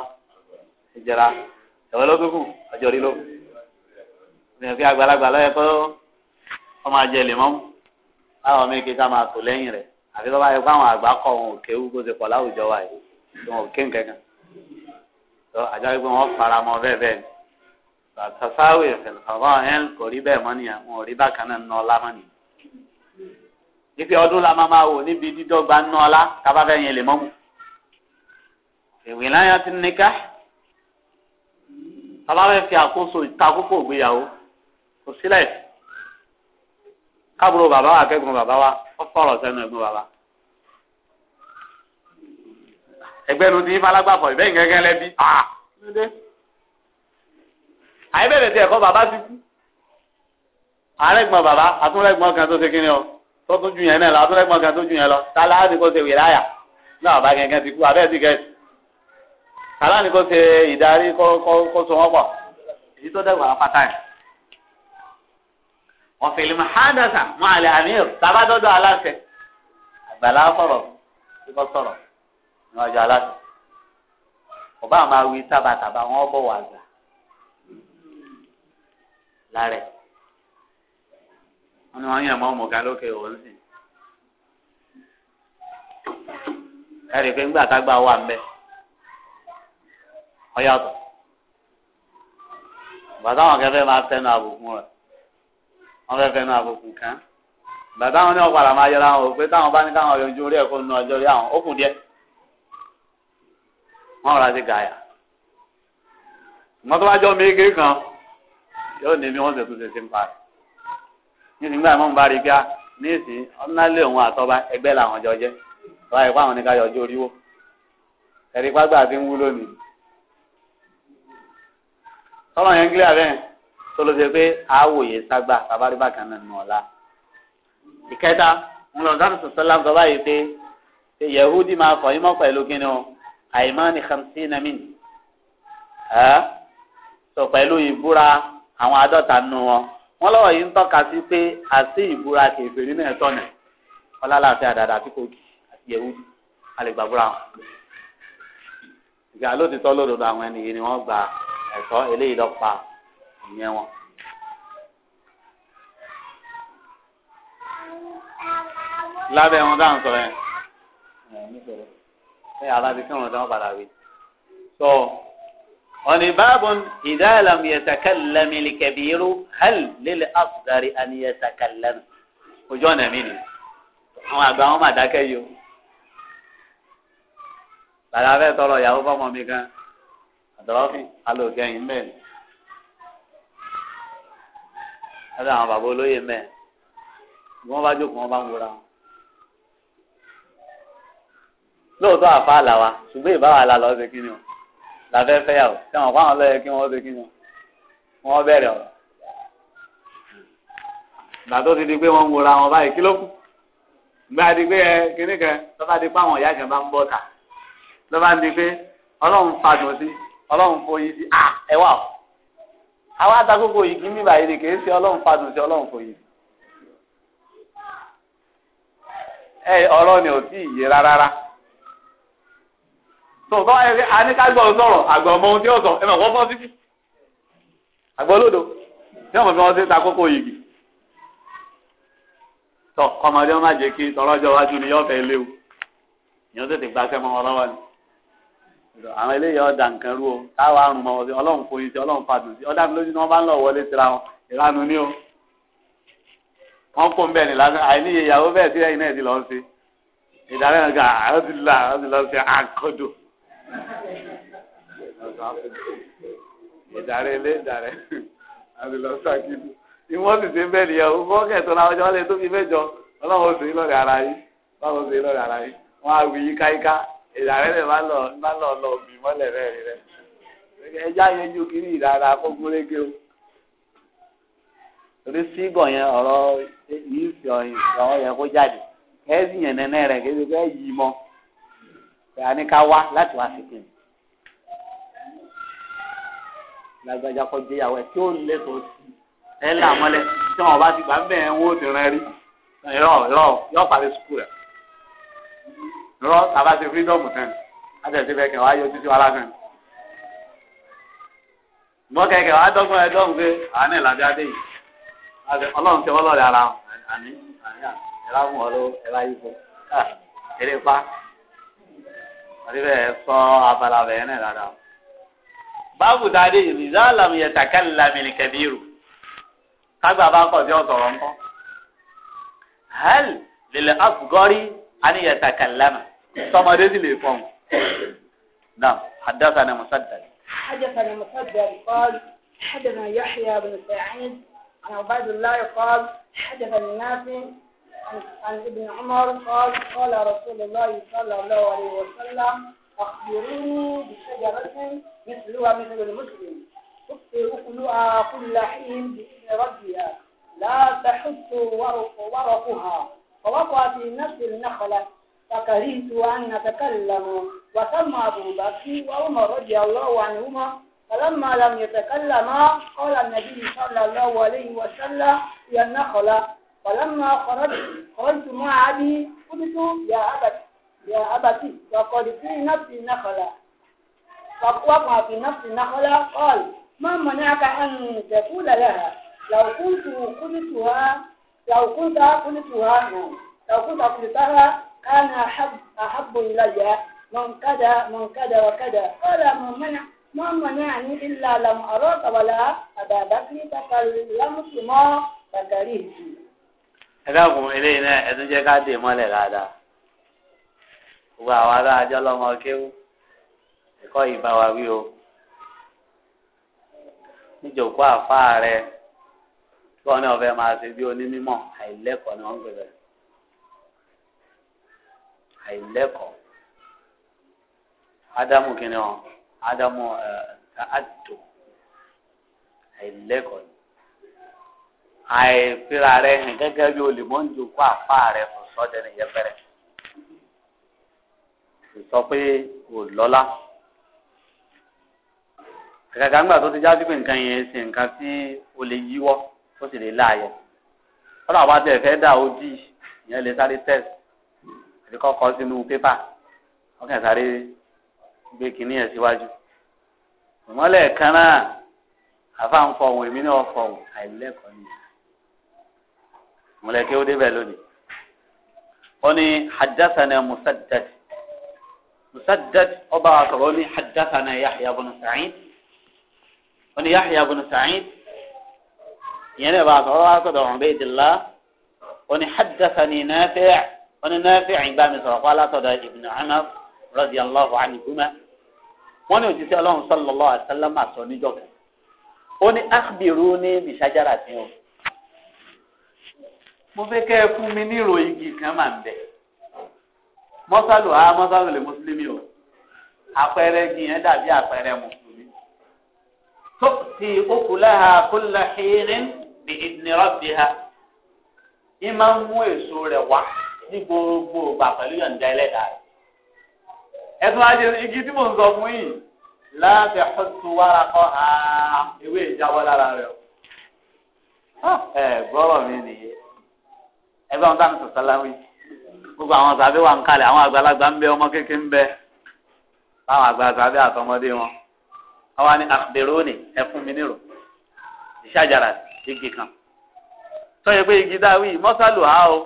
ìjẹra ẹ̀wọ́n ló kúkú ọjọ́ rí ló ìyẹn fi àgbàlagbà lọ́yẹ̀ pé ó máa jẹ lè mọ́mù báwọn mi kí ká máa tò lẹ́yìn rẹ̀ àfi bàbá yẹ kó àwọn àgbà kọ wọn ò kéwu kó ṣe pọ̀ láwùjọ wa yìí tí wọn ò ké nkankan tó àjọ pé wọn fara mọ́ bẹ́ẹ̀ bẹ́ẹ̀ ni bàtà sáwì ìfẹ̀lẹ̀fọ̀bọ̀ ẹ̀ kò rí bẹ́ẹ̀ mọ́ nìyẹn wọn ò rí bákan náà nà ọlá mọ́ nìyẹn. ife ọdún la máa máa wò níbi dídọ́gba nà ọlá tábà fẹ́ yẹn lè mọ́mú. ìwé láyà ti níká tábà fẹ́ fi àkóso ìtakókò ìgbéyàwó kò sílẹ̀ kábúrò bàbá wa akẹ́gbọ̀n bàbá wa ó sẹ́nu ẹ̀gbọ́n bàbá. ẹgbẹ́ nu ti falagbàfọ̀ ìbẹ́yìn gẹ́gẹ́ lẹ́bi. àyè bẹ̀rẹ̀ tí ẹ̀kọ́ bàbá ti kú. àrẹ́gbọ̀n bàbá àtúnrẹ́gbọ̀n kan tó ṣe kí ni o tó tún ju yẹn náà lọ àtúnrẹ́gbọ̀n kan tó ju yẹn lọ tálá ni kò ṣe wìláyà náà bàbá gẹ́gẹ́ ti kú àbẹ́ẹ̀ ti gẹ̀ẹ́sì. tálá ni kò ṣe ìdarí kó so wọ́n pọ̀ èyí tó dẹ́gbọ̀n apáta yẹn ọ̀fẹ̀lẹ̀ mahadasa mọ́ àlẹ́ amir tabadọ́dọ̀ aláṣẹ àgbàlá sọ̀rọ̀ kíkọ́ sọ̀rọ̀ níwájú aláṣẹ ọba àmà wí tábàtàbà wọn bọ̀ wà gbà lárẹ̀ wọn ni wọn yàn mọ́ ọmọ kan lókè òun sì ẹ̀rì pé ńgbà tágbà wà mbẹ́ ọ̀yàtọ̀ bàtà wọn kẹfẹ́ máa tẹnu àbùkù rẹ̀ wọn fẹẹ fẹnu àbùkù kan bàtà wọn ní wọn padà máa yẹra wọn pé táwọn bá ní káwọn yọjú orí ẹ̀kọ́ nínú ọjọ́ rí àwọn ó kù díẹ̀ wọn rà sí gàyà mọtòlájọ méje kan yóò ní bí wọn ṣètò ṣe ṣe ń parí ní ìgbà mọ́ ń bá rí bíá ní ìsìn ọ̀nàlẹ́ òun àtọ́ba ẹgbẹ́ làwọn jọ jẹ́ wọ́n àyẹ̀kọ́ àwọn oníkà yọjú oríwó ẹ̀rí pàgbà ti ń wú lónìí tọ́lọ̀ yẹn ń gílẹ̀ abẹ́yẹn tọ́lọ́sẹ̀ pé àwòye ságbà tàbárí bákan náà nù ọ̀la. ìkẹta ńlọrọ̀dánù sọ̀sọ́lá sọ báyìí pé yahudi máa fọ imọ́ pẹ̀lú kíni o àìmánì hamsina min ẹ́ sọ pẹ̀lú ìbúra àwọn àádọ́ta nù wọn wọn lọ́wọ́ yìí ń tọ́ka sí pé àti ìbúra kèfèrí náà tọ̀nà ọlálàáfíà dáadáa tí kò àti yahudi alẹ́gbàbúra wọn. ìgbà lóòtítọ́ lódodo àwọn ẹnìyẹn ni wọ́n gba ẹ̀tọ́ eléyìí lọ́pàá ìyẹn wọn. lábẹ́ wọn dáhùn sọ yẹn ẹ alábi kí wọn dáhùn padà wí. sọ ọ̀nì báàbùn ìdáàlàm yẹsàkàlẹ́mì lìkẹ̀bìrú hàl lílẹ̀ àfùdárì àni yẹsàkàlẹ́mì ojú ọ̀nà mi nìyí àwọn àgbà wọn mà dákẹ́ yìí o. bàbá fẹ́ tọrọ ìyàwó fọmọ mi gan àtọ̀rọ̀fín alòkẹ́yìn mẹ́rin. ẹbí àwọn bàbá olóyè mẹ bí wọn bá jókòó wọn bá ń wúra wọn. lóòótọ́ àfa àlàwà ṣùgbọ́n ìbáwá la lọ́ọ́ ṣe kíni o làfẹ́ fẹ́ yà o ṣé wọn kó àwọn lọ́yẹ kí wọ́n ṣe kíni o wọ́n bẹ̀rẹ̀ ọ̀rọ̀. ìgbà tó ti di pé wọ́n ń wúra wọn báyìí kí ló kù gba di pé ẹ kíní kan lọ́ba di pé àwọn ìyá kan bá ń bọ́ ta lọ́ba di pé ọlọ́run fadùn sí ọlọ́run foyín sí à ẹ wà o. àwọn àtakókò yìí kì í bíbà yìí kì í ṣe ọlọ́run fadùn ṣe ọlọ́run fòyì. ẹ ọ̀rọ̀ ni ò tí ì yé rárá rá. tó tọ́ ẹ aníkágbọ́ sọ̀rọ̀ àgbà ọmọ ohun tí ó sọ ẹ mọ̀ wọ́n fọ́ síbí. àgbà olódo tí wọ́n fi wọ́n ṣe yìí. má kí àwọn eléyìí ọ̀dà nǹkan rú o káwọn àrùn wọn sí ọlọ́run sí ọlọ́run fàdùn sí ọ̀dà mi lójú ni wọ́n bá ń lọ wọlé síra o wọ́n kó ń bẹ̀ ní lásán àìní ìyàwó bẹ́ẹ̀ sí ẹ̀yìn náà ti lọ ti ti lọ àkọ́dọ̀ ilé ti lọ sí ìwọ́n sì ti ń bẹ̀ nìyẹn o wọ́n kẹ̀tọ́ làwọn jọ́ lè tó fi mẹ́jọ ọlọ́run ọlọ́run ìlàrẹ́ rẹ̀ má lọ má lọ lọ bì mọ́lẹ̀ rẹ̀ rí rẹ̀ ẹja yẹn ju kiri ìlara kó gúnrégé o torí sígọ̀ yẹn ọ̀rọ̀ yìí fi ọ̀yìn yẹn kó jáde kẹ́sì yẹn nẹ́nẹ́ rẹ̀ kéde kẹ́ yìí mọ́ ìyá ní ká wá láti wá sí kìnnì lágbájá kọ jẹ ẹ tí ó lẹtọọ sí ẹ là mọlẹ tí wọn bá ti gbà ń bẹ ẹ ń wó ti rẹ rí yọ yọ yọ parí sukùl rẹ lọ́wọ́ tàbá ti fírídọ́mù tán àtẹ̀sí bẹ́ẹ̀ kẹwàá yọ títí wa lásán. mọ́ kẹ̀kẹ́ wàá dọ́gbọ́n ẹ dọ́hùn pé àánẹ̀ làbí adé yìí ọlọ́run tẹ wọ́n lọ́ọ̀rẹ́ ara àní ẹ̀rá mú ọ lọ́wọ́ ẹ̀rá yìí fún eré pa àdébẹ̀ sọ abala bẹ̀yẹn náà dáadáa. báàbù dáadé yìí zálàmù yẹ takalla min kabiru kágbà bá kọ̀ sí ọ̀sọ̀rọ̀ ńkọ́ hẹ́l lè lè أن يتكلم ثم رجل يقوم نعم حدثنا مسدد حدثنا مسدد قال حدثنا يحيى بن سعيد عن عباد الله قال حدثني نافع عن ابن عمر قال قال رسول الله صلى الله عليه وسلم أخبروني بشجرة مثلها مثل المسلم تبطئ أكلها كل حين بإذن ربها لا تحط ورق ورقها فوقع في نفس النخلة فكرهت أن أتكلم وسمى أبو بكر وعمر رضي الله عنهما فلما لم يتكلما قال النبي صلى الله عليه وسلم يا النخلة فلما خرجت خرجت مع أبي قلت يا أبت يا أبتي وقد في نفس النخلة فوقع في نفس النخلة قال ما منعك أن تقول لها لو كنت قلتها لو كنت قلتها لو كنت قلتها كان أحب أحب إلي من كذا من كذا وكذا قال من منع ما منعني إلا لم أراك ولا أبا بكر تكلمت ما فكرهت ẹdáàkùn eléyìí náà ẹdún jẹ ká dè mọ́lẹ̀ dáadáa gbogbo àwọn ará ajọ lọmọ kéwú ẹ̀kọ́ ìbáwá wí o níjòkó àfáà rẹ tọ́ ní ọ̀fẹ́ máa ṣe bí onímọ̀ àìlẹ́kọ̀ọ́ ni wọ́n ń pè bẹ́ẹ̀ àìlẹ́kọ̀ọ́ ádámù kìíní ọ̀ ádámù àtò àìlẹ́kọ̀ọ́ ni àìfira rẹ̀ hàn gẹ́gẹ́ bí olè mọ́ ń jòkó àfa rẹ̀ kò sọ́dẹ̀ ní yẹpẹrẹ sọ pé kò lọ́lá àgàgà ńgbà tó ti já pé nǹkan yẹn ṣe nǹkan tí o lè yíwọ́ ó sì lè láàyè kọ́lá àwọn àti ẹ̀fẹ́ dà ó dì ìyẹn lè sáré test àti kọ́kọ́ sínú pépà wọ́n sáré gbé kínní ẹ̀ síwájú ìmọ̀lẹ̀ kan náà àfa ń fọ̀hún èmi náà fọ̀hún àìlẹ́kọ̀ọ́ ni ìmọ̀lẹ̀ kí ó débẹ̀ lónìí ó ní hadathana musaddad musaddad ọba àtọ̀rọ̀ ó ní hadathana yahya bin sa'id ó ní yahya bin sa'id ìyẹn náà bá sọ̀rọ̀ wá sọ̀dọ̀ ọ̀hún bẹ́ẹ̀ ti la ó ní haddathani Nafi' ó ní Nafi' ìgbà mi sọ̀rọ̀ pálá sọ̀dọ̀ Ibn Umar radiyallahu anhuma wọ́n ní òjíṣẹ́ ọlọ́run sallallahu alaihi wasallam sọ níjọ́ kan ó ní akhbiruni bi shajaratin o mo fẹ́ kẹ́ ẹ fún mi ní ìròyìn igi kan máa ń bẹ mọ́sálù á mọ́sálù lè mùsùlùmí o àpẹẹrẹ igi yẹn dàbí àpẹẹrẹ mùsùlùmí tó ti ukulaha kulla hirin bí ìdìnnìrọ̀ bí ha ní máa ń mú èso rẹ̀ wá ní gbogbo ìgbà pẹ̀lú yọ̀ǹda ẹlẹ́dàá rẹ̀. ẹ̀sùn ajé igi tí mò ń sọ fún yìí láti ọ̀tún wára kọ́ ha ewé ìjábọ̀ lára rẹ̀ o. ẹ gbọ́rọ̀ mi nìyẹn ẹ bá wọn dáná sọ̀tàn gbogbo àwọn sàbẹ̀ wà ń kalẹ̀ àwọn àgbàlagbà ń bẹ ọmọ kékeré ń bẹ báwọn àgbàlagbà sàbẹ̀ àtọmọdé wọn àwa ni àkùdèrò ni ẹ mi nírò ìṣàjára sí igi kan sọyẹ pé igi dáwì mọ́sálù á o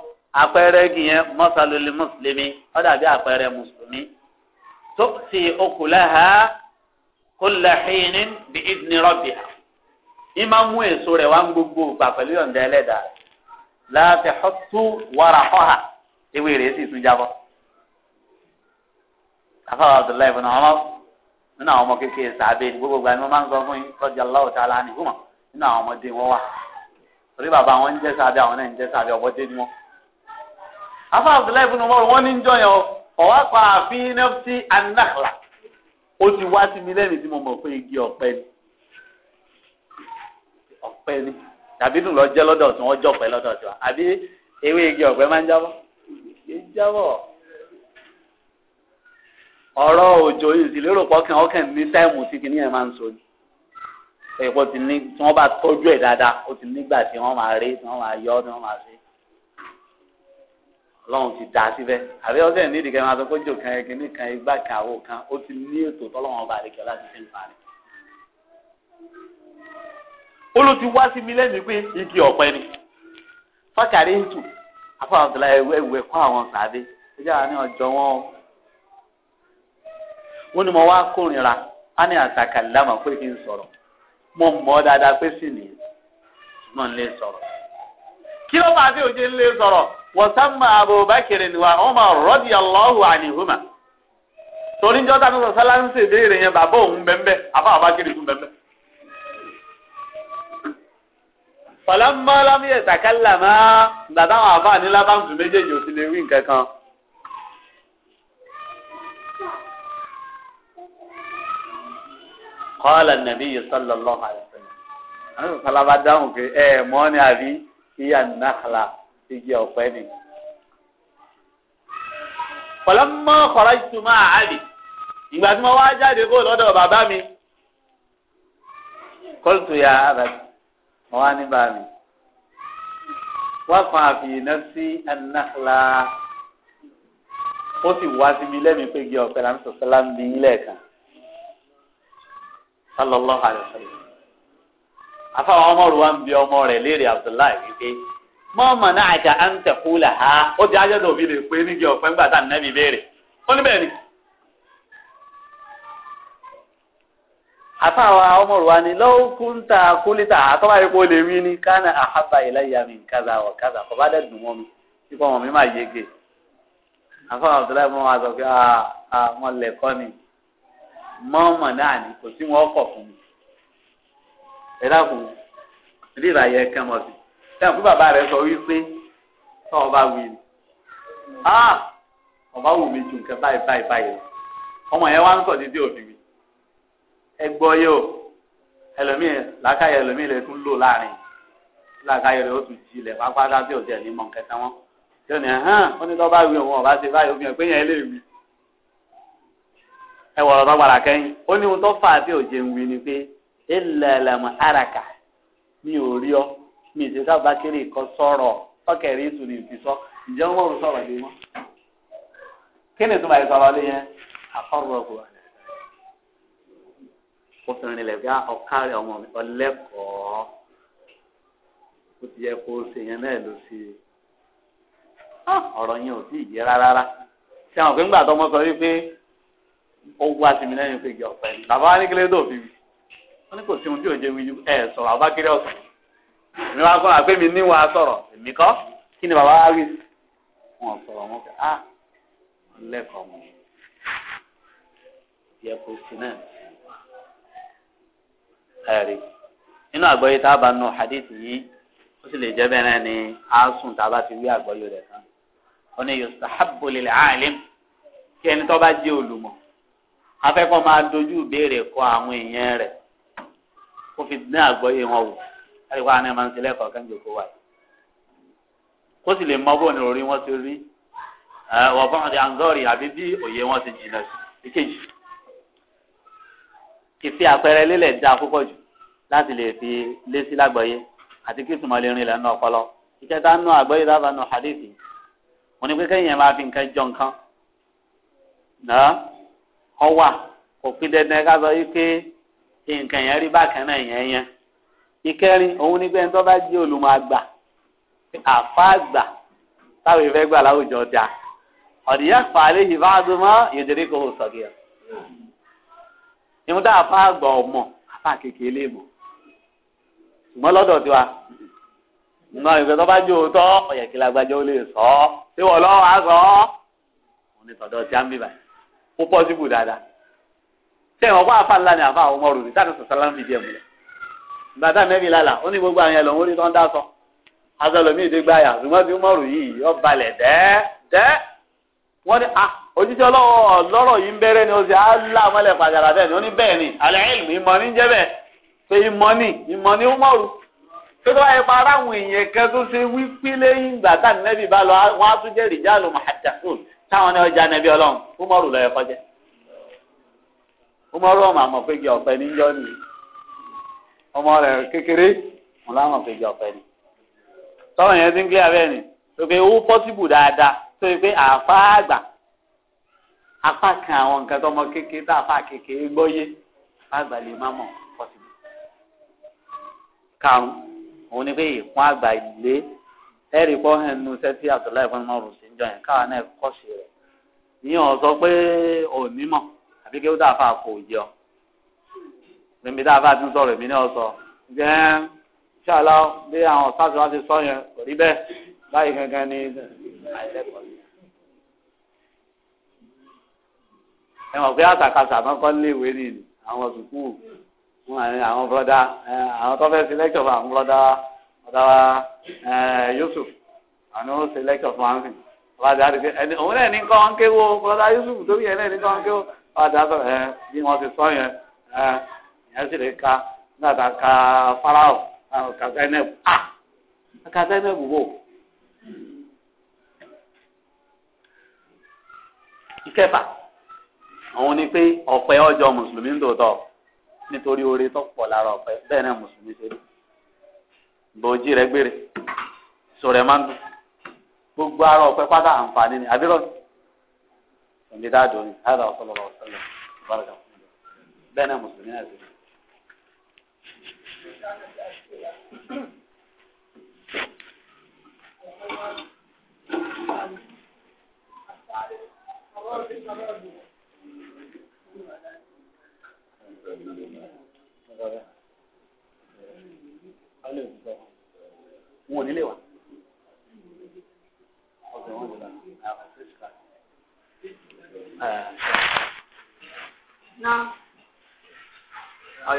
àpẹẹrẹ igi yẹn mọ́sálù lè mùsùlùmí ó dàbí àpẹẹrẹ mùsùlùmí tó ti okùnlẹ́hà kólẹ́hìnì bí ìdíni rọ́bì hà ní máa mú èso rẹ̀ wá gbogbo gbà pẹ̀lú yọ̀ǹda ẹlẹ́dàá láti hótú wàrà hóhà ewé rẹ̀ sì tún jábọ́. afáwọn abdullahi ibùdó ọmọ nínú àwọn kékeré sàbẹ̀ gbogbo gbà ni wọ́n máa ń sọ fún yín kọjá aláwọ̀ tá a lá fún wọn nínú àwọn ọmọdé wọn wà torí bàbá wọn ń jẹ́ sáadé àwọn náà ń jẹ́ sáadé ọmọdé ni wọn. afa abdullahi ibùdó mọ́rù wọ́n ní ń jọyàn ọ̀wá pa àfin nẹ́fṣí anáàlà ó ti wá sí mi lẹ́mìí tí mo mọ̀ pé igi ọ̀pẹ ni ọ̀pẹ ni tàbí dùn lọ jẹ́ lọ́dọ̀ tí wọ́n jọ̀pẹ́ lọ́dọ̀ tí wa àbí ewé igi ọ̀pẹ máa ń jábọ́ ìjábọ̀ ọ̀rọ̀ òjò ìsìlérò pọ̀kàn ọkàn ní táìmù tí kìnìyàn máa ń sọ ni ẹ̀kọ́ ti ní tí wọ́n bá tọ́jú ẹ̀ dáadáa ó ti nígbà tí wọ́n máa rí tí wọ́n máa yọ tí wọ́n máa ṣe ọlọ́run ti dá síbẹ̀ àbí ọ̀sẹ̀ nídìí kẹ́ máa sọ pé jò kan ẹ̀kíní kan igbá kan àwò kan ó ti ní ètò tọ́lọ́wọ́n ọba àdékẹ́ láti fi ń parí. olú ti wá sí mi lẹ́mìí pé igi ọ̀pẹ ni fákàrí ń tù afáwọn ọ̀dọ́lá ẹ̀wù ẹ̀kọ́ àwọn sàdé ẹ jẹ́ àwọn ọjọ́ wọn o. wọ́n ní mo wá kórìíra á ní àtàkà lámà pé kí mo mọ̀ dáadáa pé sì ní mo ń lè sọ̀rọ̀ kí ló máa dé òjé ń lè sọ̀rọ̀ wọ́sánmà Abubakar wa Umar radiyallahu anhuma torí njọ́ tánú sọ sálá ìbéèrè yẹn bàbá òun bẹ́ẹ̀ àbá Abubakar bẹ́ẹ̀. àbá méjèèjì lè kọ́ọ̀lá nàbí yìí sọ́lọ́ lọ́wọ́ àìsàn. àwọn sọ̀lábà dáhùn pé ẹ mọ́ ni àbí ìyá nàkàlà igi ọ̀pẹ ni. pọ̀lọ́mọ́ kọ̀rọ̀ ìtumọ̀ àbí ìgbà tí mo wá jáde kó lọ́dọ̀ bàbá mi. kóòtù ya abàtì mo wá ní bá mi. wọ́n kan àfihàn náà sí ànàkàlà ó sì wá sí mi lẹ́mìí pé igi ọ̀pẹ làǹtọ̀ sọ́lá ń bí ilé kan. sallallahu alayhi wa sallam ọmọ ọmọ rẹ abdullahi wípé mọ́ọ̀mọ́ náà àjà an ta kula ha di ajẹ́dọ̀ òbí lè pé nígi ọ̀pẹ́ ńgbà tá nẹ́bi béèrè ó ní ni. ọmọ rẹ ni lọ́wọ́ kúńtà kúlítà àtọ́wá ni kánà àhábà ìlàyà mi kàzà mi mi yege abdullahi wa ah ah mọ́ọ̀mọ̀ náà ni kò sí wọn kọ̀ fún mi ẹ dákun bí ìbàyẹ kẹ́ mọ̀ sí sẹ́wọ̀n fún bàbá rẹ sọ wípé tọ́ ọba wí ni ọba ah! wù mí ju nǹkan báyìí báyìí báyìí lọ ọmọ yẹn wá ń sọ dídí òbí mi ẹ gbọ́ yẹ o ẹlòmíì làákàyè ẹlòmíì lè tún lò láàrin làákàyè rẹ ó tún jí ilẹ̀ pápá dá sí òjẹ́ ní mọ̀ nǹkan tán wọn yóò ní ẹ̀hán ó ní tọ́ bá wí òun ọ̀bá ṣe báyìí ó fi hàn pé yẹn lè wí ẹ wọ̀rọ̀ tó gbàrà kẹ́yìn ó ní ohun tó fà á tí ò jẹun wí ni pé ilẹ̀ lẹ́mọ̀ àràkà mi ò rí ọ mi ì ti sábà kéré kan sọ̀rọ̀ ọkẹ̀rẹ́ ìtù ni ìfi sọ ǹjẹ́ wọ́n mọ̀rún sọ̀rọ̀ lé mọ́ kí ni ìtumọ̀ ìsọ̀rọ̀ lé yẹn àkọ́rọ̀ kò wà obìnrin lẹ̀ bí ọ̀kárẹ̀ ọmọ mi ọlẹ́kọ̀ọ́ ó ti yẹ kó o ṣe yẹn náà ló ṣe ah, ọ̀rọ̀ yẹn ò tí ì yẹ rárá ó wá sí mi lẹ́yìn pé ìgbà ọ̀pẹ làbá wa ní kílẹ̀ tó fi wí wọ́n ní kò sí ohun tí òjò wíjú ẹ sọ̀rọ̀ àbá kiri ọ̀sán mi wá kọ́ àgbẹ̀ mi níwọ̀n asọ̀rọ̀ èmi kọ́ kí ni bàbá wa rí wọn sọ̀rọ̀ wọn kẹ́ ah lẹ́kọ̀ọ́ mọ́ yẹ kó sí náà ẹ̀rí nínú àgbọ̀yé tá a bá nu hadith yìí ó sì lè jẹ́ bẹ́ẹ̀ ni a sùn tá a bá ti wí àgbọ̀yé rẹ̀ tán ó ní yustahabbu lil alim kí ẹni tó bá jẹ́ olùmọ̀ afẹ́kọ́ máa dojú ìbéèrè kọ àwọn èèyàn rẹ̀ kó fi dín àgbọ́yé wọn wò láti wá ní ẹ̀mánsẹ́ lẹ́kọ̀ọ́ kẹ́ńjọ kó wáyé kó sì lè mọ bó ni orí wọn ti rí wọ́n fún ọ̀dẹ angọ́rì àbí bí òye wọn ti jìnnà sí kejì ìfi àpẹẹrẹ lélẹ̀ dá púpọ̀ jù láti lè fi lé sí lágbọ́yé àti kí ìtumọ̀ lè rinlẹ̀ nù ọpọlọ ìkẹta nù àgbọ́yé dábàá nù hadithi wọn ni pé kẹ́yìn yẹn máa fi nǹkan jọ nǹkan náà ọwà kò fi dandan ká sọ wípé nǹkan yẹn rí bákan náà yẹn yẹn ìkẹrin òun ni pé ẹni tó bá jẹ́ olùmọ̀ àgbà àfa àgbà táwọn ìfẹ́ gbà láwùjọ dà ọ̀dìyà fàálẹ̀ yìí bá dùn mọ́ yòdìrí kò hù sọ̀gì ẹ̀. ìmúdá àfa àgbà ọmọ àfa kékeré lè ṣùgbọ́n lọ́dọ̀ tiwa nǹkan ìfẹ́ tó bá jẹ́ òótọ́ ọ̀yẹ̀kí lágbájá ó lè sọ ọ́ ṣé wọ́n lọ́wọ́ á sọ ọ́ òun ni tọ̀dọ̀ tí a ń bíbáyìí ó pọ́sibù dáadáa tẹ̀wọ̀n kó àfa ńlá ni àfa àwọn ọmọ rùnì táwọn sọ̀sọ́ láǹfì díẹ̀ múlẹ̀ bàtà mẹ́rin lálà ó ní gbogbo àyàn lòun ó ní tán dá sọ azọlọmí ìdégbáyà ṣùgbọ́n tí mọ̀rù yìí yọ balẹ̀ dẹ́ẹ́dẹ́ wọ́n ní a òjijì ọlọ́wọ́ ọlọ́rọ̀ yìí ń bẹ̀rẹ̀ ni ó sì á là mọ́lẹ̀ pàjàrà bẹ́ẹ̀ ni ó ní bẹ́ẹ̀ ni alẹ́ ìlú ìmọ̀ ní jẹ́ bẹ́ẹ̀ pé ìmọ̀ ni ìmọ̀ ni ó mọ̀rù tó tó báyìí para àwọn èèyàn kan tó ṣe wípé lẹ́yìn ìgbà tá nẹ́bí bá lọ wọ́n á tún jẹ́ rìjálù màdàkùn táwọn ní ọjà nẹbí Ọlọ́run Umaru lọ yẹ kọjá Umaru ọmọ àmọ pé jẹ ọ̀pẹ níjọ ni ọmọ rẹ kékeré wọn láwọn pé jẹ ọ̀pẹ ni tọrọ yẹn ti ń gbé abẹ ni tó pé owó pọsibù dáadáa tó pé àfa àgbà apá kan àwọn nǹkan tọmọ kékeré tá àfa kékeré gbọ́yé àgbà lè má mọ pọsibù karùnún òun ni pé ìpọn àgbà ilé ẹ̀rí pọ́ hẹ́n nu sẹ́tí àtọ̀lá ìfọ́n máa rò sí ń jọ yẹn náà kọ́ sí rẹ̀ ìyẹn ò pé ò mọ̀ àbí kí ó dáa fà kò yẹ ọ níbi dáa fà ti sọ̀rọ̀ èmi náà sọ jẹ́ ṣàlá bí àwọn sáàsì wa ti sọ yẹn kò rí bẹ́ẹ̀ báyìí gangan ni àìlẹ́kọ̀ọ́ ẹ pé àtàkàtà náà kọ́ lé ìwé nìyí àwọn sùkúù àwọn bọ́dá àwọn tó fẹ́ ọ̀dàwà Yusuf àná ó ṣe lẹ́kọ̀ọ́ fún àwọn ọ̀dà àdìgbẹ́ ẹni òun náà ní kàn kéwò ọ̀dà Yusuf tó yẹ náà ní kàn kéwò ọ̀dà sọ ẹ bí wọ́n ti sọ yẹn ẹ ìyẹn sì lè ka nígbà tá a ka Farao ka Zainab ah ka Zainab wò. ìkẹfà òun ni pé ọ̀pẹ ọjọ́ mùsùlùmí ń dòótọ́ nítorí oore tó pọ̀ lára ọ̀pẹ bẹ́ẹ̀ náà mùsùlùmí ṣe rí. bòójì rẹ rẹ máa ń dùn gbogbo ara ọ̀pẹ pátá àǹfààní ni àbí rọ́ọ̀sì ẹ̀mí dáadọ́ ni hádà ọ̀sọ́lọ́lọ́ ọ̀sọ́lọ́ ìbáraga fún mi náà mùsùlùmí náà wọn ò nílé wa. Eh. Now. Oh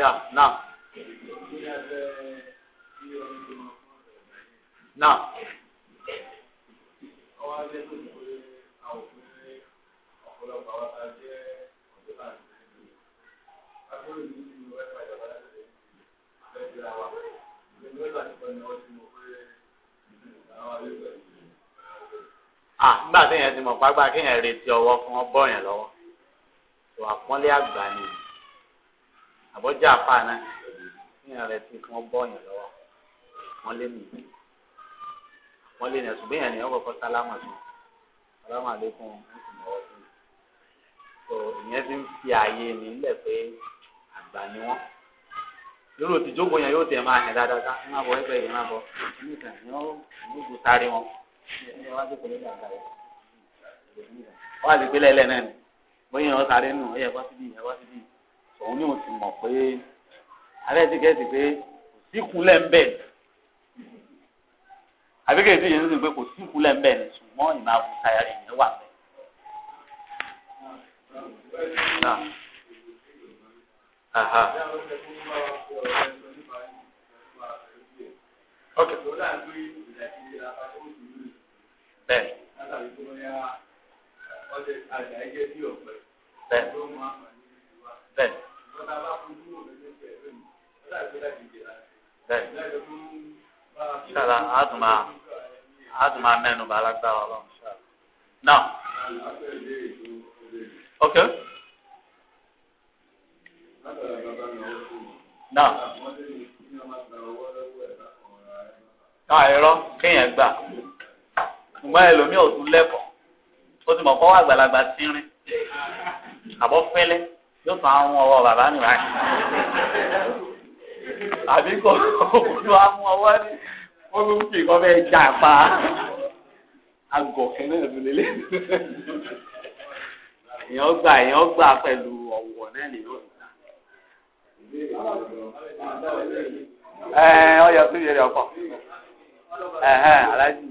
Ah, nígbà tí yẹn ti mọ̀ pápá kí yẹn retí ọwọ́ fún ọ bọ́ yẹn lọ́wọ́ tó àpọ́nlé àgbà ni àbọ̀jà apá náà kí yẹn retí fún ọ yẹn lọ́wọ́ àpọ́nlé mi àpọ́nlé yẹn ṣùgbọ́n yẹn ni wọ́n kọ́kọ́ sálámà sí sálámà lẹ́kùn wọ́n sì mọ̀ ọ́ sí i ìyẹn ti ń fi ààyè nílẹ̀ pé àgbà ni wọ́n irú òtìjókòó yẹn yóò tẹ̀ máa hẹ̀ dáadáa ẹ má bọ̀ ẹgbẹ́ yìí má bọ̀ ẹni kan ni ó ń gùn sáré wọn ẹ wá jókòó lórí àgbà rẹ̀ wọ́n á ti gbélé ẹlẹ́ náà ni bóyá ọ sáré nù ẹ wá síbí ẹ wá síbí òun ni òun ti mọ̀ pé alẹ́ ti kẹ́sì pé kò síkunlẹ̀ ń bẹ̀ àbí kẹ́sì yẹn ń pé kò síkunlẹ̀ ń bẹ̀ ṣùgbọ́n ìmọ̀ àbùsáyà rẹ̀ wà bẹ́ẹ̀. Aha. Ok. Bẹ́ẹ̀. Bẹ́ẹ̀. Bẹ́ẹ̀. Bẹ́ẹ̀. Ṣala Azuma Azuma mẹ́nu bá alágbára ọlọ́run. Now. Ok. náà náà ẹ̀rọ kéèyàn gbà ṣùgbọ́n ẹlòmíì ò tún lẹ́kọ̀ọ́ ó ti mọ̀ kọ́ wà gbàlagbà tínrín àbọ̀ fẹ́lẹ́ yóò tún àwọn ọwọ́ bàbá nìyà àbí kò tó àwọn ọwọ́ ni wọ́n tún kì í kọ́ bẹ́ẹ̀ jà pa agọ̀kẹ́ náà ló lélẹ̀ èèyàn gbà èèyàn gbà pẹ̀lú ọ̀wọ̀ náà nìyóò. ẹ ọyọ tún yẹrẹ ọ̀pọ̀ aláàjì.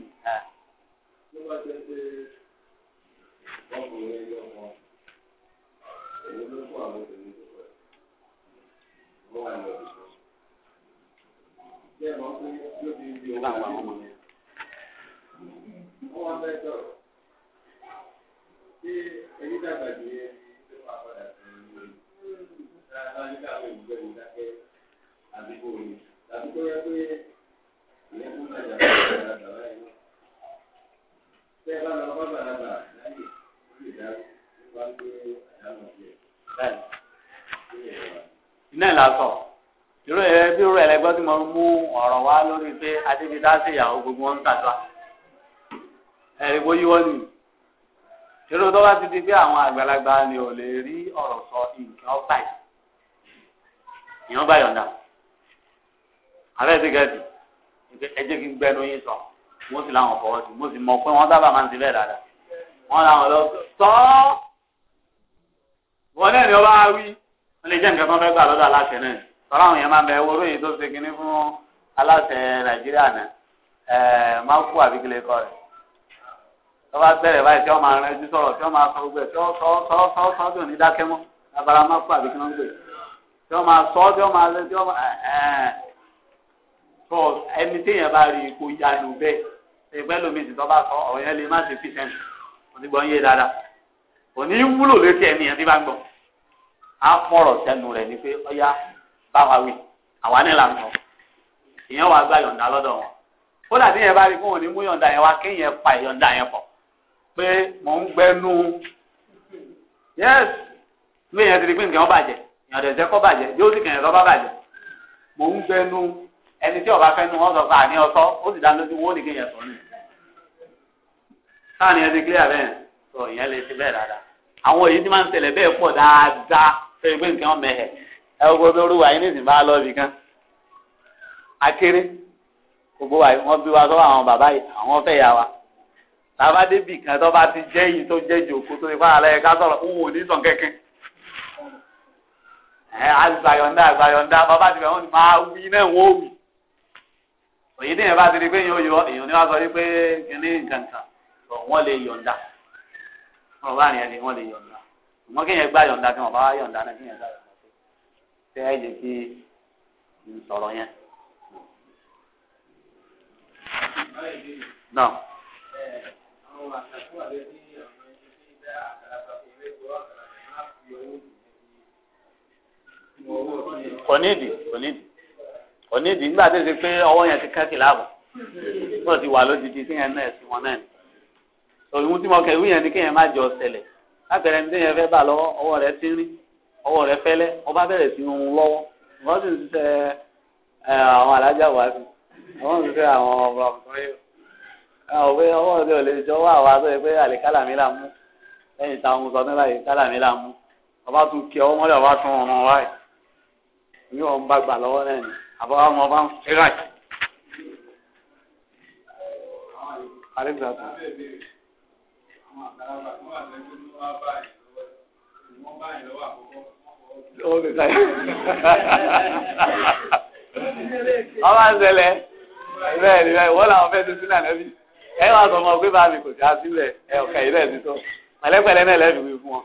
káàkiri nígbà wo ìgbẹ́ mi dákẹ́ àdúgbò mi àdúgbò yẹ pé ìyẹn kún náà yàtọ̀ àgbàlagbà báyìí lọ. tẹ́ ẹ bá lọ bá gbàlagbà láyè ó lè dá wá pé àdánù ọ̀gbẹ́. iná ìlà sọ irú ẹ bí irú ẹ lẹgbẹ́ tí mo mú ọ̀rọ̀ wá lórí pé adébídá sí ìyàwó gbogbo wọn ń tàdúrà ẹ̀rí bó yíwọ́ nìyí irú tó bá ti di pé àwọn àgbàlagbà ni ò lè rí ọ̀rọ̀ sọ nǹkan ọ̀pá yìí èèyàn bá yọ̀ǹda abẹ́sí gẹ̀ẹ́sì ẹ jẹ́ kí n gbẹ́nu yín sọ mo sì láwọn fọwọ́ sí mo sì mọ̀ pé wọ́n sábà máa ń ti bẹ́ẹ̀ dáadáa wọ́n làwọn lọ sọ ọ́ wọn náà ni ọba wí wọ́n lè jẹ́ nǹkan kan fẹ́ gbà lọ́dọ̀ aláṣẹ náà sọ̀rọ̀ àwọn yẹn máa bẹ ewúro yìí tó ṣe kinní fún aláṣẹ nàìjíríà náà ẹ̀ẹ́ máa kú àbíkílẹ̀ kọ́ rẹ̀ tọ́ba bẹ̀rẹ̀ báyìí tí wọ́n máa rẹ́jú sọ̀rọ̀ tí wọ́n máa sọ gbogbo ẹ̀ tí wọ́n sọ sọ sọ sọ tí wọ́n máa sọ tí wọ́n máa lé tí wọ́n máa ẹ̀ẹ́n tó ẹni téèyàn bá rí ipò yanu bẹ́ẹ̀ ẹgbẹ́ lómi tí wọ́n bá sọ ọ̀rọ̀ yẹn lè má ṣe fi sẹ́yìn wọ́n ti gbọ́ yé dáadáa kò ní wúlò létí ẹni yẹn tí bá ń gbọ́ á fọ̀rọ̀ sẹ́nu rẹ̀ ni pé ọ̀yá bá wa wí àwa ní làǹtọ̀ ìyẹn wàá gbà yọ̀ǹda lọ́dọ̀ wọn kódà tí yẹn bá rí fún òní mú yọ̀ǹda yẹn wá kéèyàn pa yọ̀ǹda yẹn pọ̀ pé mò ń gbẹ́nu yẹ́sì lóyún ẹ̀ ti di pé nǹkan wọn bàjẹ́ ìyàdọ̀ ẹ̀sẹ̀ kọ́ bàjẹ́ yóò sì kẹ̀yìn lọ́ba bàjẹ́ mò ń gbẹnu ẹni tí ọba fẹ́nu wọn sọ pé àní ọtọ́ ó sì dánilójú wọn ó ní kéèyàn sọ ní. káàní ẹni clear bẹ́ẹ̀ sọ ìyẹn lè ṣe bẹ́ẹ̀ dáadáa àwọn èyí tí máa ń tẹ̀lẹ̀ bẹ́ẹ̀ pọ̀ dáadáa fẹ́ gbé nǹkan mẹ́hẹ̀ ẹ gbogbo orú wa yín nísìnyí bá lọ ibì kan akéré gbogbo wa wọn bí wa sọ́wọ́ àwọn bàbá yìí àwọn fẹ́ yà wa tàbá débì kan tó bá ti jẹ́ yìí tó jẹ́ jòkó tó ti fara lẹ́yìn ká sọ̀rọ̀ òun ò ní sàn kẹ́kẹ́ ẹ agbàyọ̀ndà bàbá ti bẹ̀ wọ́n ti máa wí náà wọ́n wì. òyìn tí bá ti di pé yóò yọ èèyàn ní wá sọ wípé kíní nǹkan kan wọ́n lè yọ̀ǹda wọ́n bá rìn ẹ̀ wọ́n lè yọ̀ǹda ṣùgbọ́n kí yẹn gbà yọ̀ǹda tí wọ́n bá yọ̀ǹda náà kí yẹn gbà yọ̀ǹda sí ẹ jẹ́ kí n sọ̀rọ̀ yẹn. náà. onídìí onídìí onídìí nígbà tó ṣe pé ọwọ́ yẹn ti kẹ́kì láàbọ̀ tó ti wà lójijì sí yẹn náà sí wọn náà ni òun tí mo kẹ̀wé yẹn ni kéèyàn má jọ ṣẹlẹ̀ látẹ̀rẹ̀ ní téèyàn fẹ́ bà lọ́wọ́ ọwọ́ rẹ̀ ti rin ọwọ́ rẹ̀ fẹ́lẹ́ ọba bẹ̀rẹ̀ sí ń lọ́wọ́ wọ́n sì ń ṣe àwọn alájà wá sí wọ́n sì ṣe àwọn ọmọ ọmọkùnrin àwọn pé ọwọ́ rẹ̀ ò lè jọ wá àwa tó yẹ pé àlèkálà mi là mú lẹ́yìn ọwọ́ mọ́lẹ̀ ọba ní wọn bá gbà lọ́wọ́ náà ni àbáwá wọn bá ń fẹ́ràn. àrẹ́gbàtà. ọba ń ṣẹlẹ̀ bẹ́ẹ̀ ni bẹ́ẹ̀ wọ́n làwọn fẹ́ẹ́ tó sílẹ̀ ànábì ẹ wá sọ ọmọ pé báàmì kò sí àsílẹ̀ ẹ ọ̀kẹ́ yìí náà ti tó pẹ̀lẹ́pẹ̀lẹ́ náà lẹ́nu wí fún wọn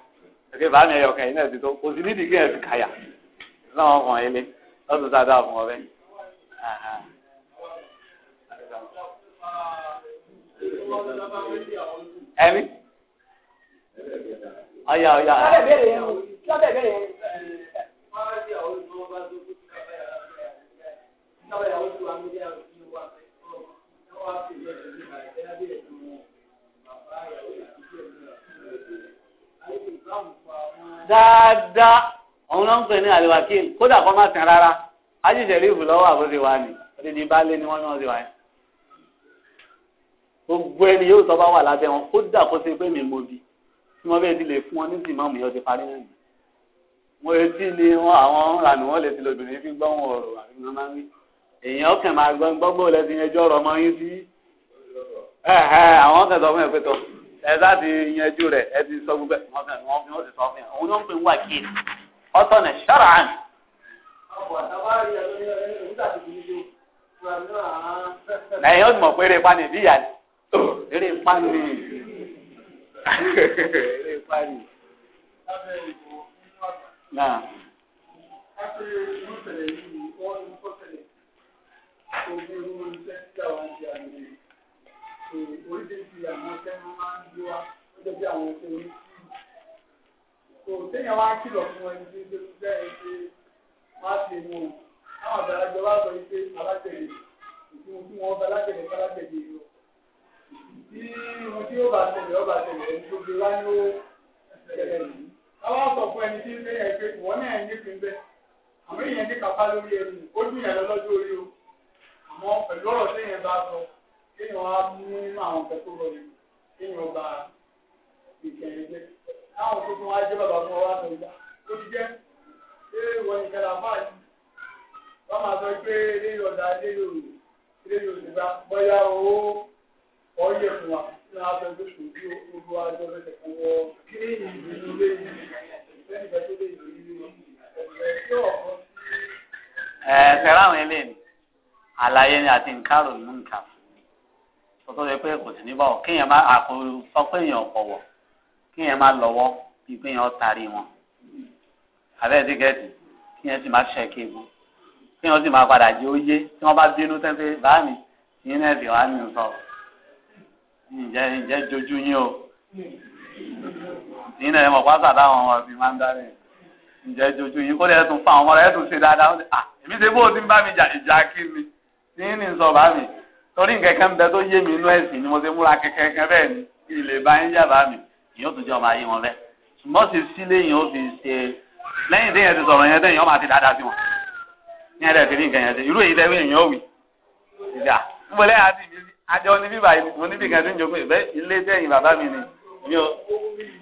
ẹ̀kẹ́ báàmì ẹ ọ̀kẹ́ yìí náà ti tó kò sí nídìí kí ẹ fi kàyà láwọn ọkàn ilé lọ́sùn sáadá fún ọ ẹ̀mí ọ̀yà ọ̀yà. Dáadáa òun ló ń pè ní àlewakil kódà kó má sìn rárá ajíṣẹ́ rí ìfù lọ́wọ́ àbúrò wa ni odidi bá lé ni wọ́n ní wọ́n ti wáyé gbogbo ẹni yóò sọ bá wà lábẹ́ wọn kódà kó ṣe pé mi mo bi tí wọ́n bẹ́ẹ̀ ti lè fún wọn ní tìmọ̀ mi yóò ti parí náà nìyí wọ́n etí ni wọ́n àwọn ìlànà wọ́n lè ti lòbìnrin fi gbọ́ wọn ọ̀rọ̀ àti wọn máa ń wí èèyàn kàn máa gbọ́ gbọ́gbọ́ lẹ́sìn ẹjọ́ ọ̀rọ̀ ọmọ yín sí àwọn kan sọ fún ẹ pé tọ ẹ sáà ti yanjú rẹ ẹ ti sọ gbogbo ẹ ọ̀tọ̀nà ṣọ́ràn. ẹ̀yin ó mọ̀ pé eré pani bí ìyá eré pani eré pani. Náà kò téèyàn wá fún ẹni tí ya jẹ́ ẹni wá sí mú o táwọn àgbàlagbà wá sọ pé alágbèrè ìfún tí wọ́n fẹ́ alágbèrè alágbèrè lọ tí ohun tí ó bá tẹ̀lé ó ẹni tó gbé wá ó yìí sọ fún ẹni tí ń náà ní fi ń àmọ́ ìyẹn ní kápá lórí ó dùn lọ́jọ́ orí o àmọ́ pẹ̀lú ọ̀rọ̀ sọ kéèyàn wá mú àwọn kẹ́kọ̀ọ́ táwọn tó fún wa jẹ́ bàbá fún wa lọ ìgbà ó ti jẹ́ ṣé ìwọ nìkan là máa ní wọ́n máa sọ pé lélo ọ̀dà lélo lélo ìgbà bóyá owó ọ̀yẹ̀ fún wa ní wọ́n á sọ pé kò sí olú àjọ lẹ́sẹ̀ fún wọ́ kí ni ìlú lè yí lẹ́yìn ìgbà tó lè yí nínú ọ̀pẹ̀ tí ọ̀kan. ẹ fẹ́ràn àwọn eléyìí àlàyé ni àti nǹkan rò ní nǹkan tó tó yẹ pé kò sí ní báwọ̀ kéèyàn má àkóso pé èèyàn ọ̀pọ̀ wọ̀ kéèyàn má lọ́wọ́ bíi kéèyàn tari wọn abẹ́rẹ́ tíkẹ́ẹ̀tì kéèyàn sì má ṣe kéèbù kéèyàn sì má padà jẹ́ oyé tí wọ́n bá bínú tẹ́tẹ́ báàmì yín náà fi wá ní sọ ǹjẹ́ ǹjẹ́ jojú yín o yín náà mọ̀ pásá táwọn ọmọ fi máa ń darí ǹjẹ́ jojú yín kó lè tún fa àwọn ọmọ rẹ̀ tún ṣe dáadáa ó ti à èmi ṣe bó o ti ń bá mi jà ìjà kí ni yín ní sọ báàmì torí nǹkan kan bẹ tó yé mi inú ẹ̀sìn ni mo ṣe múra kẹ̀kẹ́ kẹ́ bẹ́ẹ̀ ni ilé bá yà báàmì yóò tún jẹ́ ọmọ ayé wọn bẹ́ẹ̀ ṣùgbọ́n sì sílé yìí ó fi ṣe lẹ́yìn tí yẹn ti sọ̀rọ̀ yẹn tẹ́yìn ọmọ àti dáadáa sí wọn ní ẹ̀rẹ́ ìfìdí nǹkan yẹn ṣe irú èyí tẹ́wé èèyàn òwì ìjà níbo lẹ́yìn àti ìbí àjọ oníbí oníbí kan ti ń jogún ìfẹ́ ilé tẹ́yìn bàbá mi ni mi ò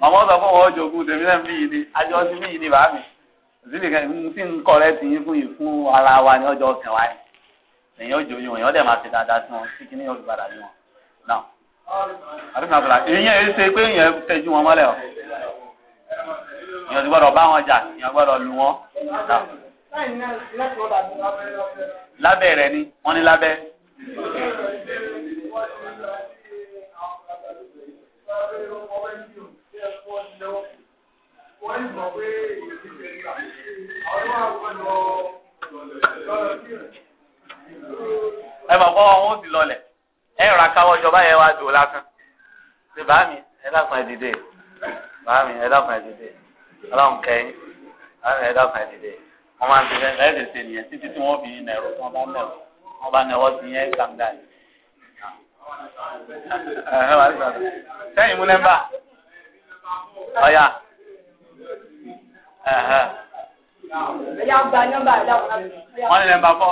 ọmọ sọ fún wọn jogún tèmi náà bí yìí ni àjọ ti mí yìí ni bàbá mi òsínì kan ń sì ń kọ́ rẹ́ ti yín fún ìfún ara wa ní ọjọ́ ọ̀sẹ̀ wa ni èèyàn ò jòyún èèyàn dẹ̀ máa ti dáadáa sí wọn sí kí ní yóò fi padà yí wọn náà àdúgbò àbúrà èèyàn èyí ṣe pé èèyàn tẹjú wọn mọ́lẹ̀ o èèyàn ti gbọ́dọ̀ bá wọn jà èèyàn gbọ́dọ̀ lu wọn. lábẹ́ rẹ̀ ni wọ́n ní lábẹ́. ẹ bàbá wọn ó sì lọlẹ̀ ẹ rà káwọ́ ìjọba yẹn wá dùn lásán ṣe bá mi ẹ dákun ẹ dìde bá mi ẹ dákun ẹ dìde Ọlọ́run kẹyìn bá mi ẹ dákun ẹ dìde wọn máa ń ti bẹ́ẹ̀ bẹ́ẹ̀ lè ṣe nìyẹn títí tí wọn fi nà ẹrù tí wọn bá nà ẹrù wọn bá nà ẹwọ sí yẹn gbàngà yìí. sẹ́yìn mú nẹ́mbà ọ̀yà. wọ́n ní nẹ́mbà fọ́.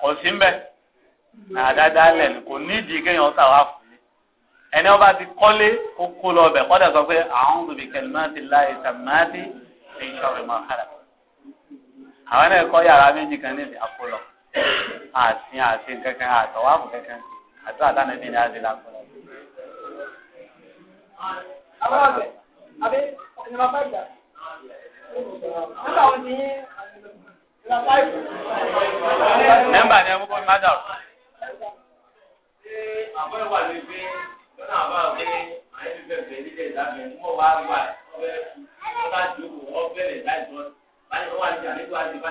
kò sí mbẹ àdáda lẹ kò nídìí kéèyàn sàwá fún mi ẹni ọba ti kọ́lé kó kó lọ ọbẹ̀ kọ́dà sọ pé àwọn bèbè kẹlímàtì láì sàmáàtì lè sọ̀rọ̀ ìmọ̀ kára àwọn ẹ̀kọ́ yàrá méjì kan níbi àpò lọ. àsìn àsìn kankan àtọwáàbù kankan a ti là ni ẹ̀mú gbé lọ́nà àyè bẹ̀rẹ̀ nílé ní wọ́n wá wà ọbẹ̀ ọ̀gá ìdókòwò ọbẹ̀ ìdájọ́ báyìí wọ́n wà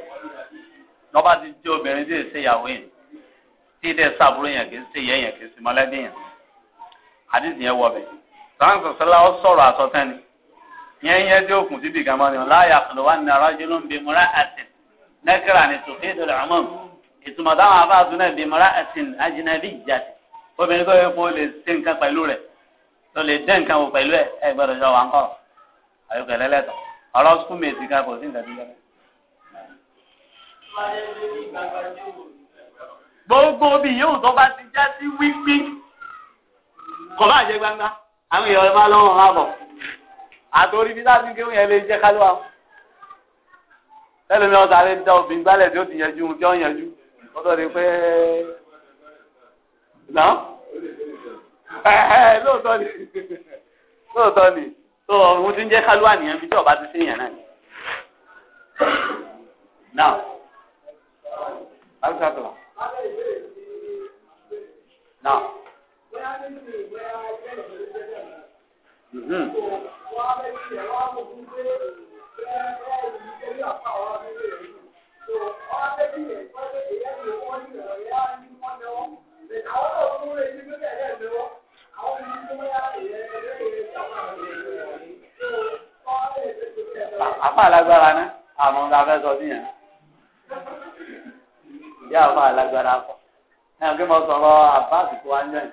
lọ́ba ti jẹ́ obìnrin tí èsè ìyàwó yẹn tí ìdẹ́ sàbúrò yẹn kì í ṣe ìyẹ́ yẹn kì í ṣe mọ́lẹ́bí yẹn àdìsí yẹn wọ̀bẹ̀. sàǹsì sọlá ó sọ̀rọ̀ àsọtán ni yẹn yẹn dé òkun síbi kan mọ́ni láàyè àkùlọ̀ wà nínú arájú ló ń bi mọ́ra àtìn nẹ́kìrà ni tòkè ìdọ̀rọ̀ àmọ́ ìtumọ̀ táwọn afáàtún náà bi mọ́ra àtìn ajínàbí ìjàdì obìnrin tó yẹ kó lè ṣe nǹkan pẹ̀lú rẹ̀ tó lè dẹ́ nǹkan wò pẹ̀lú ẹ̀ ẹ̀ gbọ́dọ̀ ṣọ wà ń kọ̀rọ̀ àyùkọ̀ ẹ̀lẹ́lẹ́tọ̀ kò sí nǹkan tó yẹ gbogbo bí yóò tó bá ti já sí wípé kò bá jẹ gbangba àwọn èèyàn ẹ máa lọ́wọ́ máa bọ̀ àtòrí bí láti kéwìn yẹn lè jẹ́ kálíwà ẹlòmí ọ̀sà rẹ̀ da obìnrin gbálẹ̀ tí ó ti yanjú ohun tí ó yanjú ọ̀tọ̀ rẹ̀ pé nà lóòótọ́ ni lóòótọ́ ni tó ohun tí ń jẹ́ kálíwà nìyẹn bí tí ọba ti sí yẹn náà ni alùpàtà. náà. àpá alágbára náà àmọ́ ọ̀gá fẹ́ sọ sí yẹn yá àfa alágbára kọ náà kí mo sọ̀rọ̀ àbáàsì tó wá ń jẹ́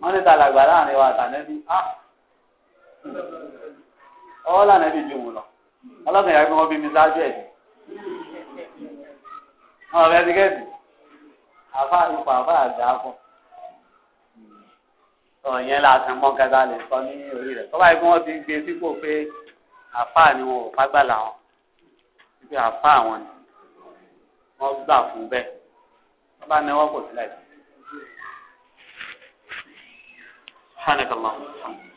wọ́n ní tàlàgbà láàrin wa àtànẹ́bí á ah! ọwọ́ lànẹ́bí ju wù lọ ọlọ́sìn yàrá kí wọ́n bí mi sáájú ẹ̀ wọn ọ̀rẹ́ ti kẹ́sì àfa ipò àfa àgbà kọ ọ̀yẹn la ti mọ́ kẹta lè sọ ní orí rẹ̀ tọ́ba ikú wọn ti gbé sípò pé àfa ni wọn ò fagbà làwọn pé àfa àwọn ni wọ́n gbà fún bẹ́ẹ̀ wọ́n bá náwó kò sí láì sí.